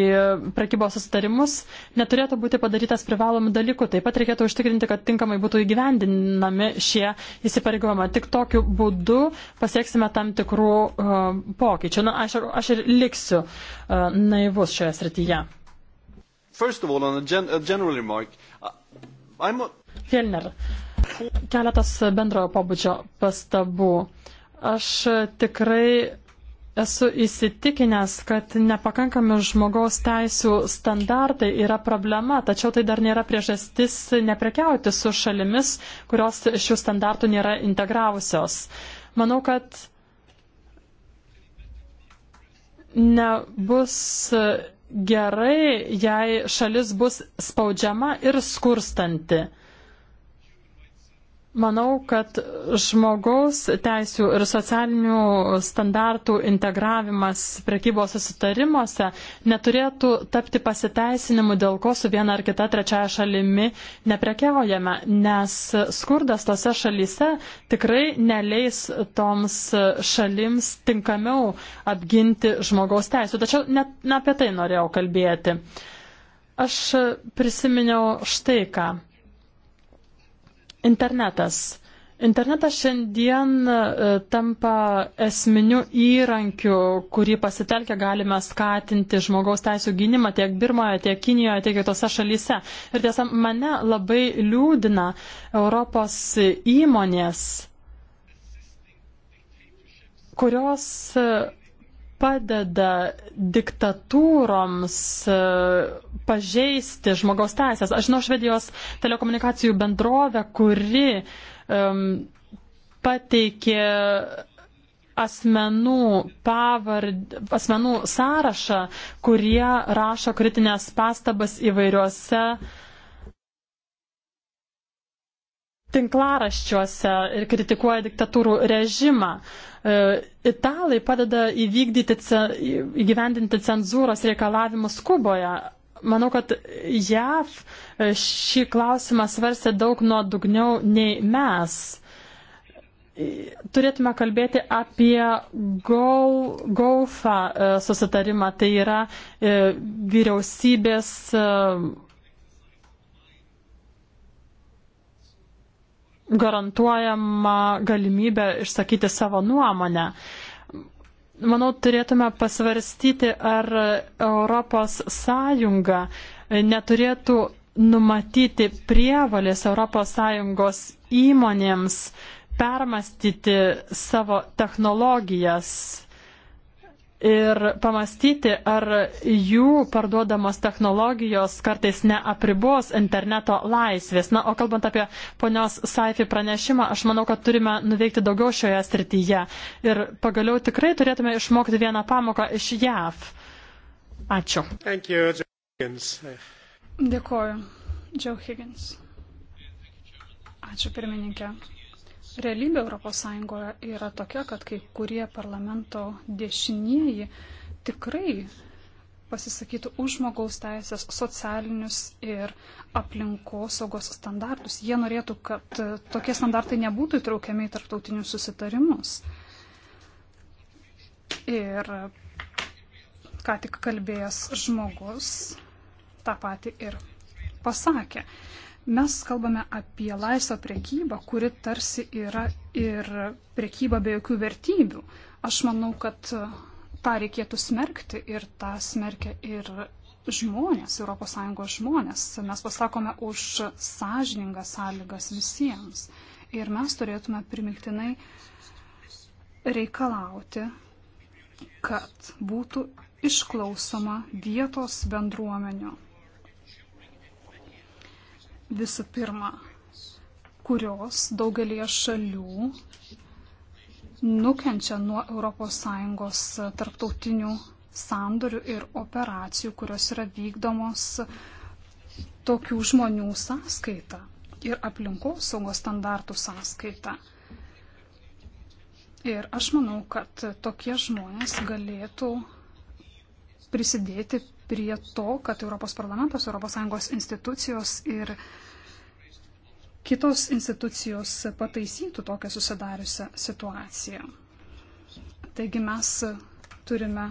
prekybos susitarimus neturėtų būti padarytas privalomų dalykų. Taip pat reikėtų užtikrinti, kad tinkamai būtų įgyvendinami šie įsipareigojimai. Tik tokiu būdu pasieksime tam tikrų uh, pokyčių. Na, aš ir, aš ir liksiu uh, naivus šioje srityje. Fielner, keletas bendrojo pobūdžio pastabų. Aš tikrai esu įsitikinęs, kad nepakankami žmogaus teisų standartai yra problema, tačiau tai dar nėra priežastis neprekiauti su šalimis, kurios šių standartų nėra integravusios. Manau, kad nebus gerai, jei šalis bus spaudžiama ir skurstanti. Manau, kad žmogaus teisų ir socialinių standartų integravimas prekybos susitarimuose neturėtų tapti pasiteisinimu, dėl ko su viena ar kita trečiaja šalimi neprekiaujame, nes skurdas tose šalyse tikrai neleis toms šalims tinkamiau apginti žmogaus teisų. Tačiau net ne apie tai norėjau kalbėti. Aš prisiminiau štai ką. Internetas. Internetas šiandien e, tampa esminiu įrankiu, kurį pasitelkę galime skatinti žmogaus teisų gynimą tiek Birmoje, tiek Kinijoje, tiek kitose šalyse. Ir tiesa, mane labai liūdina Europos įmonės, kurios e, padeda diktatūroms e, pažeisti žmogaus teisės. Aš žinau Švedijos telekomunikacijų bendrovę, kuri um, pateikė asmenų, pavard, asmenų sąrašą, kurie rašo kritinės pastabas įvairiuose uh, tinklaraščiuose ir kritikuoja diktatūrų režimą. E, italai padeda įvykdyti, įgyvendinti cenzūros reikalavimus Kuboje. Manau, kad JAV e, šį klausimą svarstė daug nuodugniau nei mes. E, turėtume kalbėti apie GOFA susitarimą, tai yra vyriausybės garantuojama galimybė išsakyti savo nuomonę. Manau, turėtume pasvarstyti, ar Europos Sąjunga neturėtų numatyti prievalės Europos Sąjungos įmonėms permastyti savo technologijas ir pamastyti, ar jų parduodamos technologijos kartais neapribos interneto laisvės. Na, o kalbant apie ponios Saifi pranešimą, aš manau, kad turime nuveikti daugiau šioje srityje. Ir pagaliau tikrai turėtume išmokti vieną pamoką iš JAV. Ačiū. Dėkuoju. Joe Higgins. Ačiū pirmininkė. Realybė ES yra tokia, kad kai kurie parlamento dešinieji tikrai pasisakytų už žmogaus teisės, socialinius ir aplinkosaugos standartus. Jie norėtų, kad tokie standartai nebūtų įtraukiami į tarptautinius susitarimus. Ir ką tik kalbėjęs žmogus tą patį ir pasakė. Mes kalbame apie laisvą priekybą, kuri tarsi yra ir priekyba be jokių vertybių. Aš manau, kad tą reikėtų smerkti ir tą smerkia ir žmonės, ES žmonės. Mes pasakome už sąžiningas sąlygas visiems. Ir mes turėtume primiktinai reikalauti, kad būtų išklausoma vietos bendruomenių visų pirma, kurios daugelie šalių nukenčia nuo ES tarptautinių sandorių ir operacijų, kurios yra vykdomos tokių žmonių sąskaita ir aplinkos saugos standartų sąskaita. Ir aš manau, kad tokie žmonės galėtų prisidėti prie to, kad Europos parlamentas, ES institucijos ir kitos institucijos pataisytų tokią susidariusią situaciją. Taigi mes turime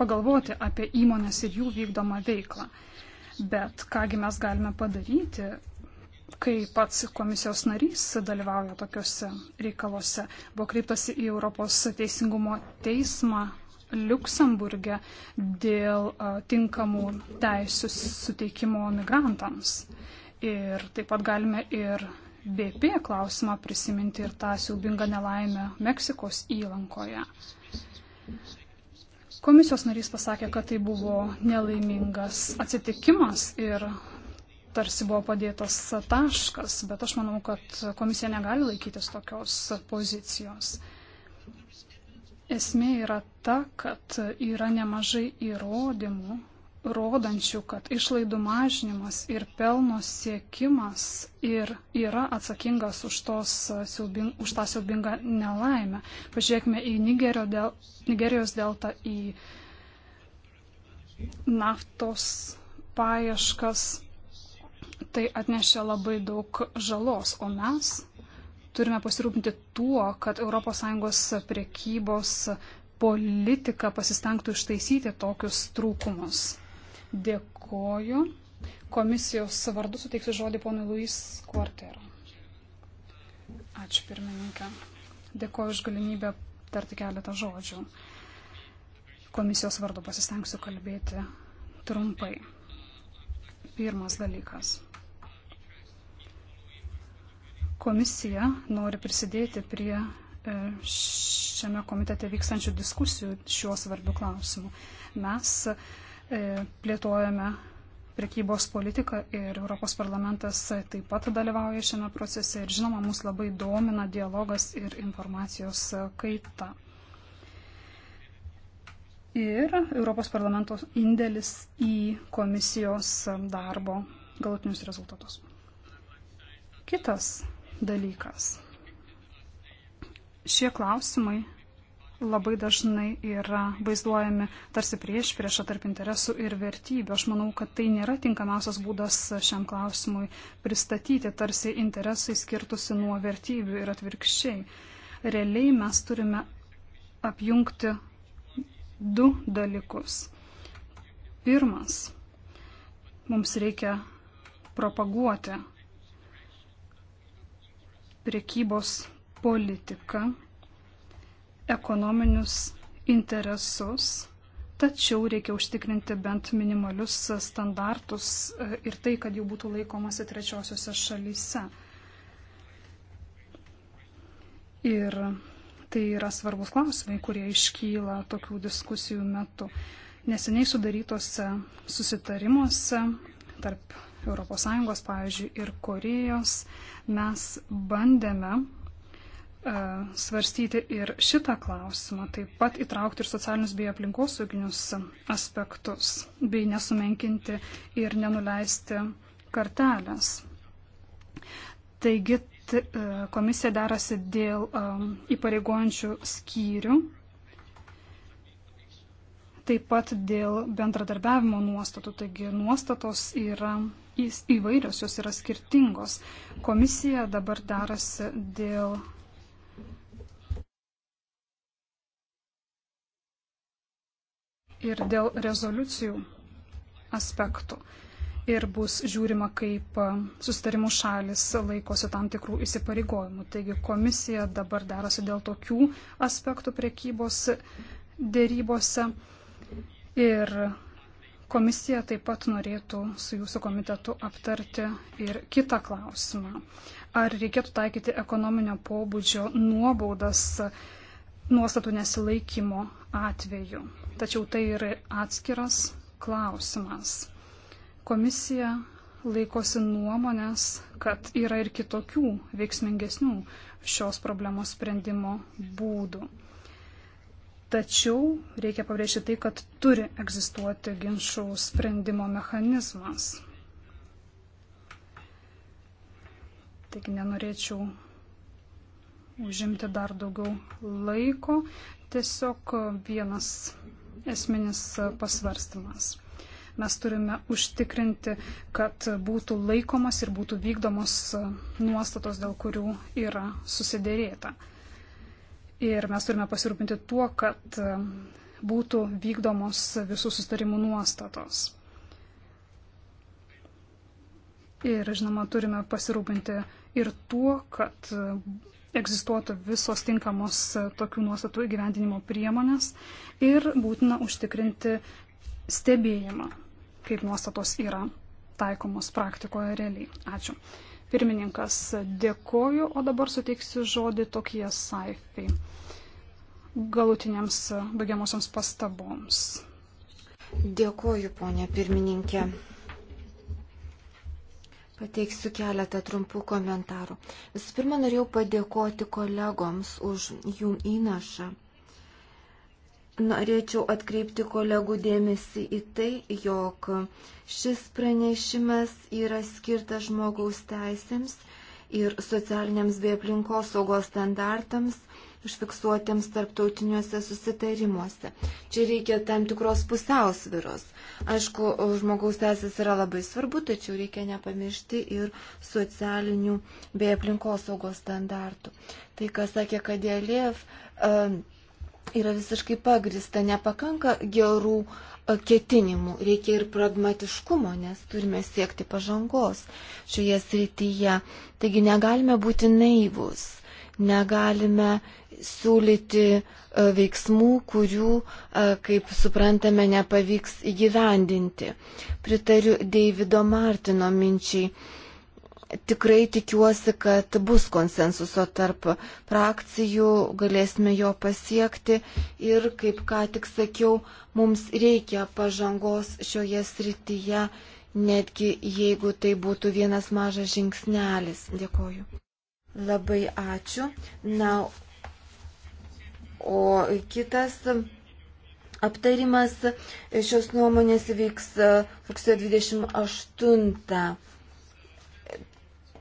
pagalvoti apie įmonės ir jų vykdomą veiklą. Bet kągi mes galime padaryti, kai pats komisijos narys dalyvauja tokiuose reikaluose. Buvo kreiptasi į Europos teisingumo teismą Luksemburgė dėl tinkamų teisų suteikimo migrantams. Ir taip pat galime ir BP klausimą prisiminti ir tą siaubingą nelaimę Meksikos įlankoje. Komisijos narys pasakė, kad tai buvo nelaimingas atsitikimas ir tarsi buvo padėtas taškas, bet aš manau, kad komisija negali laikytis tokios pozicijos. Esmė yra ta, kad yra nemažai įrodymų, rodančių, kad išlaidų mažinimas ir pelno siekimas ir yra atsakingas už, tos, siaubing, už tą siaubingą nelaimę. Pažiūrėkime į Nigerio del, Nigerijos deltą, į naftos paieškas. Tai atnešė labai daug žalos, o mes turime pasirūpinti tuo, kad ES priekybos politika pasistengtų ištaisyti tokius trūkumus. Dėkoju. Komisijos vardu suteiksiu žodį ponui Luis Quartero. Ačiū pirmininkė. Dėkoju už galimybę tarti keletą žodžių. Komisijos vardu pasistengsiu kalbėti trumpai. Pirmas dalykas. Komisija nori prisidėti prie e, šiame komitete vykstančių diskusijų šiuo svarbiu klausimu. Mes e, plėtojame prekybos politiką ir Europos parlamentas taip pat dalyvauja šiame procese ir žinoma, mus labai domina dialogas ir informacijos kaita. Ir Europos parlamento indėlis į komisijos darbo galutinius rezultatus. Kitas dalykas. Šie klausimai labai dažnai yra vaizduojami tarsi prieš priešą tarp interesų ir vertybių. Aš manau, kad tai nėra tinkamiausias būdas šiam klausimui pristatyti, tarsi interesai skirtusi nuo vertybių ir atvirkščiai. Realiai mes turime apjungti du dalykus. Pirmas, mums reikia propaguoti priekybos politiką, ekonominius interesus, tačiau reikia užtikrinti bent minimalius standartus e, ir tai, kad jų būtų laikomasi trečiosiuose šalyse. Ir tai yra svarbus klausimai, kurie iškyla tokių diskusijų metu. Neseniai sudarytose susitarimuose tarp ES, pavyzdžiui, ir Korejos, mes bandėme e, svarstyti ir šitą klausimą, taip pat įtraukti ir socialinius bei aplinkosauginius aspektus, bei nesumenkinti ir nenuleisti kartelės. Taigi e, komisija derasi dėl e, įpareigojančių skyrių, taip pat dėl bendradarbiavimo nuostatų. Taigi nuostatos yra įvairios, jos yra skirtingos. Komisija dabar darasi dėl. Ir dėl rezoliucijų aspektų. Ir bus žiūrima, kaip sustarimų šalis laikosi tam tikrų įsipareigojimų. Taigi komisija dabar darasi dėl tokių aspektų priekybos dėrybose. Ir Komisija taip pat norėtų su jūsų komitetu aptarti ir kitą klausimą. Ar reikėtų taikyti ekonominio pobūdžio nuobaudas nuostatų nesilaikymo atveju? Tačiau tai yra atskiras klausimas. Komisija laikosi nuomonės, kad yra ir kitokių veiksmingesnių šios problemos sprendimo būdų. Tačiau reikia pabrėžti tai, kad turi egzistuoti ginčių sprendimo mechanizmas. Taigi nenorėčiau užimti dar daugiau laiko, tiesiog vienas esminis pasvarstymas. Mes turime užtikrinti, kad būtų laikomas ir būtų vykdomos nuostatos, dėl kurių yra susidėrėta. Ir mes turime pasirūpinti tuo, kad e, būtų vykdomos visų sustarimų nuostatos. Ir, žinoma, turime pasirūpinti ir tuo, kad e, egzistuotų visos tinkamos e, tokių nuostatų įgyvendinimo priemonės ir būtina užtikrinti stebėjimą, kaip nuostatos yra taikomos praktikoje realiai. Ačiū. Pirmininkas, dėkoju, o dabar suteiksiu žodį tokie saifai galutiniams baigiamusiams pastaboms. Dėkoju, ponė pirmininkė. Pateiksiu keletą trumpų komentarų. Visų pirma, norėjau padėkoti kolegoms už jų įnašą Norėčiau atkreipti kolegų dėmesį į tai, jog šis pranešimas yra skirtas žmogaus teisėms ir socialiniams bei aplinkos saugos standartams užfiksuotiems tarptautiniuose susitarimuose. Čia reikia tam tikros pusiausviros. Aišku, žmogaus teisės yra labai svarbu, tačiau reikia nepamiršti ir socialinių bei aplinkosaugos standartų. Tai, ką sakė Kadėlėv, uh, yra visiškai pagrista. Nepakanka gerų e, ketinimų, reikia ir pragmatiškumo, nes turime siekti pažangos šioje srityje. Taigi negalime būti naivus, negalime siūlyti e, veiksmų, kurių, e, kaip suprantame, nepavyks įgyvendinti. Pritariu Deivido Martino minčiai tikrai tikiuosi, kad bus konsensuso tarp frakcijų, galėsime jo pasiekti ir, kaip ką tik sakiau, mums reikia pažangos šioje srityje, netgi jeigu tai būtų vienas mažas žingsnelis. Dėkoju. Labai ačiū. Na, o kitas aptarimas šios nuomonės vyks rugsėjo 28.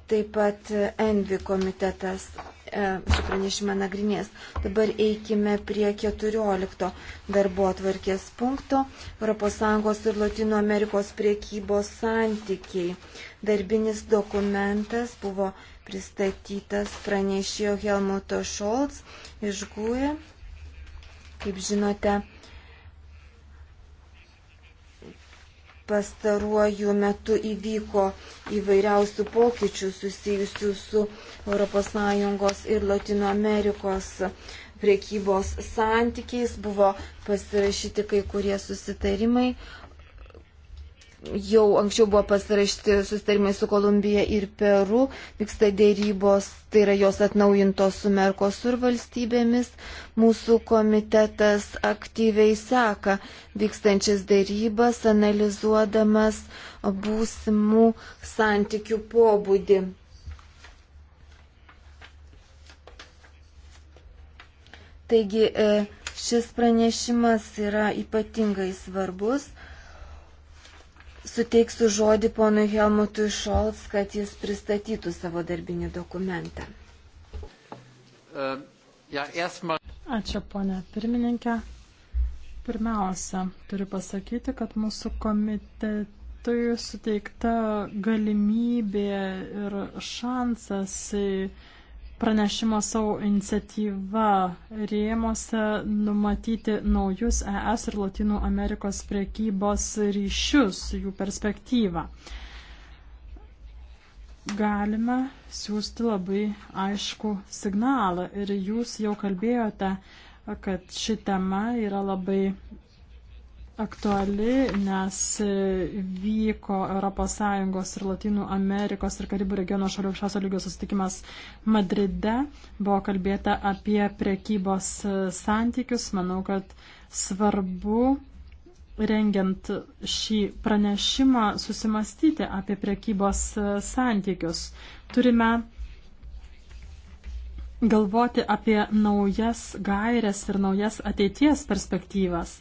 Taip pat Envi komitetas šį e, pranešimą nagrinės. Dabar eikime prie 14 darbo atvarkės punkto ES ir Latino Amerikos priekybos santykiai. Darbinis dokumentas buvo pristatytas pranešėjo Helmuto Šolts iš Gūje. Kaip žinote, pastaruoju metu įvyko įvairiausių pokyčių susijusių su ES ir Latino Amerikos priekybos santykiais, buvo pasirašyti kai kurie susitarimai, jau anksčiau buvo pasirašti sustarimai su Kolumbija ir Peru, vyksta dėrybos, tai yra jos atnaujintos su Merkosur valstybėmis. Mūsų komitetas aktyviai seka vykstančias dėrybas, analizuodamas būsimų santykių pobūdį. Taigi e, šis pranešimas yra ypatingai svarbus suteiksiu žodį ponui Helmutui Šolts, kad jis pristatytų savo darbinį dokumentą. E, Ačiū, ponė pirmininkė. Pirmiausia, turiu pasakyti, kad mūsų komitetui suteikta galimybė ir šansas į pranešimo savo iniciatyva rėmose numatyti naujus ES ir Latino Amerikos priekybos ryšius, jų perspektyvą. Galime siūsti labai aišku signalą ir jūs jau kalbėjote, kad ši tema yra labai aktuali, nes vyko ES ir Latinų Amerikos ir Karibų regiono šalių aukščiausio lygio susitikimas Madride. Buvo kalbėta apie prekybos santykius. Manau, kad svarbu rengiant šį pranešimą susimastyti apie prekybos santykius. Turime galvoti apie naujas gairias ir naujas ateities perspektyvas.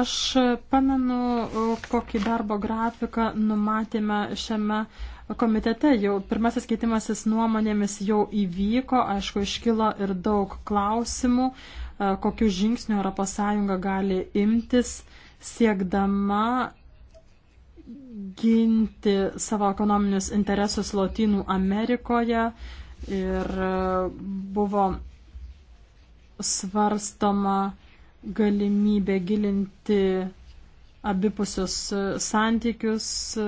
Aš pamenu, kokį darbo grafiką numatėme šiame komitete. Jau pirmasis keitimasis nuomonėmis jau įvyko, aišku, iškilo ir daug klausimų, e, kokiu žingsniu ES gali imtis siekdama ginti savo ekonominius interesus Lotynų Amerikoje ir e, buvo svarstoma galimybė gilinti abipusius e, santykius e,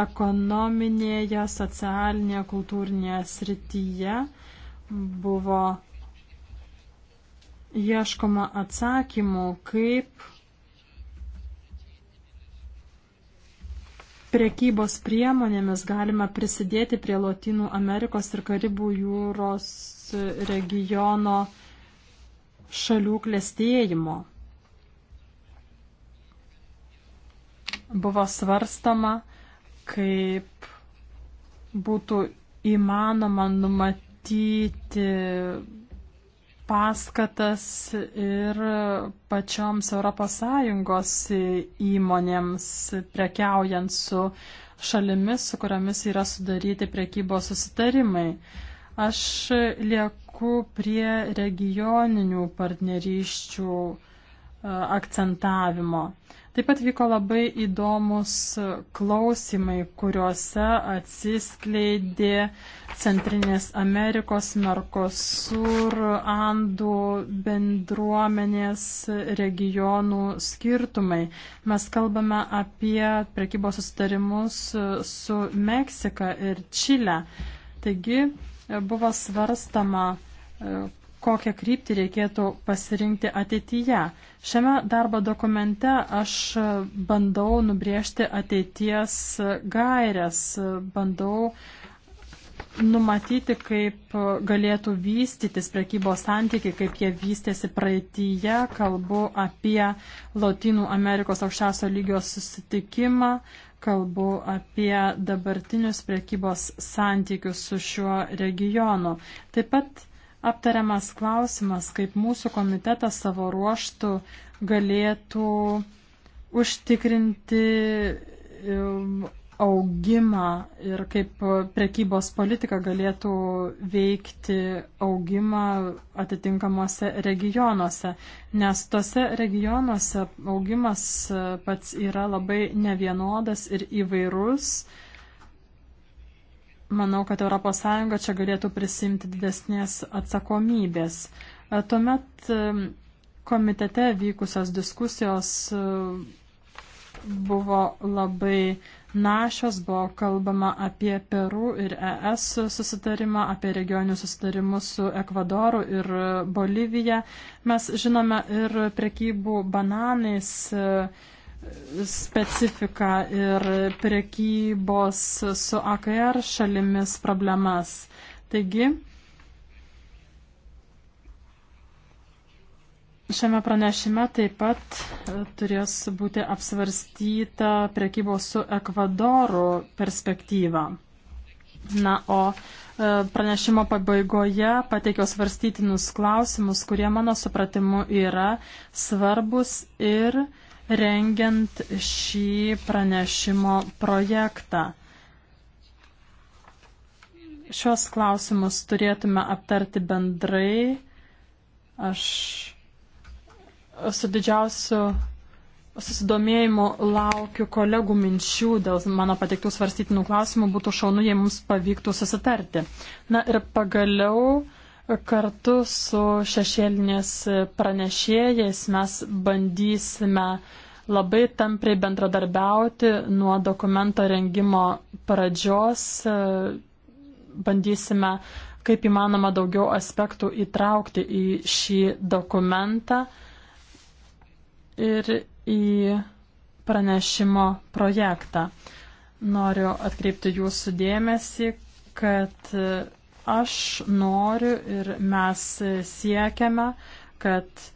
ekonominėje, socialinėje, kultūrinėje srityje buvo ieškoma atsakymų, kaip prekybos priemonėmis galima prisidėti prie Latinų Amerikos ir Karibų jūros regiono šalių klestėjimo. Buvo svarstama, kaip būtų įmanoma numatyti paskatas ir pačioms ES įmonėms prekiaujant su šalimis, su kuriamis yra sudaryti prekybos susitarimai. Aš lieku sutinku prie regioninių partnerysčių e, akcentavimo. Taip pat vyko labai įdomus klausimai, kuriuose atsiskleidė Centrinės Amerikos, Merkosur, Andų bendruomenės regionų skirtumai. Mes kalbame apie prekybos sustarimus su Meksika ir Čile. Taigi buvo svarstama E, kokią kryptį reikėtų pasirinkti ateityje. Šiame darbo dokumente aš e, bandau nubrėžti ateities gairias, e, bandau numatyti, kaip galėtų vystytis prekybos santykiai, kaip jie vystėsi praeitįje. Kalbu apie Latinų Amerikos aukščiausio lygio susitikimą, kalbu apie dabartinius prekybos santykius su šiuo regionu. Taip pat aptariamas klausimas, kaip mūsų komitetas savo ruoštų galėtų užtikrinti um, augimą ir kaip prekybos politika galėtų veikti augimą atitinkamuose regionuose, nes tose regionuose augimas pats yra labai nevienodas ir įvairus manau, kad ES čia galėtų prisimti didesnės atsakomybės. E, tuomet e, komitete vykusios diskusijos e, buvo labai našios, buvo kalbama apie Peru ir ES susitarimą, apie regioninius susitarimus su Ekvadoru ir Bolivija. Mes žinome ir prekybų bananais specifiką ir prekybos su AKR šalimis problemas. Taigi, Šiame pranešime taip pat e, turės būti apsvarstyta prekybos su Ekvadoru perspektyva. Na, o e, pranešimo pabaigoje pateikiau svarstytinus klausimus, kurie mano supratimu yra svarbus ir uh, rengiant šį pranešimo projektą. Šios klausimus turėtume aptarti bendrai. Aš su didžiausiu susidomėjimu laukiu kolegų minčių dėl mano pateiktų svarstytinų klausimų. Būtų šaunu, jei mums pavyktų susitarti. Na ir pagaliau Kartu su šešėlinės pranešėjais mes bandysime labai tampriai bendradarbiauti nuo dokumento rengimo pradžios. Bandysime kaip įmanoma daugiau aspektų įtraukti į šį dokumentą ir į pranešimo projektą. Noriu atkreipti jūsų dėmesį, kad Aš noriu ir mes siekiame, kad e,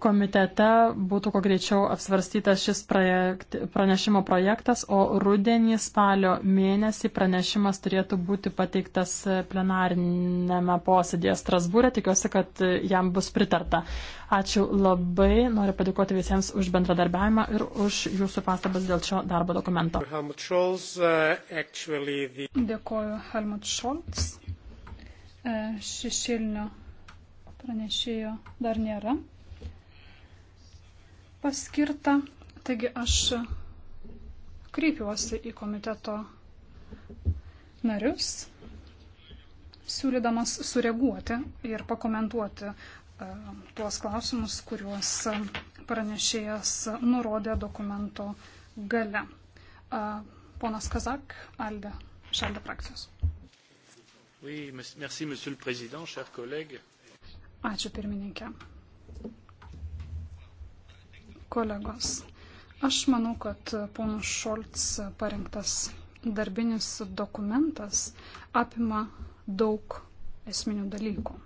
komitete būtų kuo greičiau apsvarstytas šis projekt, pranešimo projektas, o rudenį spalio mėnesį pranešimas turėtų būti pateiktas plenarinėme posėdėje Strasbūrė. Tikiuosi, kad jam bus pritarta. Ačiū labai, noriu padėkoti visiems už bendradarbiavimą ir už jūsų pastabas dėl šio darbo dokumento. Uh, Dėkoju Helmut Scholz. E, šešėlinio pranešėjo dar nėra paskirta. Taigi aš kreipiuosi į komiteto narius, siūlydamas sureaguoti ir pakomentuoti uh, tuos klausimus, kuriuos pranešėjas nurodė dokumento gale. Uh, ponas Kazak, Alde, Šaldė frakcijos. Oui, merci, Monsieur le Président, chers collègues. Ačiū pirmininkė. Kolegos, aš manau, kad pono Šolts parengtas darbinis dokumentas apima daug esminių dalykų.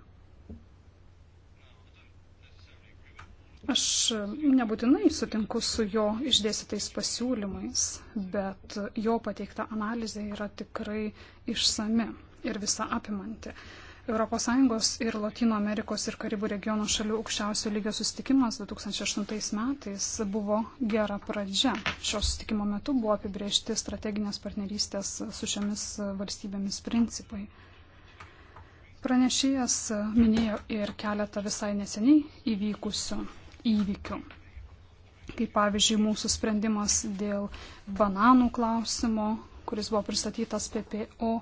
Aš nebūtinai sutinku su jo išdėstytais pasiūlymais, bet jo pateikta analizė yra tikrai išsami ir visą apimanti. ES ir Latino Amerikos ir Karibų regiono šalių aukščiausio lygio susitikimas 2008 metais buvo gera pradžia. Šio susitikimo metu buvo apibriežti strateginės partnerystės su šiomis valstybėmis principai. Pranešėjas minėjo ir keletą visai neseniai įvykusių įvykių. Kaip pavyzdžiui, mūsų sprendimas dėl bananų klausimo, kuris buvo pristatytas PPO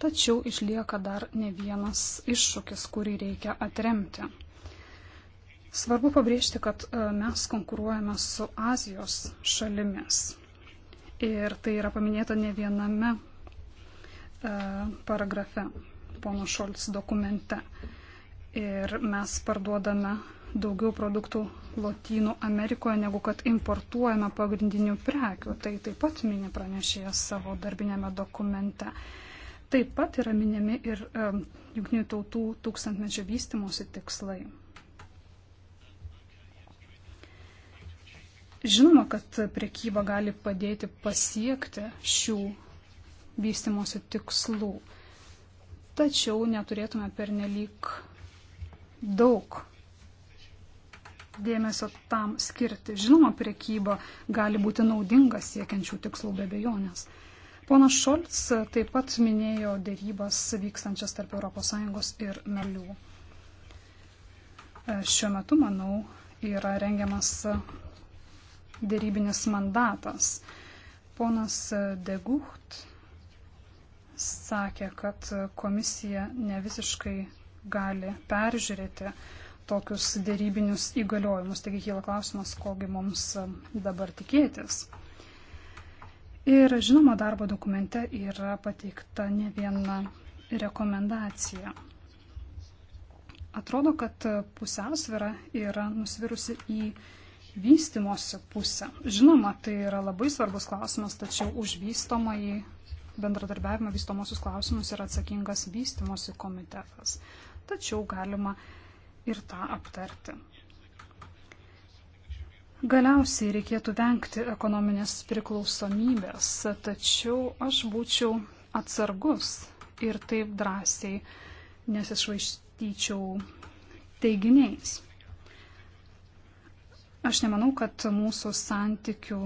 tačiau išlieka dar ne vienas iššūkis, kurį reikia atremti. Svarbu pabrėžti, kad e, mes konkuruojame su Azijos šalimis. Ir tai yra paminėta ne viename e, paragrafe pono Šolts dokumente. Ir mes parduodame daugiau produktų Lotynų Amerikoje, negu kad importuojame pagrindinių prekių. Tai taip pat mini pranešėjas savo darbinėme dokumente. Taip pat yra minimi ir jungtinių tautų tūkstantmečio vystimosi tikslai. Žinoma, kad priekyba gali padėti pasiekti šių vystimosi tikslų, tačiau neturėtume pernelyg daug dėmesio tam skirti. Žinoma, priekyba gali būti naudinga siekiančių tikslų be bejonės. Ponas Šolts taip pat minėjo dėrybas vykstančias tarp ES ir narių. E, šiuo metu, manau, yra rengiamas dėrybinis mandatas. Ponas Degucht sakė, kad komisija ne visiškai gali peržiūrėti tokius dėrybinius įgaliojimus. Taigi kyla klausimas, kogi mums dabar tikėtis. Ir žinoma, darbo dokumente yra pateikta ne viena rekomendacija. Atrodo, kad pusiausvėra yra nusvirusi į vystimosi pusę. Žinoma, tai yra labai svarbus klausimas, tačiau už vystomą į bendradarbiavimą vystomosius klausimus yra atsakingas vystimosi komitetas. Tačiau galima ir tą aptarti. Galiausiai reikėtų vengti ekonominės priklausomybės, tačiau aš būčiau atsargus ir taip drąsiai nesišvaistyčiau teiginiais. Aš nemanau, kad mūsų santykių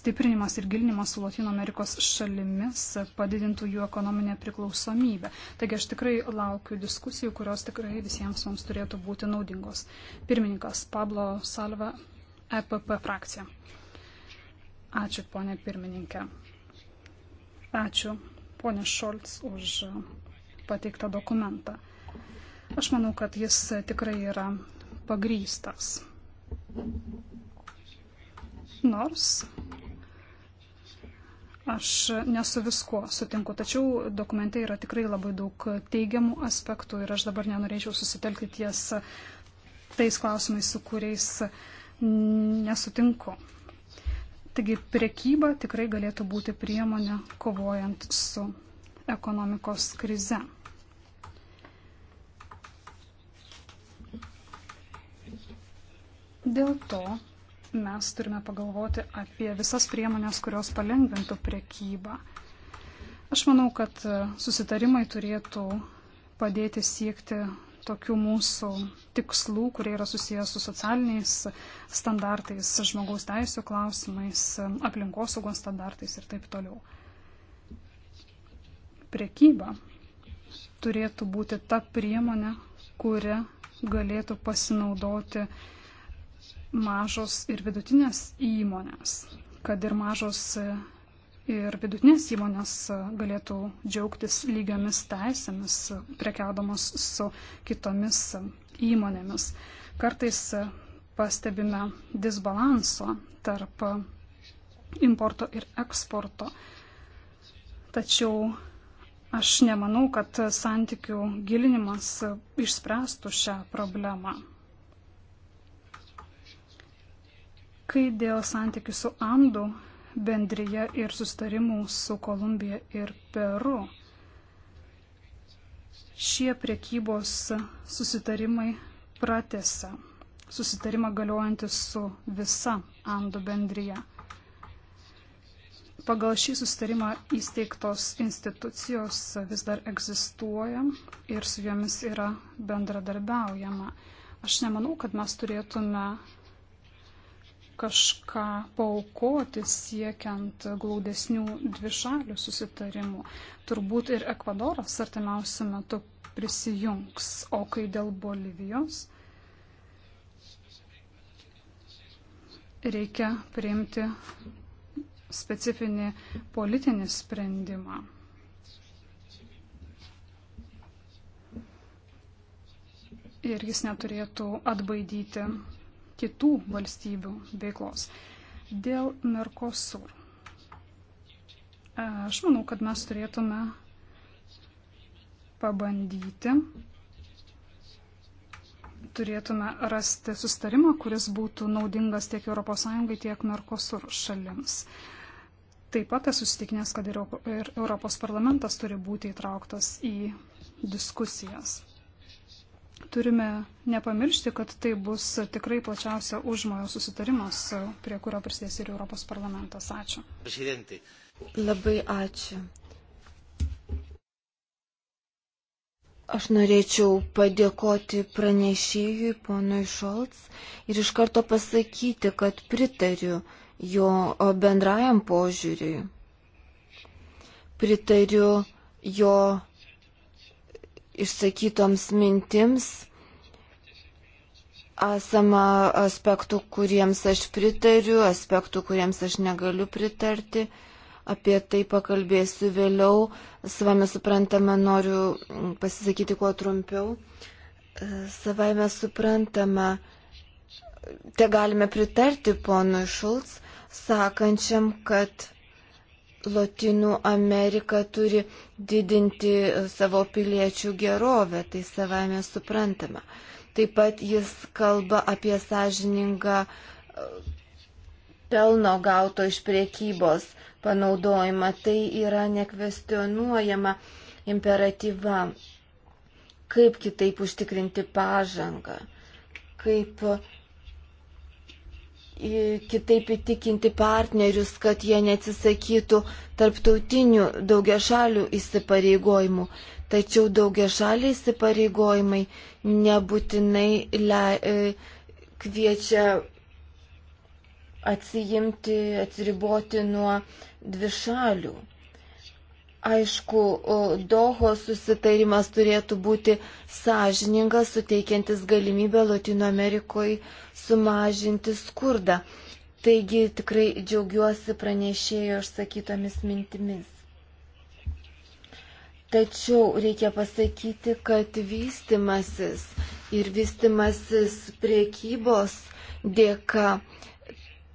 stiprinimas ir gilinimas su Latino Amerikos šalimis padidintų jų ekonominę priklausomybę. Taigi aš tikrai laukiu diskusijų, kurios tikrai visiems mums turėtų būti naudingos. Pirmininkas Pablo Salva EPP frakcija. Ačiū, ponė pirmininkė. Ačiū, ponė Šolts, už pateiktą dokumentą. Aš manau, kad jis tikrai yra pagrystas. Nors aš nesu viskuo sutinku, tačiau dokumente yra tikrai labai daug teigiamų aspektų ir aš dabar nenorėčiau susitelkti ties tais klausimais, su kuriais uh, nesutinku. Taigi priekyba tikrai galėtų būti priemonė kovojant su ekonomikos krize. Dėl to mes turime pagalvoti apie visas priemonės, kurios palengvintų priekybą. Aš manau, kad susitarimai turėtų padėti siekti tokių mūsų tikslų, kurie yra susijęs su socialiniais standartais, žmogaus teisų klausimais, aplinkosaugos standartais ir taip toliau. Priekyba turėtų būti ta priemonė, kuria galėtų pasinaudoti mažos ir vidutinės įmonės, kad ir mažos ir vidutinės įmonės galėtų džiaugtis lygiomis teisėmis, prekiaudamos su kitomis įmonėmis. Kartais pastebime disbalanso tarp importo ir eksporto. Tačiau aš nemanau, kad santykių gilinimas išspręstų šią problemą. Kai dėl santykių su Andu bendryje ir sustarimų su Kolumbija ir Peru. Šie priekybos susitarimai pratesa susitarimą galiojantį su visa Andų bendryje. Pagal šį susitarimą įsteigtos institucijos vis dar egzistuoja ir su jomis yra bendradarbiaujama. Aš nemanau, kad mes turėtume kažką paukoti siekiant glaudesnių dvišalių susitarimų. Turbūt ir Ekvadoras artimiausiu metu prisijungs. O kai dėl Bolivijos reikia priimti specifinį politinį sprendimą. Ir jis neturėtų atbaidyti kitų valstybių veiklos. Dėl Mercosur. Aš manau, kad mes turėtume pabandyti, turėtume rasti sustarimą, kuris būtų naudingas tiek ES, tiek Mercosur šalims. Taip pat esu įsitikinęs, kad ir Europos parlamentas turi būti įtrauktas į diskusijas. Turime nepamiršti, kad tai bus tikrai plačiausia užmojo susitarimas, prie kurio prisidės ir Europos parlamentas. Ačiū. Presidente. Labai ačiū. Aš norėčiau padėkoti pranešėjui, ponui Šolts, ir iš karto pasakyti, kad pritariu jo bendrajam požiūriui. Pritariu jo išsakytoms mintims. Esama aspektų, kuriems aš pritariu, aspektų, kuriems aš negaliu pritarti. Apie tai pakalbėsiu vėliau. Savame suprantama, noriu pasisakyti kuo trumpiau. Savaime suprantama, te galime pritarti ponui Šulc, sakančiam, kad Latinų Amerika turi didinti savo piliečių gerovę, tai savame suprantama. Taip pat jis kalba apie sąžiningą pelno gauto iš priekybos panaudojimą. Tai yra nekvestionuojama imperatyva. Kaip kitaip užtikrinti pažangą? Kaip uh, kitaip įtikinti partnerius, kad jie neatsisakytų tarptautinių daugiašalių įsipareigojimų. Tačiau daugiašaliai įsipareigojimai nebūtinai le, e, kviečia atsijimti, atsiriboti nuo dvišalių Aišku, Doho susitarimas turėtų būti sąžiningas, suteikiantis galimybę Latino Amerikoje sumažinti skurdą. Taigi tikrai džiaugiuosi pranešėjo išsakytomis mintimis. Tačiau reikia pasakyti, kad vystimasis ir vystimasis priekybos dėka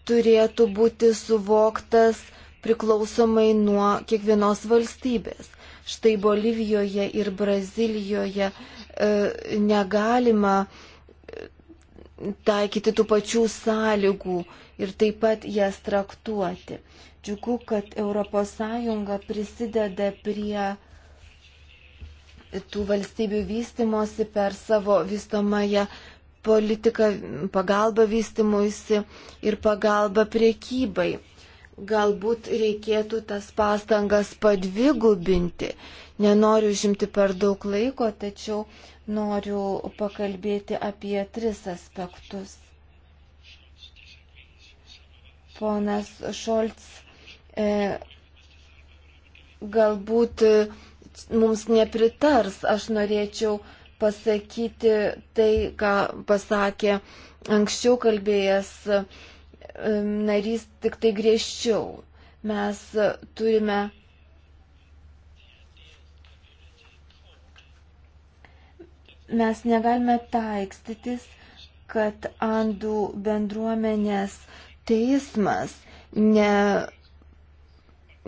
turėtų būti suvoktas priklausomai nuo kiekvienos valstybės. Štai Bolivijoje ir Brazilijoje e, negalima e, taikyti tų pačių sąlygų ir taip pat jas traktuoti. Džiugu, kad ES prisideda prie tų valstybių vystimosi per savo vystomąją politiką, pagalbą vystimuisi ir pagalbą priekybai. Galbūt reikėtų tas pastangas padvigubinti. Nenoriu žimti per daug laiko, tačiau noriu pakalbėti apie tris aspektus. Ponas Šolts e, galbūt mums nepritars, aš norėčiau pasakyti tai, ką pasakė anksčiau kalbėjęs Um, narys tik tai griežčiau. Mes turime mes negalime taikstytis, kad Andų bendruomenės teismas ne,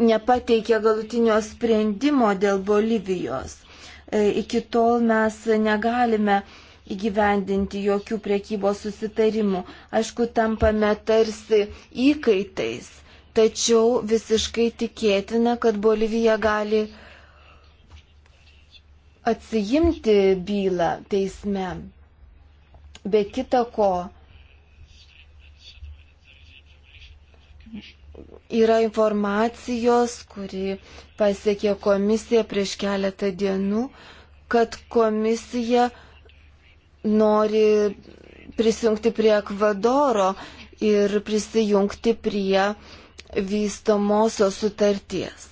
nepateikė galutinio sprendimo dėl Bolivijos. E, iki tol mes negalime uh, įgyvendinti jokių priekybos susitarimų. Aišku, tampame tarsi įkaitais, tačiau visiškai tikėtina, kad Bolivija gali atsijimti bylą teisme. Be kita ko, yra informacijos, kuri pasiekė komisiją prieš keletą dienų, kad komisija nori prisijungti prie Ekvadoro ir prisijungti prie vystomosios sutarties.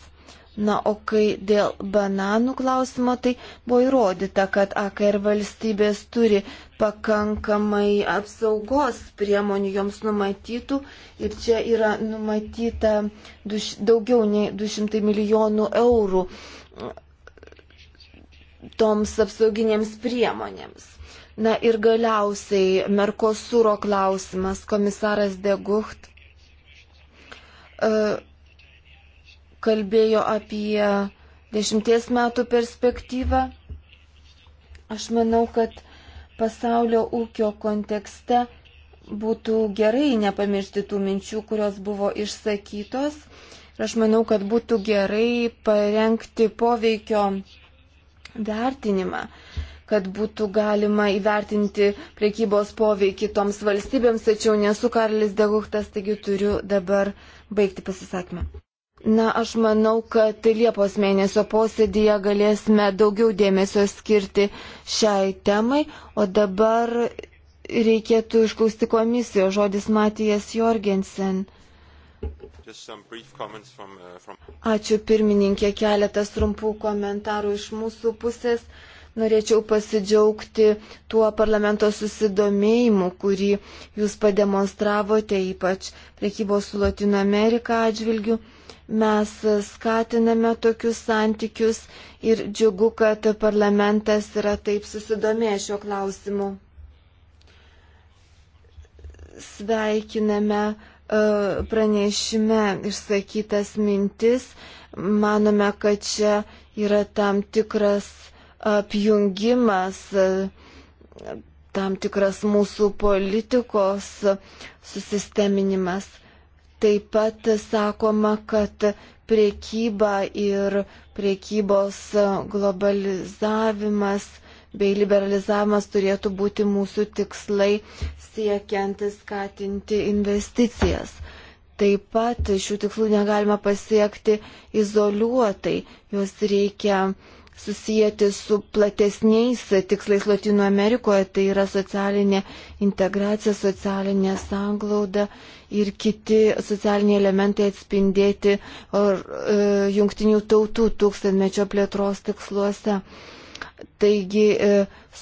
Na, o kai dėl bananų klausimo, tai buvo įrodyta, kad AKR valstybės turi pakankamai apsaugos priemonių joms numatytų ir čia yra numatyta duš, daugiau nei 200 milijonų eurų toms apsauginėms priemonėms. Na ir galiausiai Merkosūro klausimas, komisaras Degucht e, kalbėjo apie dešimties metų perspektyvą. Aš manau, kad pasaulio ūkio kontekste būtų gerai nepamiršti tų minčių, kurios buvo išsakytos. Ir aš manau, kad būtų gerai parengti poveikio vertinimą. Uh, kad būtų galima įvertinti priekybos poveikį toms valstybėms, tačiau nesu Karlis Deguktas, taigi turiu dabar baigti pasisakymą. Na, aš manau, kad Liepos mėnesio posėdėje galėsime daugiau dėmesio skirti šiai temai, o dabar reikėtų išklausti komisijos žodis Matijas Jorgensen. Uh, Ačiū pirmininkė, keletas trumpų komentarų iš mūsų pusės norėčiau pasidžiaugti tuo parlamento susidomėjimu, kurį jūs pademonstravote, ypač priekybos su Latino Amerika atžvilgiu. Mes skatiname tokius santykius ir džiugu, kad parlamentas yra taip susidomėjęs šiuo klausimu. Sveikiname e, pranešime išsakytas mintis manome, kad čia yra tam tikras apjungimas, e, tam tikras mūsų politikos susisteminimas. Taip pat sakoma, kad priekyba ir priekybos globalizavimas bei liberalizavimas turėtų būti mūsų tikslai siekiant skatinti investicijas. Taip pat šių tikslų negalima pasiekti izoliuotai, juos reikia uh, susijęti su platesniais tikslais Latino Amerikoje, tai yra socialinė integracija, socialinė sanglauda ir kiti socialiniai elementai atspindėti or, e, jungtinių tautų tūkstantmečio plėtros tiksluose. Taigi e,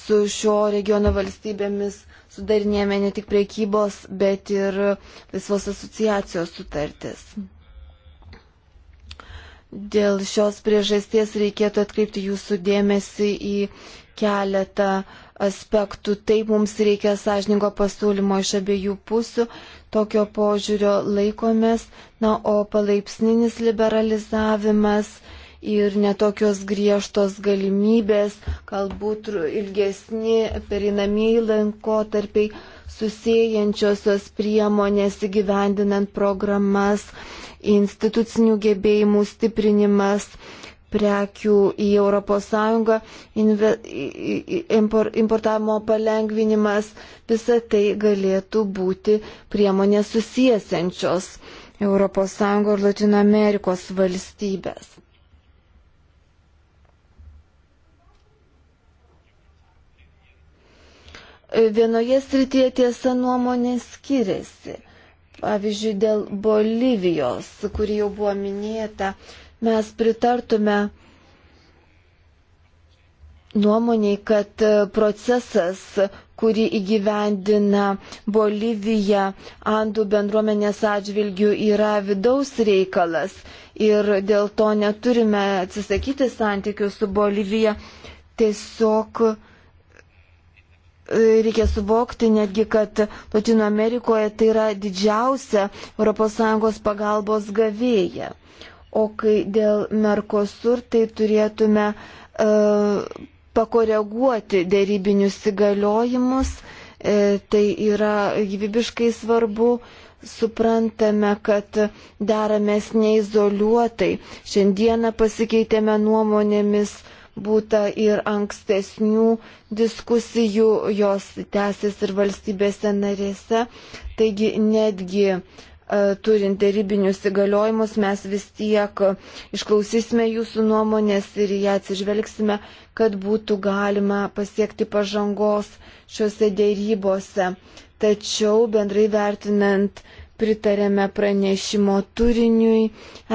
su šio regiono valstybėmis sudarinėjame ne tik priekybos, bet ir laisvos asociacijos sutartis. Mm. Dėl šios priežasties reikėtų atkreipti jūsų dėmesį į keletą aspektų. Taip mums reikia sąžininko pasiūlymo iš abiejų pusių, tokio požiūrio laikomės, na, o palaipsninis liberalizavimas ir netokios griežtos galimybės, galbūt ilgesni perinamieji lankotarpiai susijęjančiosios priemonės įgyvendinant programas, institucinių gebėjimų stiprinimas, prekių į ES, importavimo palengvinimas, visa tai galėtų būti priemonės susijęsiančios ES ir Latino Amerikos valstybės. Vienoje srityje tiesa nuomonė skiriasi. Pavyzdžiui, dėl Bolivijos, kuri jau buvo minėta, mes pritartume nuomoniai, kad procesas, kurį įgyvendina Bolivija Andų bendruomenės atžvilgių, yra vidaus reikalas ir dėl to neturime atsisakyti santykių su Bolivija. Tiesiog reikia suvokti netgi, kad Latino Amerikoje tai yra didžiausia ES pagalbos gavėja. O kai dėl Mercosur, tai turėtume e, pakoreguoti dėrybinius įgaliojimus. E, tai yra gyvybiškai svarbu. Suprantame, kad daramės neizoliuotai. Šiandieną pasikeitėme nuomonėmis būta ir ankstesnių diskusijų, jos tęsis ir valstybėse narėse. Taigi netgi e, turint dėrybinius įgaliojimus, mes vis tiek išklausysime jūsų nuomonės ir ją atsižvelgsime, kad būtų galima pasiekti pažangos šiuose dėrybose. Tačiau bendrai vertinant pritarėme pranešimo turiniui,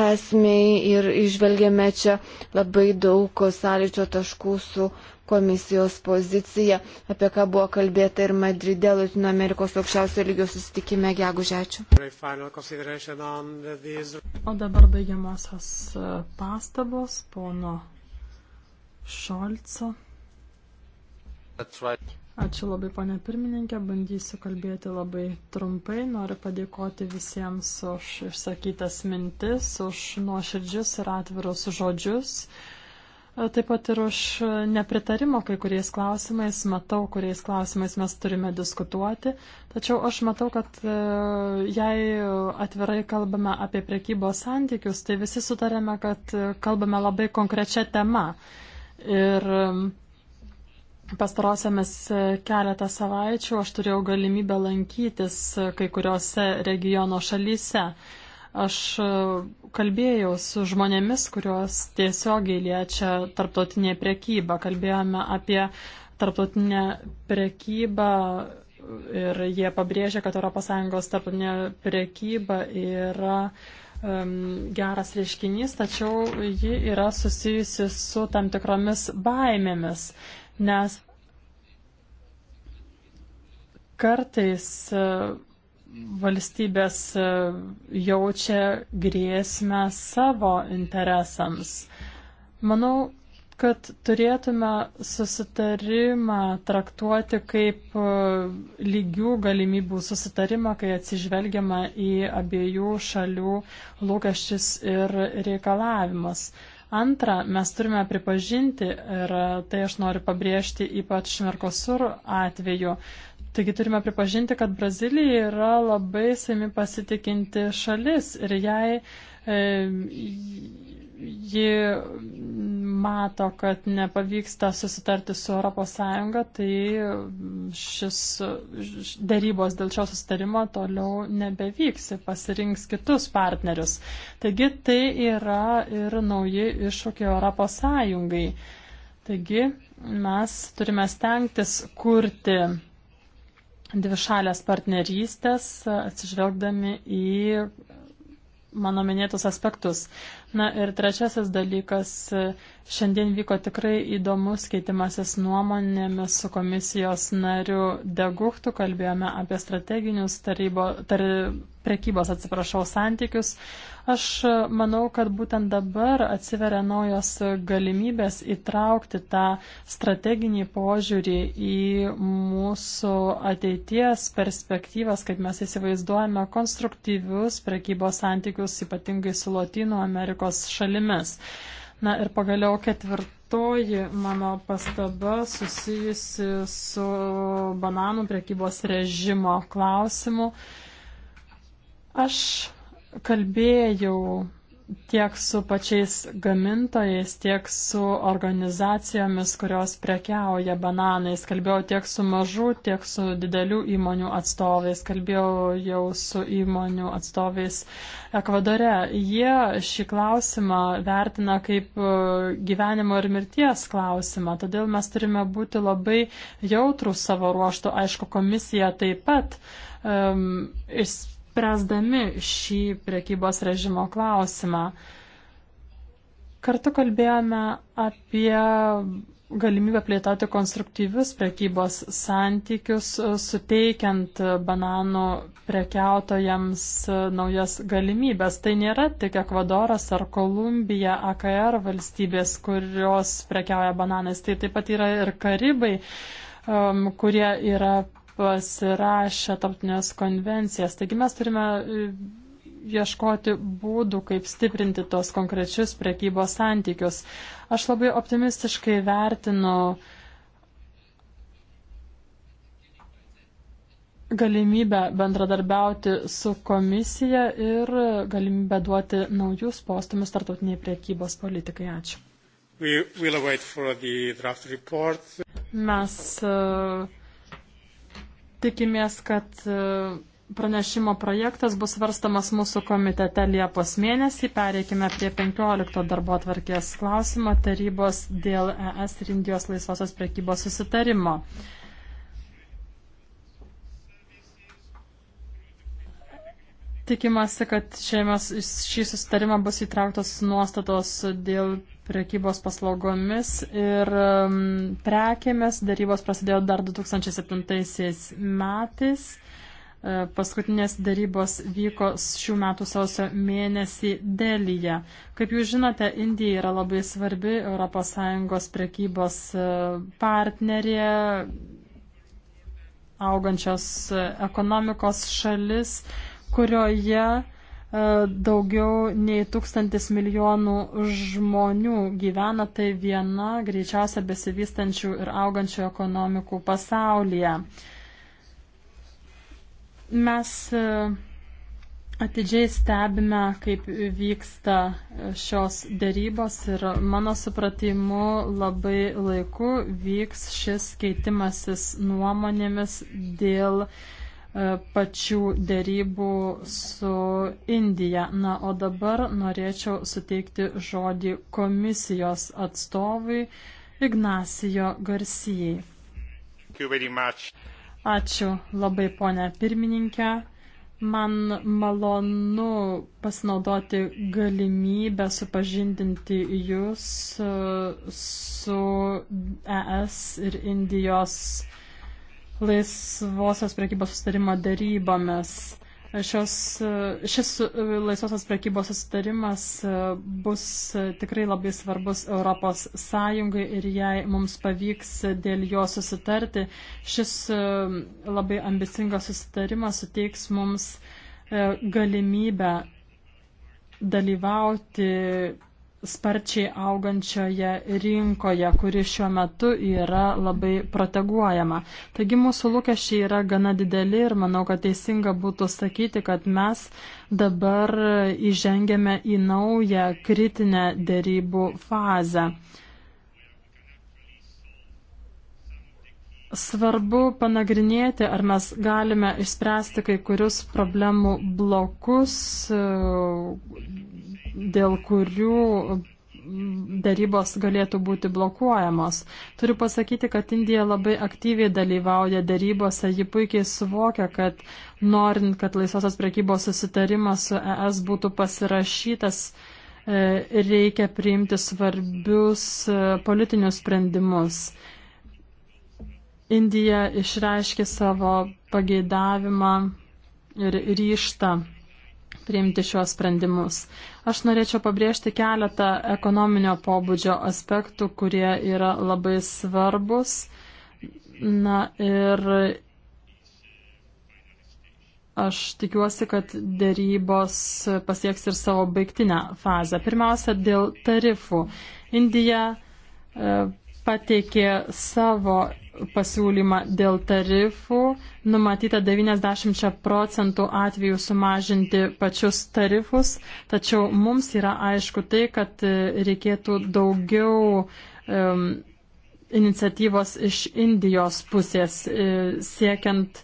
esmei ir išvelgėme čia labai daug sąlyčio taškų su komisijos pozicija, apie ką buvo kalbėta ir Madride, Latino Amerikos aukščiausio lygio susitikime gegužečių. O dabar baigiamosios e, pastabos pono Šolco. Ačiū labai, ponė pirmininkė. Bandysiu kalbėti labai trumpai. Noriu padėkoti visiems už išsakytas mintis, už nuoširdžius ir atvirus žodžius. Taip pat ir už nepritarimo kai kuriais klausimais. Matau, kuriais klausimais mes turime diskutuoti. Tačiau aš matau, kad e, jei atvirai kalbame apie prekybos santykius, tai visi sutarėme, kad e, kalbame labai konkrečią temą. Ir Pastarosiamis e, keletą savaičių aš turėjau galimybę lankytis e, kai kuriuose regiono šalyse. Aš e, kalbėjau su žmonėmis, kuriuos tiesiogiai liečia tarptautinė prekyba. Kalbėjome apie tarptautinę prekybą ir jie pabrėžia, kad ES tarptautinė prekyba yra um, geras reiškinys, tačiau ji yra susijusi su tam tikromis baimėmis nes kartais e, valstybės e, jaučia grėsmę savo interesams. Manau, kad turėtume susitarimą traktuoti kaip e, lygių galimybių susitarimą, kai atsižvelgiama į abiejų šalių lūkesčius ir reikalavimus. Antra, mes turime pripažinti, ir tai aš noriu pabrėžti ypač Merkosur atveju, taigi turime pripažinti, kad Brazilija yra labai savimi pasitikinti šalis ir jai e, ji mato, kad nepavyksta susitarti su ES, tai šis darybos dėl šio susitarimo toliau nebevyks ir pasirinks kitus partnerius. Taigi tai yra ir nauji iššūkiai ES. Taigi mes turime stengtis kurti dvišalės partnerystės, atsižvelgdami į mano minėtus aspektus. Na ir trečiasis dalykas, šiandien vyko tikrai įdomus keitimasis nuomonėmis su komisijos nariu Deguktu, kalbėjome apie strateginius tarybo, tar, prekybos atsiprašau santykius, Aš e, manau, kad būtent dabar atsiveria naujos galimybės įtraukti tą strateginį požiūrį į mūsų ateities perspektyvas, kaip mes įsivaizduojame konstruktyvius prekybos santykius, ypatingai su Latino Amerikos šalimis. Na ir pagaliau ketvirtoji mano pastaba susijusi su bananų prekybos režimo klausimu. Aš kalbėjau tiek su pačiais gamintojais, tiek su organizacijomis, kurios prekiauja bananais. Kalbėjau tiek su mažų, tiek su didelių įmonių atstovais. Kalbėjau jau su įmonių atstovais Ekvadore. Jie šį klausimą vertina kaip e, gyvenimo ir mirties klausimą. Todėl mes turime būti labai jautrų savo ruoštų. Aišku, komisija taip pat. Um, iš spręsdami šį prekybos režimo klausimą. Kartu kalbėjome apie galimybę plėtoti konstruktyvius prekybos santykius, suteikiant bananų prekiautojams naujas galimybės. Tai nėra tik Ekvadoras ar Kolumbija, AKR valstybės, kurios prekiauja bananais. Tai taip pat yra ir Karibai, um, kurie yra pasirašę tarptautinės konvencijas. Taigi mes turime e, ieškoti būdų, kaip stiprinti tos konkrečius prekybos santykius. Aš labai optimistiškai vertinu galimybę bendradarbiauti su komisija ir galimybę duoti naujus postumius tartautiniai priekybos politikai. Ačiū. We, we'll Mes uh, Tikimės, kad e, pranešimo projektas bus svarstamas mūsų komitete Liepos mėnesį. Pereikime prie 15 darbo atvarkės klausimo tarybos dėl ES ir Indijos laisvosios prekybos susitarimo. Tikimasi, kad šiame, šį susitarimą bus įtrauktos nuostatos dėl prekybos paslaugomis ir prekėmis. Darybos prasidėjo dar 2007 metais. E, paskutinės darybos vyko šių metų sausio mėnesį Delyje. Kaip jūs žinote, Indija yra labai svarbi ES prekybos e, partnerė, augančios e, ekonomikos šalis, kurioje E, daugiau nei tūkstantis milijonų žmonių gyvena, tai viena greičiausia besivystančių ir augančių ekonomikų pasaulyje. Mes e, atidžiai stebime, kaip vyksta šios dėrybos ir mano supratimu labai laiku vyks šis keitimasis nuomonėmis dėl uh, E, pačių dėrybų su Indija. Na, o dabar norėčiau suteikti žodį komisijos atstovui Ignacijo Garsijai. Ačiū labai, ponia pirmininkė. Man malonu pasinaudoti galimybę supažindinti jūs e, su ES ir Indijos laisvosios prekybos sustarimo darybomis. Šios, šis e, laisvosios prekybos sustarimas e, bus e, tikrai labai svarbus Europos Sąjungai ir jei mums pavyks dėl jo susitarti, šis labai ambicingas sustarimas suteiks mums galimybę dalyvauti sparčiai augančioje rinkoje, kuri šiuo metu yra labai proteguojama. Taigi mūsų lūkesčiai yra gana dideli ir manau, kad teisinga būtų sakyti, kad mes dabar įžengėme į naują kritinę dėrybų fazę. Svarbu panagrinėti, ar mes galime išspręsti kai kurius problemų blokus, dėl kurių darybos galėtų būti blokuojamos. Turiu pasakyti, kad Indija labai aktyviai dalyvauja darybose, ji puikiai suvokia, kad norint, kad laisvosios prekybos susitarimas su ES būtų pasirašytas, e, reikia priimti svarbius e, politinius sprendimus. Indija išreiškė savo pageidavimą ir ryštą priimti šiuos sprendimus. Aš norėčiau pabrėžti keletą ekonominio pobūdžio aspektų, kurie yra labai svarbus. Na ir aš tikiuosi, kad dėrybos pasieks ir savo baigtinę fazę. Pirmiausia, dėl tarifų. Indija e, pateikė savo pasiūlymą dėl tarifų. Numatyta 90 procentų atvejų sumažinti pačius tarifus, tačiau mums yra aišku tai, kad e, reikėtų daugiau um, iniciatyvos iš Indijos pusės e, siekiant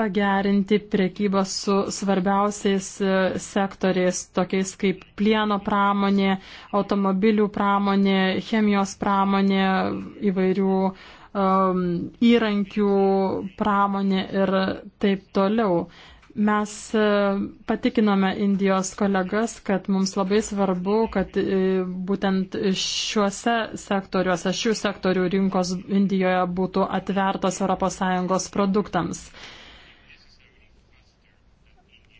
pagerinti prekybą su svarbiausiais e, sektoriais, tokiais kaip plieno pramonė, automobilių pramonė, chemijos pramonė, įvairių um, įrankių pramonė ir taip toliau. Mes e, patikinome Indijos kolegas, kad mums labai svarbu, kad e, būtent šiuose sektoriuose, šių sektorių rinkos Indijoje būtų atvertos ES produktams. Uh,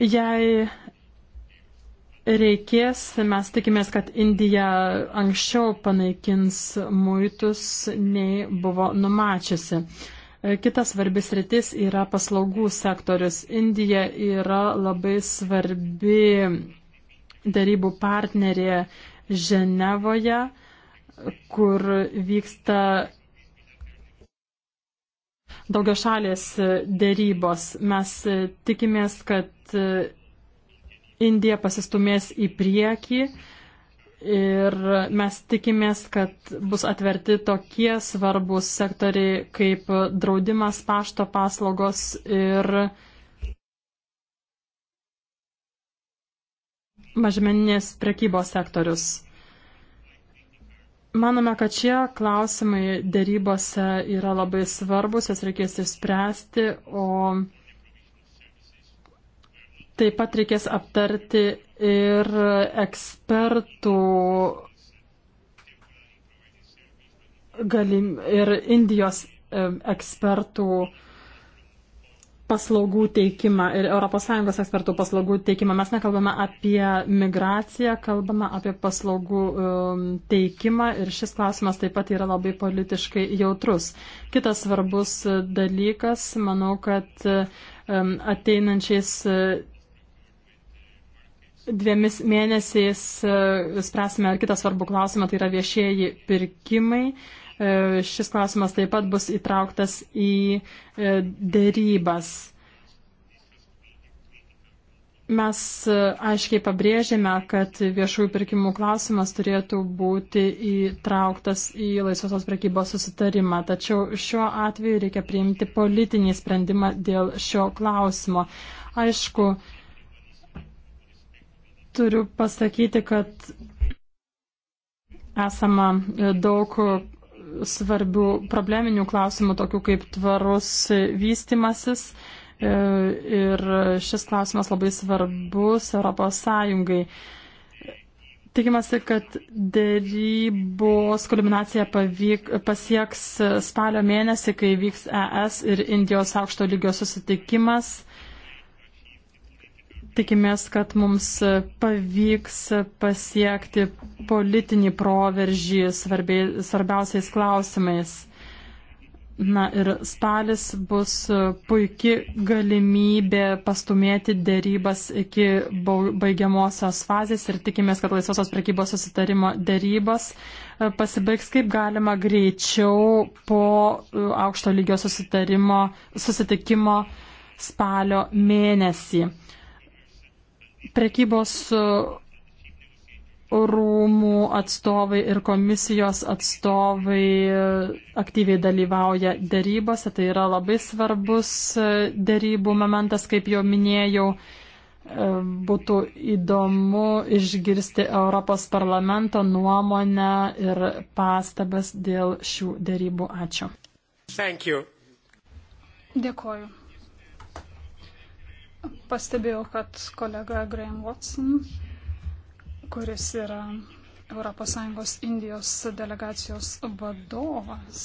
Jei reikės, mes tikimės, kad Indija anksčiau panaikins muitus, nei buvo numačiusi. Kitas svarbis rytis yra paslaugų sektorius. Indija yra labai svarbi darybų partnerė Ženevoje, kur vyksta Daugia šalės e, dėrybos. Mes e, tikimės, kad e, Indija pasistumės į priekį ir mes tikimės, kad bus atverti tokie svarbus sektoriai kaip draudimas, pašto paslaugos ir mažmeninės prekybos sektorius. Manome, kad šie klausimai dėrybose yra labai svarbus, jas reikės išspręsti, o taip pat reikės aptarti ir ekspertų galim, ir Indijos ekspertų uh, paslaugų teikimą ir ES ekspertų paslaugų teikimą. Mes nekalbame apie migraciją, kalbame apie paslaugų um, teikimą ir šis klausimas taip pat yra labai politiškai jautrus. Kitas svarbus dalykas, manau, kad um, ateinančiais uh, dviemis mėnesiais uh, spręsime ir kitą svarbų klausimą, tai yra viešieji pirkimai. E, šis klausimas taip pat bus įtrauktas į e, dėrybas. Mes e, aiškiai pabrėžėme, kad viešųjų pirkimų klausimas turėtų būti įtrauktas į laisvosios prekybos susitarimą, tačiau šiuo atveju reikia priimti politinį sprendimą dėl šio klausimo. Aišku, turiu pasakyti, kad esama daug svarbių probleminių klausimų, tokių kaip tvarus vystimasis. E, ir šis klausimas labai svarbus Europos Sąjungai. Tikimasi, kad dėrybos kulminacija pavyk, pasieks spalio mėnesį, kai vyks ES ir Indijos aukšto lygio susitikimas. Tikimės, kad mums pavyks pasiekti politinį proveržį svarbiai, svarbiausiais klausimais. Na ir spalis bus puikia galimybė pastumėti dėrybas iki baigiamosios fazės ir tikimės, kad laisvosios prekybos susitarimo dėrybas e, pasibaigs kaip galima greičiau po e, aukšto lygio susitarimo, susitikimo spalio mėnesį prekybos uh, rūmų atstovai ir komisijos atstovai uh, aktyviai dalyvauja dėrybose. Tai yra labai svarbus uh, dėrybų momentas, kaip jau minėjau. Būtų įdomu išgirsti Europos parlamento nuomonę ir pastabas dėl šių dėrybų. Ačiū. Dėkoju. Pastebėjau, kad kolega Graham Watson, kuris yra ES Indijos delegacijos vadovas,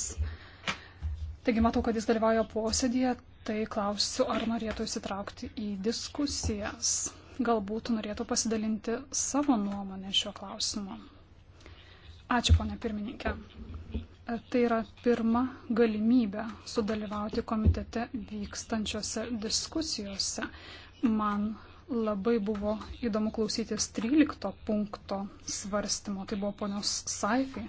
taigi matau, kad jis dalyvauja posėdėje, tai klausiu, ar norėtų įsitraukti į diskusijas. Galbūt norėtų pasidalinti savo nuomonę šiuo klausimu. Ačiū, ponė pirmininkė. Tai yra pirma galimybė sudalyvauti komitete vykstančiose diskusijose. Man labai buvo įdomu klausytis 13 punkto svarstymo. Tai buvo ponios Saifi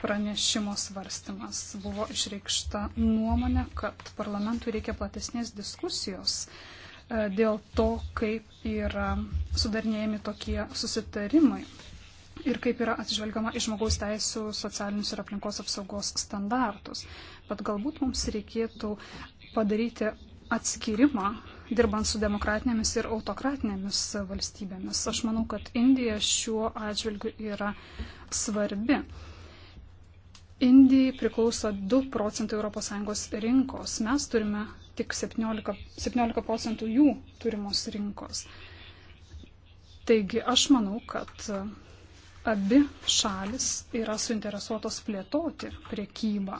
pranešimo svarstymas. Buvo išreikšta nuomonė, kad parlamentui reikia platesnės diskusijos e, dėl to, kaip yra sudarnėjami tokie susitarimai ir kaip yra atsižvelgiama į žmogaus teisų, socialinius ir aplinkos apsaugos standartus. Bet galbūt mums reikėtų padaryti atskirimą, dirbant su demokratinėmis ir autokratinėmis valstybėmis. Aš manau, kad Indija šiuo atžvilgiu yra svarbi. Indijai priklauso 2 procentai ES rinkos. Mes turime tik 17, 17 procentų jų turimos rinkos. Taigi aš manau, kad abi šalis yra suinteresuotos plėtoti priekybą.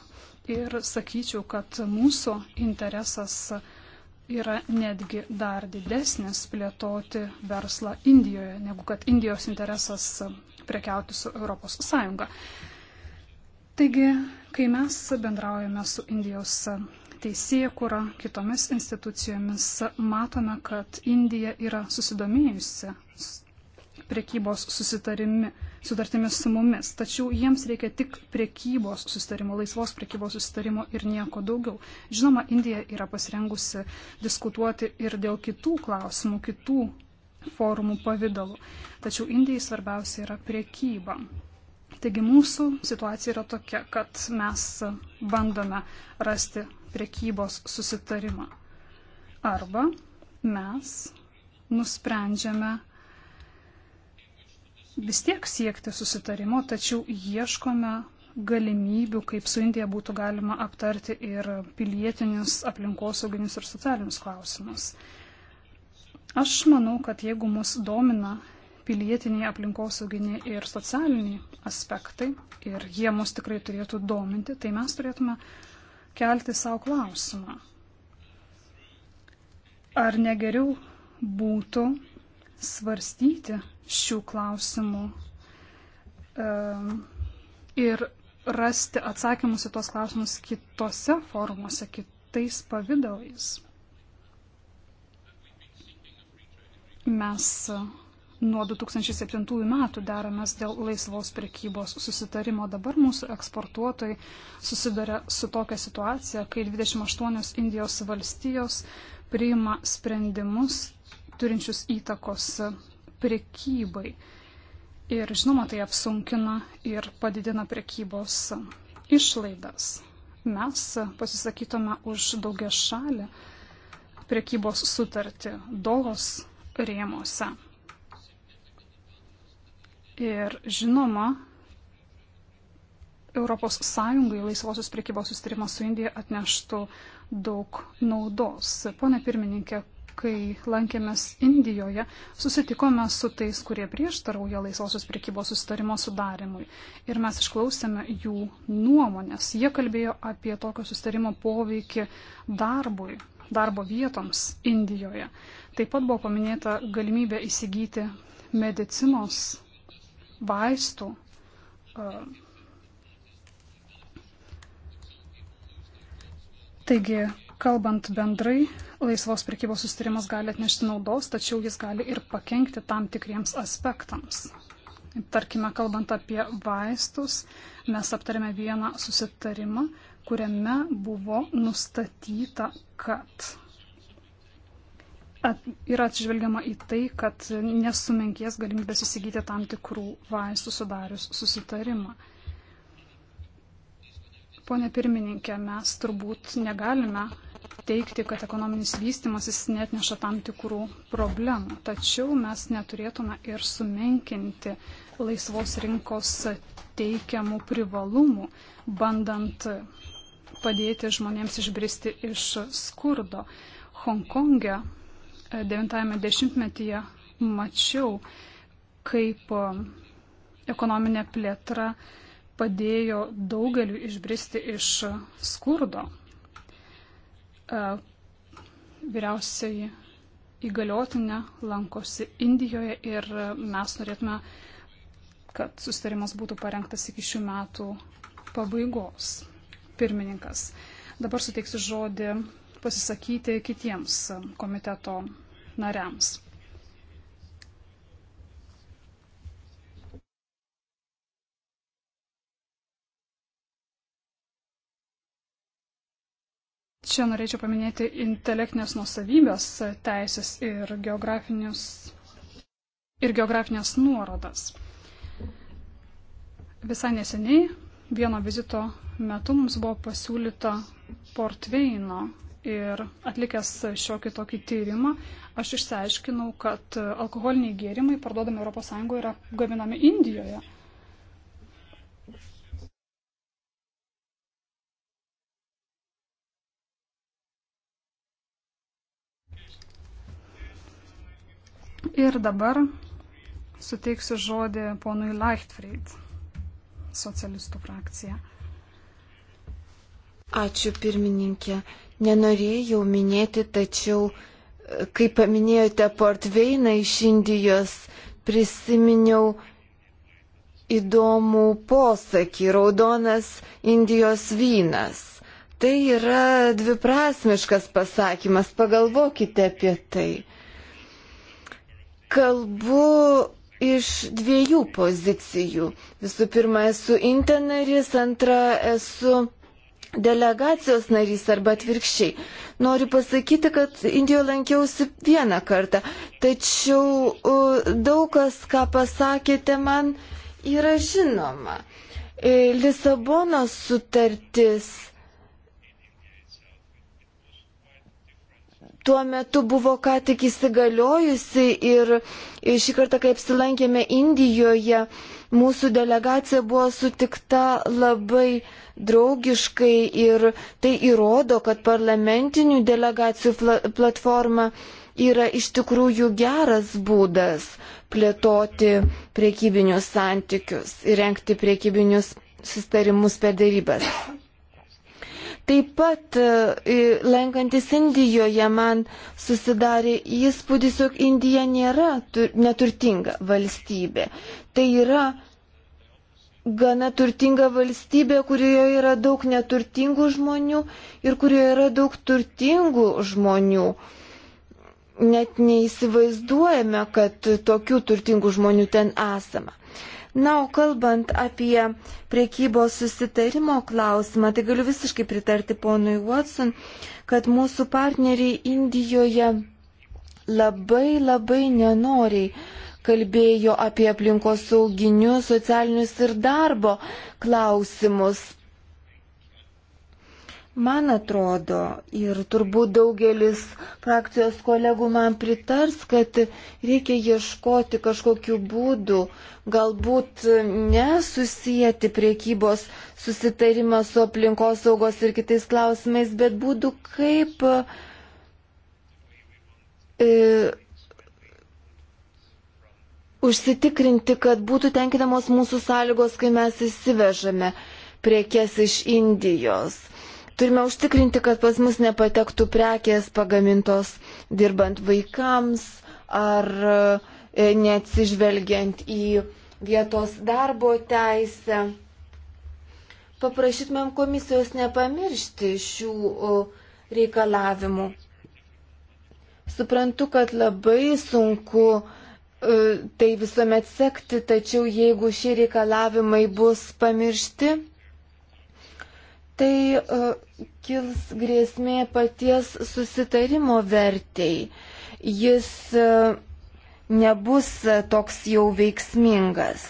Ir sakyčiau, kad mūsų interesas yra netgi dar didesnis plėtoti verslą Indijoje, negu kad Indijos interesas prekiauti su ES. Taigi, kai mes bendraujame su Indijos teisėkura, kitomis institucijomis, matome, kad Indija yra susidomėjusi prekybos susitarimi sutartimis su mumis. Tačiau jiems reikia tik priekybos sustarimo, laisvos priekybos sustarimo ir nieko daugiau. Žinoma, Indija yra pasirengusi diskutuoti ir dėl kitų klausimų, kitų forumų pavydalų. Tačiau Indijai svarbiausia yra priekyba. Taigi mūsų situacija yra tokia, kad mes bandome rasti priekybos susitarimą. Arba mes nusprendžiame vis tiek siekti susitarimo, tačiau ieškome galimybių, kaip su Indija būtų galima aptarti ir pilietinius, aplinkosauginius ir socialinius klausimus. Aš manau, kad jeigu mus domina pilietiniai, aplinkosauginiai ir socialiniai aspektai, ir jie mus tikrai turėtų dominti, tai mes turėtume kelti savo klausimą. Ar negeriau būtų svarstyti šių klausimų ir rasti atsakymus į tuos klausimus kitose formuose, kitais pavydalais. Mes e, nuo 2007 metų deramės dėl laisvos prekybos susitarimo. Dabar mūsų eksportuotojai susiduria su tokia situacija, kai 28 Indijos valstijos priima sprendimus turinčius įtakos prekybai. Ir žinoma, tai apsunkina ir padidina prekybos išlaidas. Mes pasisakytume už daugia šalį prekybos sutartį dolos rėmose. Ir žinoma, ES laisvosios prekybos sustarimas su Indija atneštų daug naudos. Pone pirmininkė, kai lankėmės Indijoje, susitikome su tais, kurie prieštarauja laisvosios priekybos susitarimo sudarimui. Ir mes išklausėme jų nuomonės. Jie kalbėjo apie tokio susitarimo poveikį darbui, darbo vietoms Indijoje. Taip pat buvo paminėta galimybė įsigyti medicinos vaistų. E, Taigi, kalbant bendrai, laisvos prekybos sustarimas gali atnešti naudos, tačiau jis gali ir pakengti tam tikriems aspektams. Tarkime, kalbant apie vaistus, mes aptarėme vieną susitarimą, kuriame buvo nustatyta, kad at, yra atsižvelgiama į tai, kad nesumenkės galimybės įsigyti tam tikrų vaistų sudarius susitarimą. Pone pirmininkė, mes turbūt negalime teikti, kad ekonominis vystimasis net neša tam tikrų problemų. Tačiau mes neturėtume ir sumenkinti laisvos rinkos teikiamų privalumų, bandant padėti žmonėms išbristi iš skurdo. Hongkonge 90-metyje e, mačiau, kaip e, ekonominė plėtra padėjo daugeliu išbristi iš skurdo. E, vyriausiai įgaliotinė lankosi Indijoje ir mes norėtume, kad sustarimas būtų parengtas iki šių metų pabaigos. Pirmininkas. Dabar suteiksiu žodį pasisakyti kitiems komiteto nariams. Čia norėčiau paminėti intelektinės nusavybės teisės ir, ir geografinės nuorodas. Visai neseniai vieno vizito metu mums buvo pasiūlyta Portveino ir atlikęs šiokį tokį tyrimą, aš išsiaiškinau, kad alkoholiniai gėrimai parduodami ES yra gaminami Indijoje. Ir dabar suteiksiu žodį ponui Leichtfried, socialistų frakcija. Ačiū pirmininkė. Nenorėjau minėti, tačiau, kai paminėjote portveiną iš Indijos, prisiminiau įdomų posakį - raudonas Indijos vynas. Tai yra dviprasmiškas pasakymas, pagalvokite apie tai kalbu iš dviejų pozicijų. Visų pirma, esu intenarys, antra, esu delegacijos narys arba atvirkščiai. Noriu pasakyti, kad Indijoje lankiausi vieną kartą, tačiau daug kas, ką pasakėte, man yra žinoma. E, Lisabonos sutartis tuo metu buvo ką tik įsigaliojusi ir šį kartą, kai apsilankėme Indijoje, mūsų delegacija buvo sutikta labai draugiškai ir tai įrodo, kad parlamentinių delegacijų platforma yra iš tikrųjų geras būdas plėtoti priekybinius santykius ir renkti priekybinius sustarimus per dėrybas. Taip pat e, lankantis Indijoje man susidarė įspūdis, jog Indija nėra tur, neturtinga valstybė. Tai yra gana turtinga valstybė, kurioje yra daug neturtingų žmonių ir kurioje yra daug turtingų žmonių. Net neįsivaizduojame, kad tokių turtingų žmonių ten esama. Na, o kalbant apie priekybos susitarimo klausimą, tai galiu visiškai pritarti ponui Watson, kad mūsų partneriai Indijoje labai labai nenoriai kalbėjo apie aplinkos sauginius, socialinius ir darbo klausimus. Man atrodo ir turbūt daugelis frakcijos kolegų man pritars, kad reikia ieškoti kažkokių būdų, galbūt nesusijęti priekybos susitarimą su aplinkosaugos ir kitais klausimais, bet būdų kaip. E, Užsitikrinti, kad būtų tenkinamos mūsų sąlygos, kai mes įsivežame priekes iš Indijos Turime užtikrinti, kad pas mus nepatektų prekės pagamintos dirbant vaikams ar e, neatsižvelgiant į vietos darbo teisę. Paprašytumėm komisijos nepamiršti šių reikalavimų. Suprantu, kad labai sunku e, tai visuomet sekti, tačiau jeigu šie reikalavimai bus pamiršti, tai uh, kils grėsmė paties susitarimo vertei. Jis uh, nebus toks jau veiksmingas.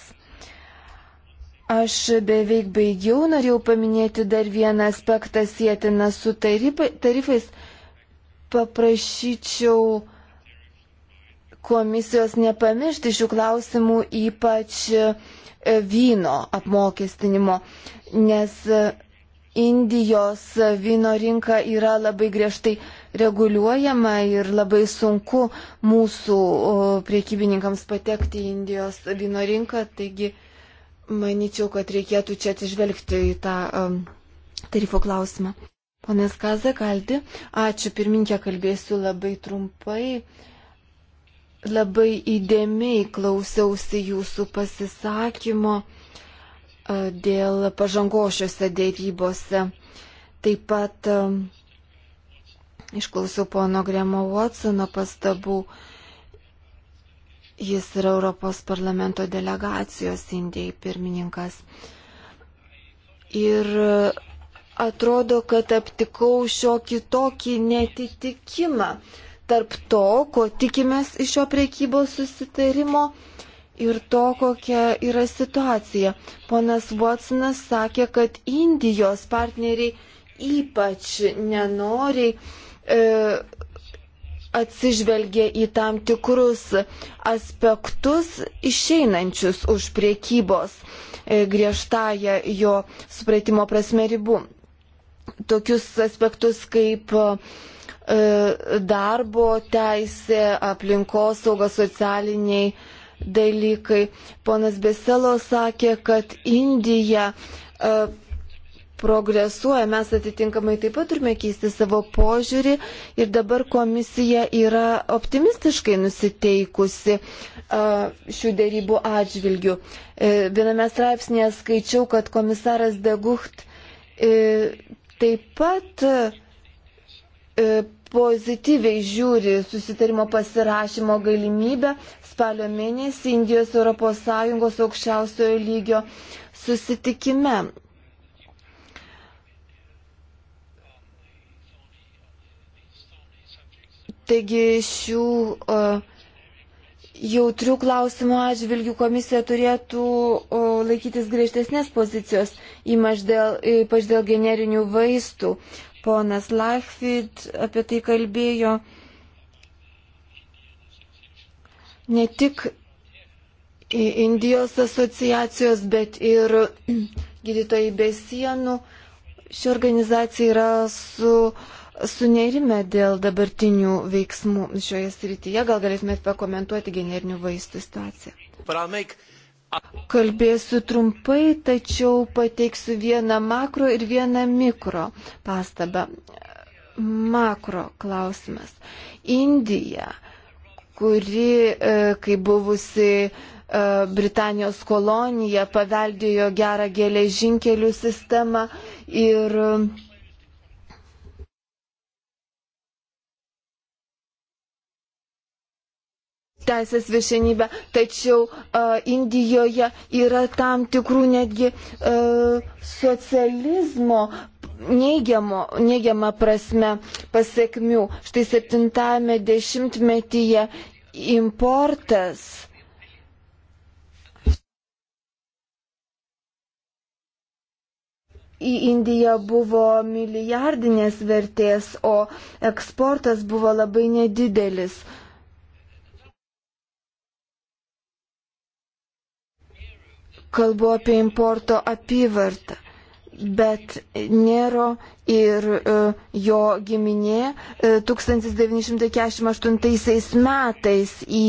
Aš beveik baigiau, norėjau paminėti dar vieną aspektą sėtiną su tarifais. Paprašyčiau komisijos nepamiršti šių klausimų, ypač e, vyno apmokestinimo, nes Indijos vyno rinka yra labai griežtai reguliuojama ir labai sunku mūsų priekybininkams patekti į Indijos vyno rinką, taigi manyčiau, kad reikėtų čia atsižvelgti į tą um, tarifo klausimą. Ponas Kazakaldi, ačiū pirminkė, kalbėsiu labai trumpai. Labai įdėmiai klausiausi jūsų pasisakymo. E, dėl pažangošiuose dėrybose. Taip pat e, išklausiau pono Gremo Watsono pastabų. Jis yra Europos parlamento delegacijos Indijai pirmininkas. Ir atrodo, kad aptikau šiokį tokį netitikimą tarp to, ko tikimės iš šio priekybos susitarimo ir to, kokia yra situacija. Ponas Watsonas sakė, kad Indijos partneriai ypač nenoriai e, atsižvelgia į tam tikrus aspektus išeinančius už priekybos e, griežtąją jo supratimo prasme ribų. Tokius aspektus kaip e, darbo teisė, aplinkosauga, socialiniai dalykai. Ponas Beselo sakė, kad Indija e, progresuoja, mes atitinkamai taip pat turime keisti savo požiūrį ir dabar komisija yra optimistiškai nusiteikusi e, šių dėrybų atžvilgių. E, viename straipsnėje skaičiau, kad komisaras Degucht e, taip pat pozityviai žiūri susitarimo pasirašymo galimybę spalio mėnesį Indijos ES aukščiausiojo lygio susitikime. Taigi šių uh, jautrių klausimų atžvilgių komisija turėtų uh, laikytis griežtesnės pozicijos, ypač dėl, ypač dėl generinių vaistų. Uh, ponas Lachvid apie tai kalbėjo. Ne tik Indijos asociacijos, bet ir gydytojai be sienų. Ši organizacija yra su, sunerime dėl dabartinių veiksmų šioje srityje. Gal galėtumėt pakomentuoti generinių vaistų situaciją? But I'll make Kalbėsiu trumpai, tačiau pateiksiu vieną makro ir vieną mikro pastabą. Makro klausimas. Indija, kuri, e, kai buvusi e, Britanijos kolonija, paveldėjo gerą geležinkelių sistemą ir teisės viršenybę, tačiau uh, Indijoje yra tam tikrų netgi uh, socializmo neigiamo, neigiama prasme pasiekmių. Štai septintame dešimtmetyje importas. Į Indiją buvo milijardinės vertės, o eksportas buvo labai nedidelis. Uh, kalbu apie importo apyvartą, bet Nero ir e, jo giminė 1948 e, metais į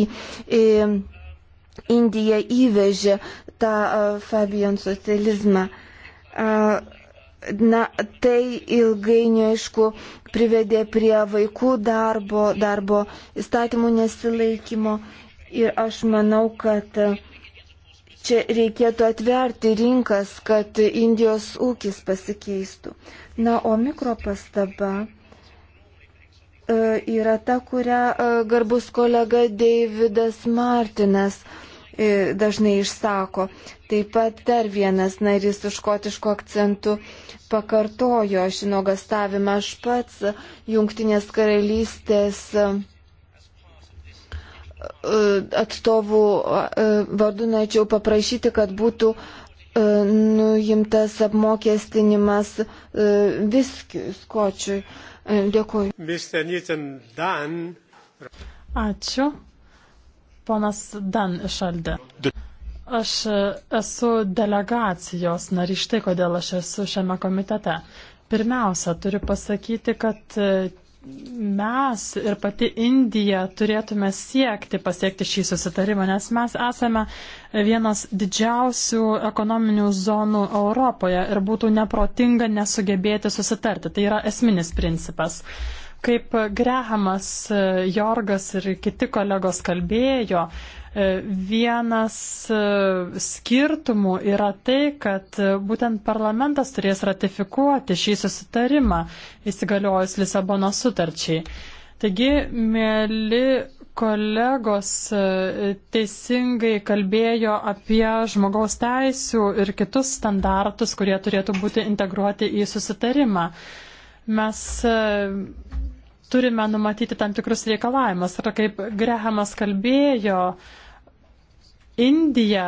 Indiją įvežė tą e, Fabian socializmą. Na, tai ilgainiui, aišku, privedė prie vaikų darbo, darbo įstatymų nesilaikymo ir aš manau, kad uh, Čia reikėtų atverti rinkas, kad Indijos ūkis pasikeistų. Na, o mikropastaba e, yra ta, kurią e, garbus kolega Davidas Martinas e, dažnai išsako. Taip pat dar vienas narys su škotišku akcentu pakartojo šį nuogastavimą. Aš pats Junktinės karalystės atstovų e, vardu norėčiau paprašyti, kad būtų e, nuimtas apmokestinimas e, viskiui, skočiui. Dėkuoju. Ačiū. Ponas Dan išaldė. Aš esu delegacijos narys, štai kodėl aš esu šiame komitete. Pirmiausia, turiu pasakyti, kad mes ir pati Indija turėtume siekti pasiekti šį susitarimą, nes mes esame vienas didžiausių ekonominių zonų Europoje ir būtų neprotinga nesugebėti susitarti. Tai yra esminis principas. Kaip Grehamas, Jorgas ir kiti kolegos kalbėjo, E, vienas e, skirtumų yra tai, kad e, būtent parlamentas turės ratifikuoti šį susitarimą įsigaliojus Lisabono sutarčiai. Taigi, mėly kolegos teisingai kalbėjo apie žmogaus teisų ir kitus standartus, kurie turėtų būti integruoti į susitarimą. Mes turime numatyti tam tikrus reikalavimus. Ir kaip Grehamas kalbėjo, uh, Indija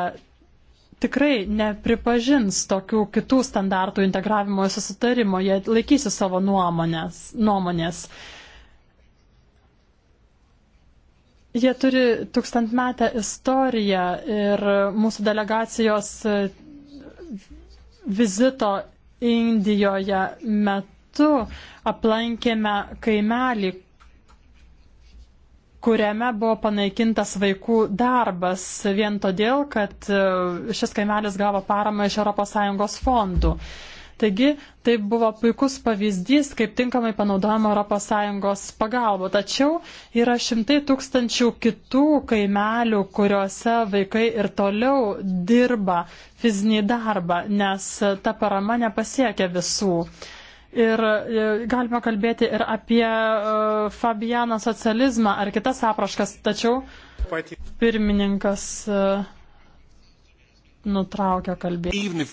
tikrai nepripažins tokių kitų standartų integravimo susitarimo, jie laikysi savo nuomonės. nuomonės. Jie turi tūkstantmetę istoriją ir mūsų delegacijos vizito Indijoje metu aplankėme kaimelį, kuriame buvo panaikintas vaikų darbas vien todėl, kad e, šis kaimelis gavo paramą iš ES fondų. Taigi tai buvo puikus pavyzdys, kaip tinkamai panaudojama ES pagalba. Tačiau yra šimtai tūkstančių kitų kaimelių, kuriuose vaikai ir toliau dirba fizinį darbą, nes ta parama nepasiekia visų. Uh, Ir e, galima kalbėti ir apie e, Fabiano socializmą ar kitas apraškas, tačiau pirmininkas e, nutraukia kalbėti.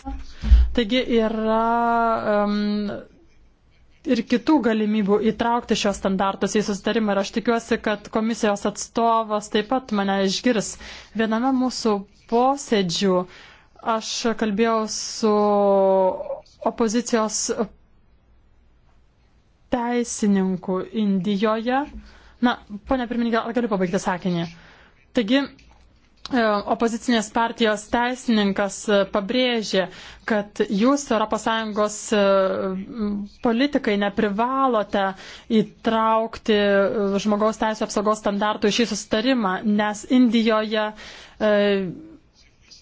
Taigi yra um, ir kitų galimybių įtraukti šios standartus į sustarimą ir aš tikiuosi, kad komisijos atstovas taip pat mane išgirs. Viename mūsų posėdžių aš kalbėjau su opozicijos teisininkų Indijoje. Na, ponia pirmininkė, galiu pabaigti sakinį. Taigi, e, opozicinės partijos teisininkas e, pabrėžė, kad jūs ES e, politikai neprivalote įtraukti žmogaus teisų apsaugos standartų į šį sustarimą, nes Indijoje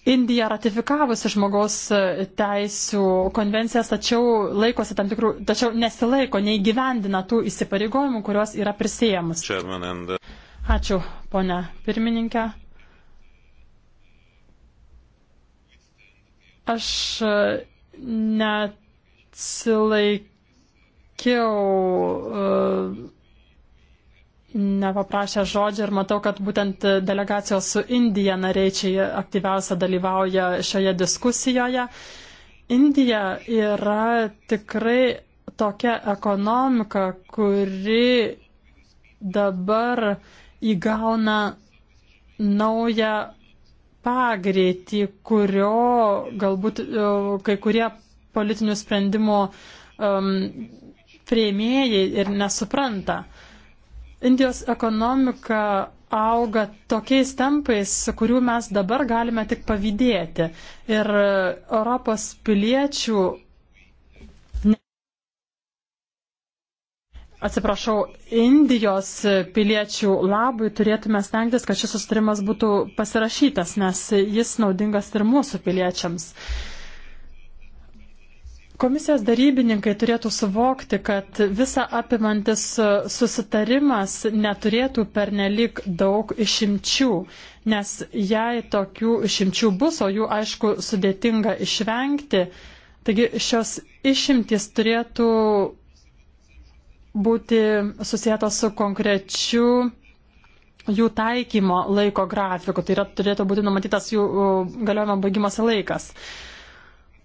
Indija ratifikavusi žmogaus e, teisų konvencijas, tačiau laikosi tam tikrų, tačiau nesilaiko, neįgyvendina tų įsipareigojimų, kuriuos yra prisėjamus. Ačiū, ponia pirmininkė. Aš e, neatsilaikiau. Uh, nepaprašė žodžio ir matau, kad būtent delegacijos su Indija nariai čia aktyviausia dalyvauja šioje diskusijoje. Indija yra tikrai tokia ekonomika, kuri dabar įgauna naują pagreitį, kurio galbūt e, kai kurie politinių sprendimų um, prieimėjai ir nesupranta. Indijos ekonomika auga tokiais tempais, kurių mes dabar galime tik pavydėti. Ir e, Europos piliečių. Atsiprašau, Indijos piliečių labui turėtume stengtis, kad šis sustarimas būtų pasirašytas, nes jis naudingas ir mūsų piliečiams. Uh, Komisijos darybininkai turėtų suvokti, kad visa apimantis e, susitarimas neturėtų pernelik daug išimčių, nes jei tokių išimčių bus, o jų aišku sudėtinga išvengti, taigi šios išimtis turėtų būti susijęs su konkrečiu jų taikymo laiko grafiku, tai yra turėtų būti numatytas jų galiojimo baigimosi laikas.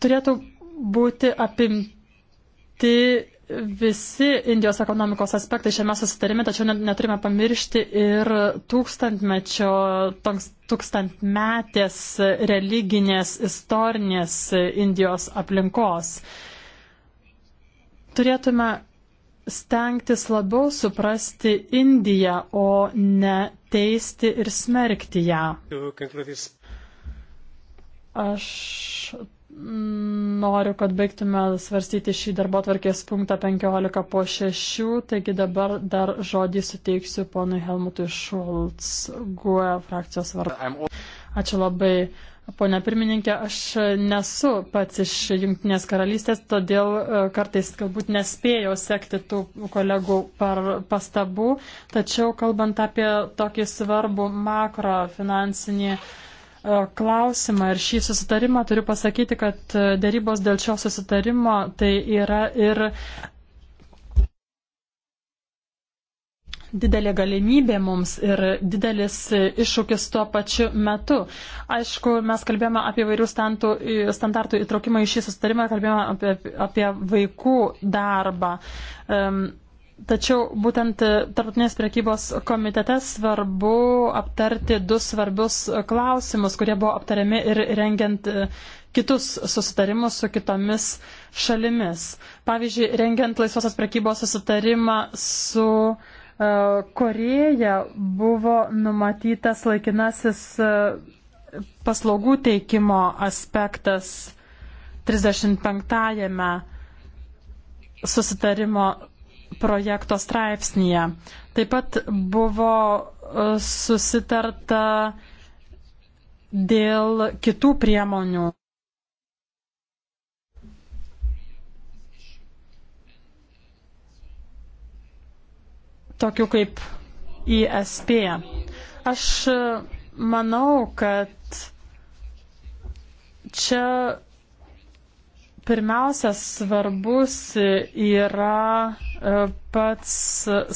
Turėtų būti apimti visi Indijos ekonomikos aspektai šiame susitarime, tačiau neturime pamiršti ir tūkstantmečio, tūkstantmetės religinės, istorinės Indijos aplinkos. Turėtume stengtis labiau suprasti Indiją, o ne teisti ir smerkti ją. Aš Noriu, kad baigtume svarstyti šį darbo tvarkės punktą 15 po 6, taigi dabar dar žodį suteiksiu ponui Helmutui Šulc, GUE frakcijos vardu. Ačiū labai, ponia pirmininkė, aš nesu pats iš Junktinės karalystės, todėl e, kartais galbūt nespėjau sekti tų kolegų par pastabų, tačiau kalbant apie tokį svarbų makro finansinį uh, E, klausimą ir šį susitarimą, turiu pasakyti, kad e, dėrybos dėl šio susitarimo tai yra ir didelė galimybė mums ir didelis iššūkis tuo pačiu metu. Aišku, mes kalbėjome apie vairių standų, standartų įtraukimą į šį sustarimą, kalbėjome apie, apie vaikų darbą. Um, Tačiau būtent e, Tarptautinės priekybos komitete svarbu aptarti du svarbius e, klausimus, kurie buvo aptariami ir rengiant e, kitus susitarimus su kitomis šalimis. Pavyzdžiui, rengiant laisvosios priekybos susitarimą su uh, Koreja buvo numatytas laikinasis uh, paslaugų teikimo aspektas 35-ame susitarimo projekto straipsnėje. Taip pat buvo e, susitarta dėl kitų priemonių. Tokių kaip ISP. Aš e, manau, kad čia Pirmiausia, svarbus yra e, pats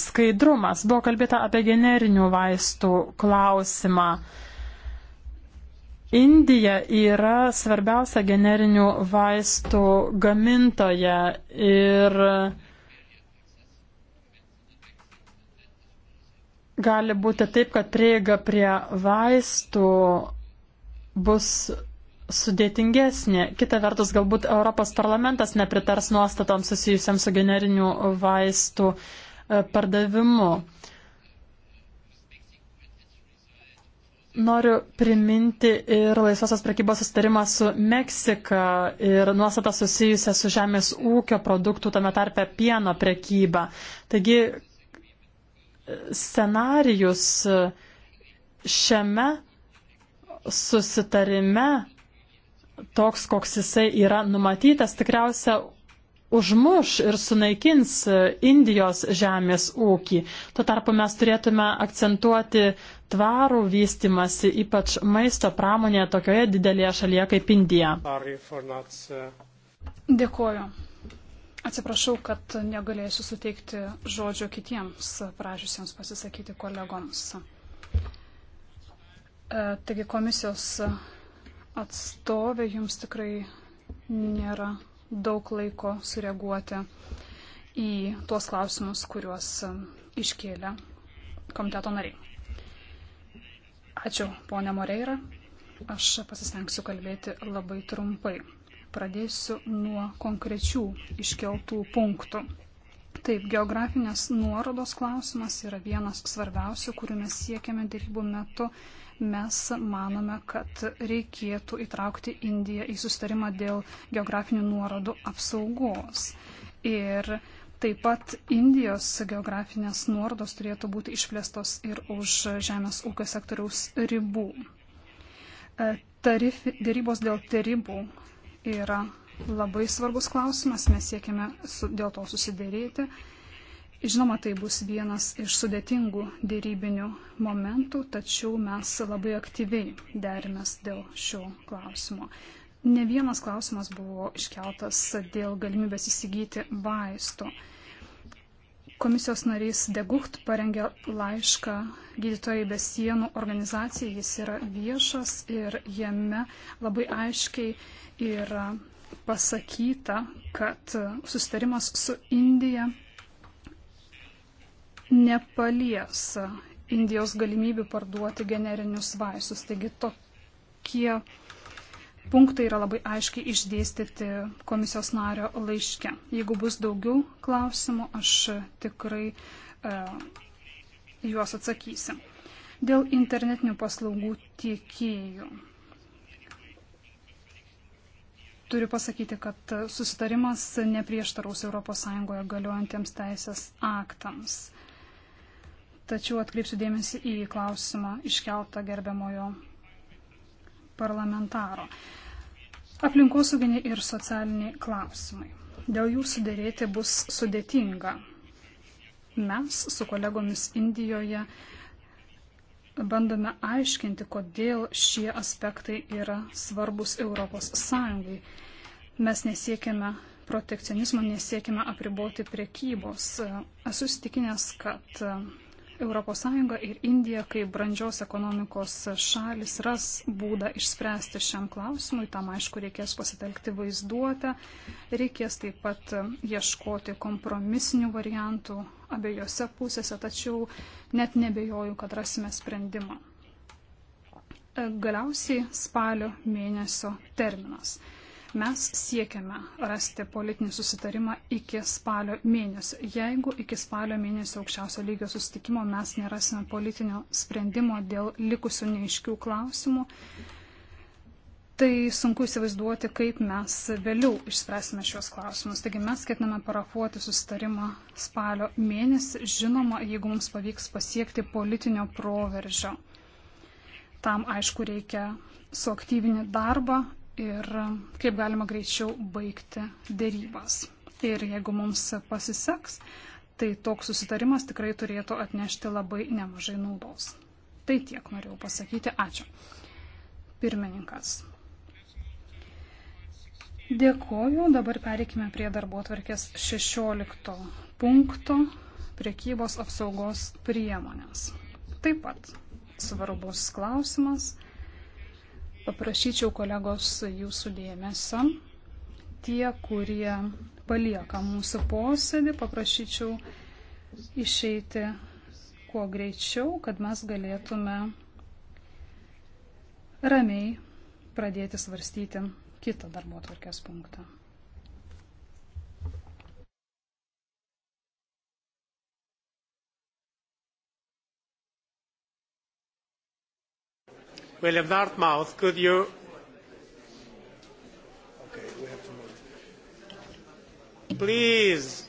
skaidrumas. Buvo kalbėta apie generinių vaistų klausimą. Indija yra svarbiausia generinių vaistų gamintoja ir gali būti taip, kad prieiga prie vaistų bus sudėtingesnė. Kita vertus, galbūt Europos parlamentas nepritars nuostatoms susijusiam su generinių vaistų e, pardavimu. Noriu priminti ir laisvosios prekybos sustarimą su Meksika ir nuostatą susijusią su žemės ūkio produktų, tame tarpe pieno prekyba. Taigi e, scenarijus e, šiame susitarime toks, koks jisai yra numatytas, tikriausia užmuš ir sunaikins Indijos žemės ūkį. Tuo tarpu mes turėtume akcentuoti tvarų vystimasi, ypač maisto pramonėje tokioje didelėje šalyje kaip Indija. Dėkoju. Atsiprašau, kad negalėsiu suteikti žodžio kitiems prašysiems pasisakyti kolegoms. E, taigi komisijos atstovė, jums tikrai nėra daug laiko sureaguoti į tuos klausimus, kuriuos um, iškėlė komiteto nariai. Ačiū, ponė Moreira. Aš pasistengsiu kalbėti labai trumpai. Pradėsiu nuo konkrečių iškeltų punktų. Taip, geografinės nuorodos klausimas yra vienas svarbiausių, kuriuo mes siekiame dėrybų metu mes manome, kad reikėtų įtraukti Indiją į sustarimą dėl geografinių nuorodų apsaugos. Ir taip pat Indijos geografinės nuorodos turėtų būti išplėstos ir už žemės ūkio sektoriaus ribų. E, Tarif, dėrybos dėl tarybų yra labai svarbus klausimas, mes siekiame su, dėl to susidėrėti Žinoma, tai bus vienas iš sudėtingų dėrybinių momentų, tačiau mes labai aktyviai derimės dėl šio klausimo. Ne vienas klausimas buvo iškeltas dėl galimybės įsigyti vaistų. Komisijos narys Degucht parengė laišką gydytojai be sienų organizacijai, jis yra viešas ir jame labai aiškiai yra pasakyta, kad sustarimas su Indija nepalies Indijos galimybių parduoti generinius vaistus. Taigi tokie punktai yra labai aiškiai išdėstyti komisijos nario laiške. Jeigu bus daugiau klausimų, aš tikrai e, juos atsakysiu. Dėl internetinių paslaugų tiekėjų. Turiu pasakyti, kad susitarimas neprieštaraus ES galiojantiems teisės aktams. Tačiau atkreipsiu dėmesį į klausimą iškeltą gerbiamojo parlamentaro. Aplinkosauginiai ir socialiniai klausimai. Dėl jų sudėrėti bus sudėtinga. Mes su kolegomis Indijoje bandome aiškinti, kodėl šie aspektai yra svarbus ES. Mes nesiekime protekcionizmo, nesiekime apriboti priekybos. Esu stikinęs, kad ES ir Indija kaip brandžios ekonomikos šalis ras būdą išspręsti šiam klausimui. Tam aišku reikės pasitelkti vaizduotę, reikės taip pat ieškoti kompromisinių variantų abiejose pusėse, tačiau net nebejoju, kad rasime sprendimą. Galiausiai spalio mėnesio terminas. Mes siekiame rasti politinį susitarimą iki spalio mėnesio. Jeigu iki spalio mėnesio aukščiausio lygio susitikimo mes nerasime politinio sprendimo dėl likusių neiškių klausimų, tai sunku įsivaizduoti, kaip mes vėliau išspręsime šios klausimus. Taigi mes ketiname parafuoti susitarimą spalio mėnesį, žinoma, jeigu mums pavyks pasiekti politinio proveržio. Tam, aišku, reikia suaktyvinį darbą ir kaip galima greičiau baigti dėrybas. Ir jeigu mums pasiseks, tai toks susitarimas tikrai turėtų atnešti labai nemažai naudos. Tai tiek norėjau pasakyti. Ačiū. Pirmininkas. Dėkoju. Dabar pereikime prie darbo atvarkės 16 punkto priekybos apsaugos priemonės. Taip pat svarbus klausimas. Paprašyčiau kolegos jūsų dėmesio. Tie, kurie palieka mūsų posėdį, paprašyčiau išeiti kuo greičiau, kad mes galėtume ramiai pradėti svarstyti kitą darbo tvarkės punktą. William Dartmouth, could you? Okay, we have to move. Please.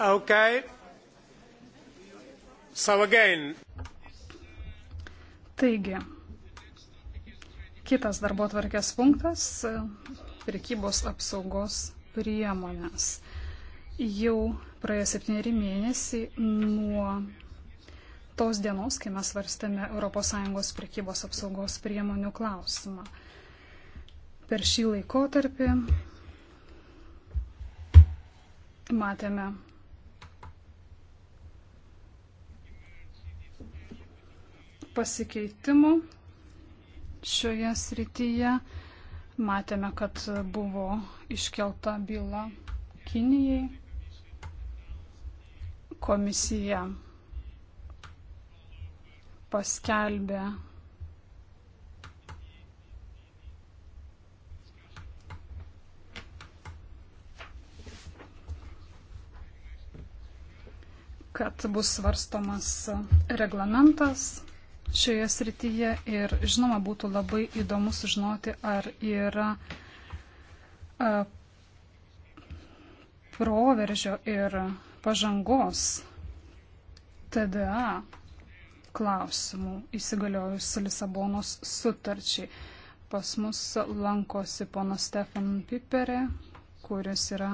Okay. So again. Taigi, Kitas darbo tvarkės punktas - prekybos apsaugos priemonės. Jau praėjo septyneri mėnesiai nuo tos dienos, kai mes varstėme ES prekybos apsaugos priemonių klausimą. Per šį laikotarpį matėme pasikeitimų šioje srityje. Matėme, kad buvo iškelta byla Kinijai. Komisija paskelbė kad bus svarstomas reglamentas šioje srityje ir žinoma būtų labai įdomu sužinoti, ar yra a, proveržio ir pažangos TDA klausimų įsigaliojus Lisabonos sutarčiai. Pas mus lankosi ponas Stefan Piperė, kuris yra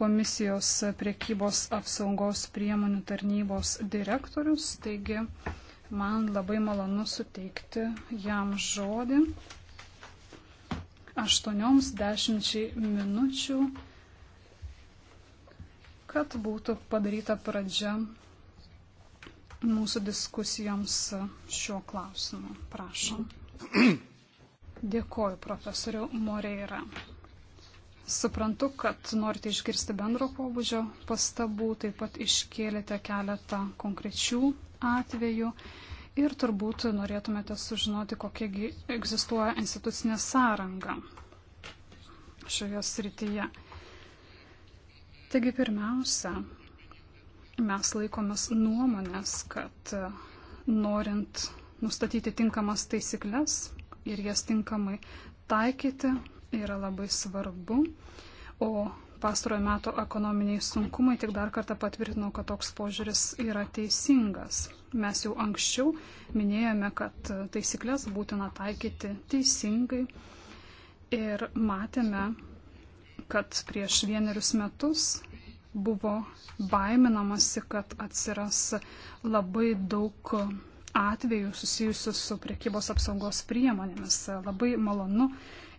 komisijos priekybos apsaugos priemonių tarnybos direktorius. Taigi, uh, Man labai malonu suteikti jam žodį. 8-10 minučių, kad būtų padaryta pradžia mūsų diskusijoms šiuo klausimu. Prašom. Dėkoju, profesoriu Moreira. Suprantu, kad norite išgirsti bendro pobūdžio pastabų, taip pat iškėlėte keletą konkrečių atveju. Ir turbūt norėtumėte sužinoti, kokia egzistuoja institucinė sąranga šioje srityje. Taigi pirmiausia, mes laikomės nuomonės, kad norint nustatyti tinkamas taisyklės ir jas tinkamai taikyti, yra labai svarbu. O pastarojo meto ekonominiai sunkumai tik dar kartą patvirtino, kad toks požiūris yra teisingas. Mes jau anksčiau minėjome, kad taisyklės būtina taikyti teisingai ir matėme, kad prieš vienerius metus buvo baiminamasi, kad atsiras labai daug atvejų susijusių su priekybos apsaugos priemonėmis. Labai malonu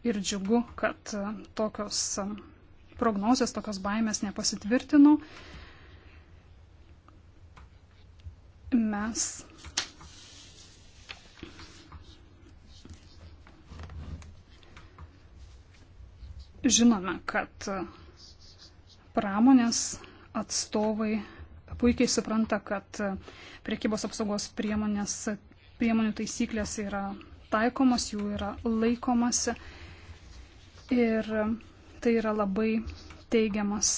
ir džiugu, kad tokios prognozijos tokios baimės nepasitvirtino. Mes žinome, kad pramonės atstovai puikiai supranta, kad priekybos apsaugos priemonės, priemonių taisyklės yra taikomos, jų yra laikomasi. Ir Tai yra labai teigiamas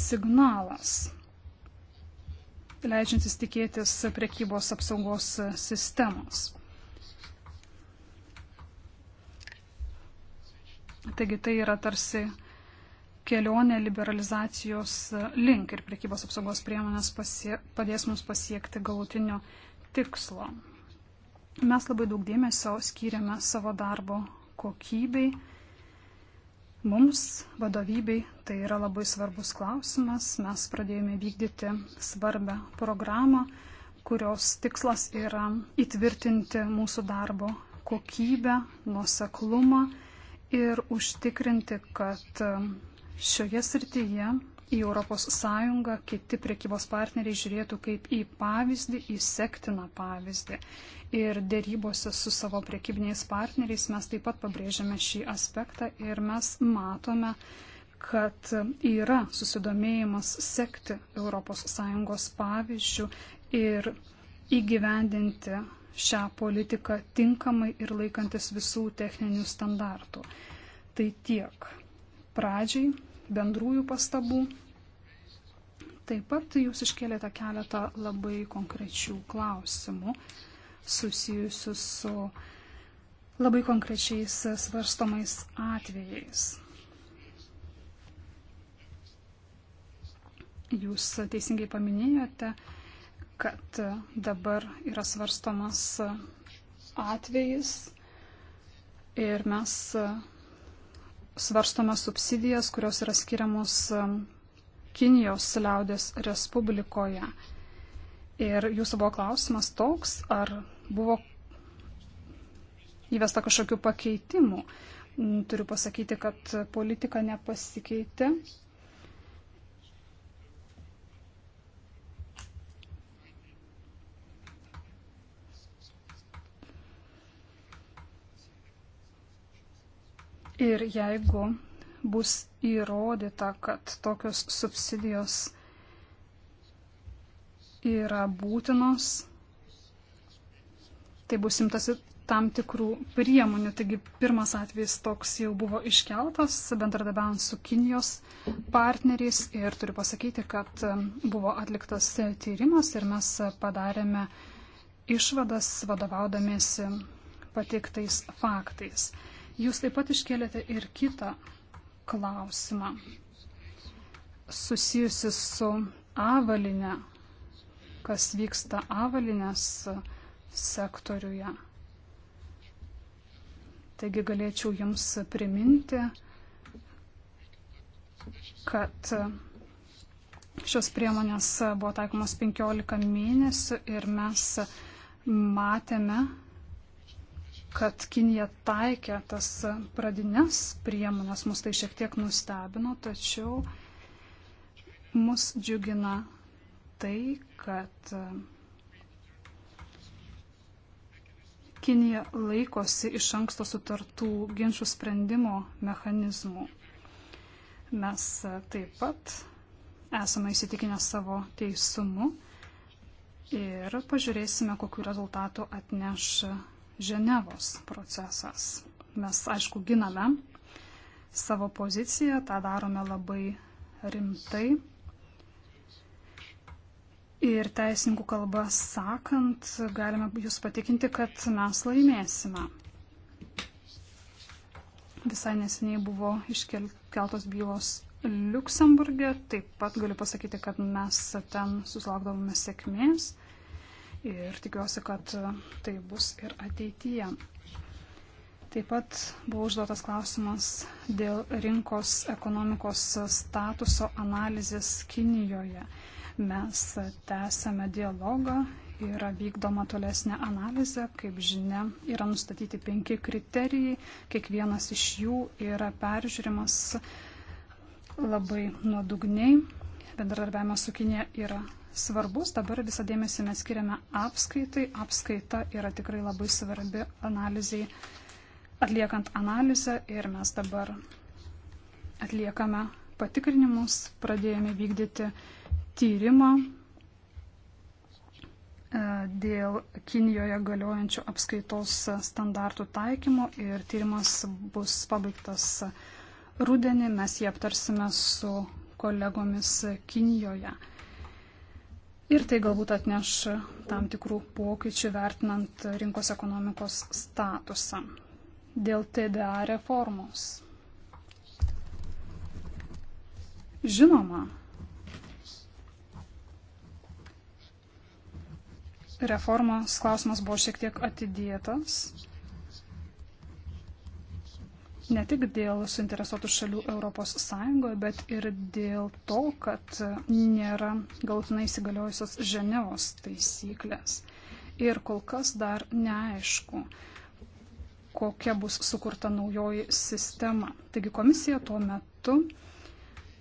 signalas, leidžiantis tikėtis prekybos apsaugos sistemos. Taigi tai yra tarsi kelionė liberalizacijos link ir prekybos apsaugos priemonės pasie, padės mums pasiekti galutinio tikslo. Mes labai daug dėmesio skiriame savo darbo kokybei Mums vadovybei tai yra labai svarbus klausimas. Mes pradėjome vykdyti svarbę programą, kurios tikslas yra įtvirtinti mūsų darbo kokybę, nuoseklumą ir užtikrinti, kad šioje srityje į ES kiti priekybos partneriai žiūrėtų kaip į pavyzdį, į sektiną pavyzdį. Ir dėrybose su savo priekybiniais partneriais mes taip pat pabrėžiame šį aspektą ir mes matome, kad yra susidomėjimas sekti ES pavyzdžių ir įgyvendinti šią politiką tinkamai ir laikantis visų techninių standartų. Tai tiek. Pradžiai bendrųjų pastabų. Taip pat jūs iškėlėte keletą labai konkrečių klausimų susijusių su labai konkrečiais svarstomais atvejais. Jūs teisingai paminėjote, kad dabar yra svarstomas atvejis ir mes svarstome subsidijas, kurios yra skiriamos um, Kinijos liaudės Respublikoje. Ir jūsų buvo klausimas toks, ar buvo įvesta kažkokių pakeitimų. Turiu pasakyti, kad politika nepasikeitė. Ir jeigu bus įrodyta, kad tokios subsidijos yra būtinos, tai bus imtasi tam tikrų priemonių. Taigi pirmas atvejis toks jau buvo iškeltas, bendradabiaujant su Kinijos partneriais ir turiu pasakyti, kad um, buvo atliktas tyrimas ir mes padarėme išvadas vadovaudamėsi pateiktais faktais. Jūs taip pat iškėlėte ir kitą klausimą susijusi su avalinė, kas vyksta avalinės sektoriuje. Taigi galėčiau Jums priminti, kad šios priemonės buvo taikomos 15 mėnesių ir mes matėme, kad Kinija taikė tas pradinės priemonės, mus tai šiek tiek nustebino, tačiau mus džiugina tai, kad e, Kinija laikosi iš anksto sutartų ginčių sprendimo mechanizmų. Mes e, taip pat esame įsitikinę savo teisumu ir pažiūrėsime, kokiu rezultatu atneš Ženevos procesas. Mes, aišku, giname savo poziciją, tą darome labai rimtai. Ir teisininkų kalba sakant, galime jūs patikinti, kad mes laimėsime. Visai neseniai buvo iškeltos bylos Luksemburgė, taip pat galiu pasakyti, kad mes ten susilaukdavome sėkmės ir tikiuosi, kad tai bus ir ateityje. Taip pat buvo užduotas klausimas dėl rinkos ekonomikos statuso analizės Kinijoje. Mes tęsėme dialogą, yra vykdoma tolesnė analizė, kaip žinia, yra nustatyti penki kriterijai, kiekvienas iš jų yra peržiūrimas labai nuodugniai bendradarbiavimas su Kinė yra svarbus. Dabar visą dėmesį mes skiriame apskaitai. Apskaita yra tikrai labai svarbi analizai, atliekant analizę ir mes dabar atliekame patikrinimus, pradėjome vykdyti tyrimą e, dėl Kinijoje galiojančių apskaitos standartų taikymo ir tyrimas bus pabaigtas rudenį. Mes jį aptarsime su kolegomis Kinijoje. Ir tai galbūt atneš tam tikrų pokyčių vertinant rinkos ekonomikos statusą dėl TDA reformos. Žinoma, reformos klausimas buvo šiek tiek atidėtas ne tik dėl suinteresuotų šalių ES, bet ir dėl to, kad nėra galutinai įsigaliojusios Ženevos taisyklės. Ir kol kas dar neaišku, kokia bus sukurta naujoji sistema. Taigi komisija tuo metu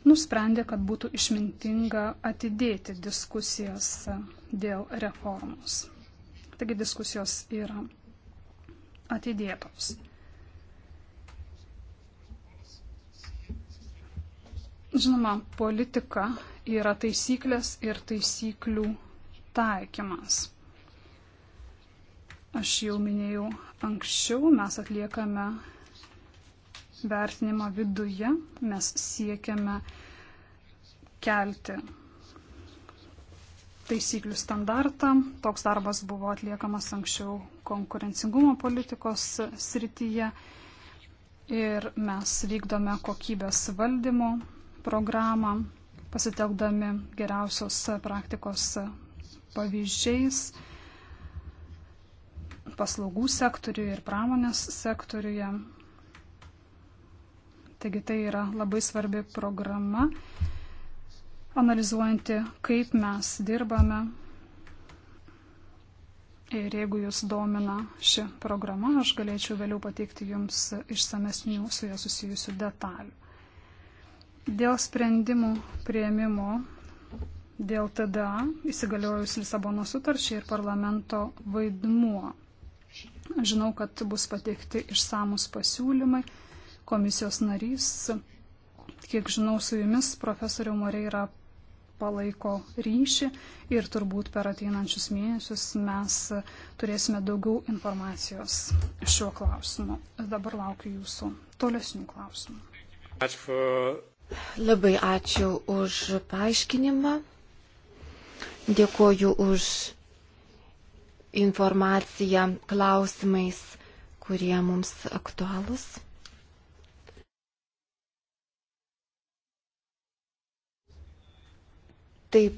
nusprendė, kad būtų išmintinga atidėti diskusijas dėl reformos. Taigi diskusijos yra atidėtos. Žinoma, politika yra taisyklės ir taisyklių taikymas. Aš jau minėjau anksčiau, mes atliekame vertinimą viduje, mes siekiame kelti taisyklių standartą. Toks darbas buvo atliekamas anksčiau konkurencingumo politikos srityje ir mes vykdome kokybės valdymo programą, pasitelkdami geriausios praktikos pavyzdžiais paslaugų sektoriuje ir pramonės sektoriuje. Taigi tai yra labai svarbi programa, analizuojanti, kaip mes dirbame. Ir jeigu jūs domina ši programa, aš galėčiau vėliau pateikti jums išsamesnių su ja susijusių detalių. Dėl sprendimų prieimimo, dėl tada įsigaliojus Lisabono sutarčiai ir parlamento vaidmuo. Žinau, kad bus pateikti išsamus pasiūlymai. Komisijos narys, kiek žinau, su jumis profesoriu Moreira palaiko ryšį ir turbūt per ateinančius mėnesius mes turėsime daugiau informacijos šiuo klausimu. Dabar laukiu jūsų tolesnių klausimų. Ačiū. Labai ačiū už paaiškinimą. Dėkoju už informaciją klausimais, kurie mums aktualūs.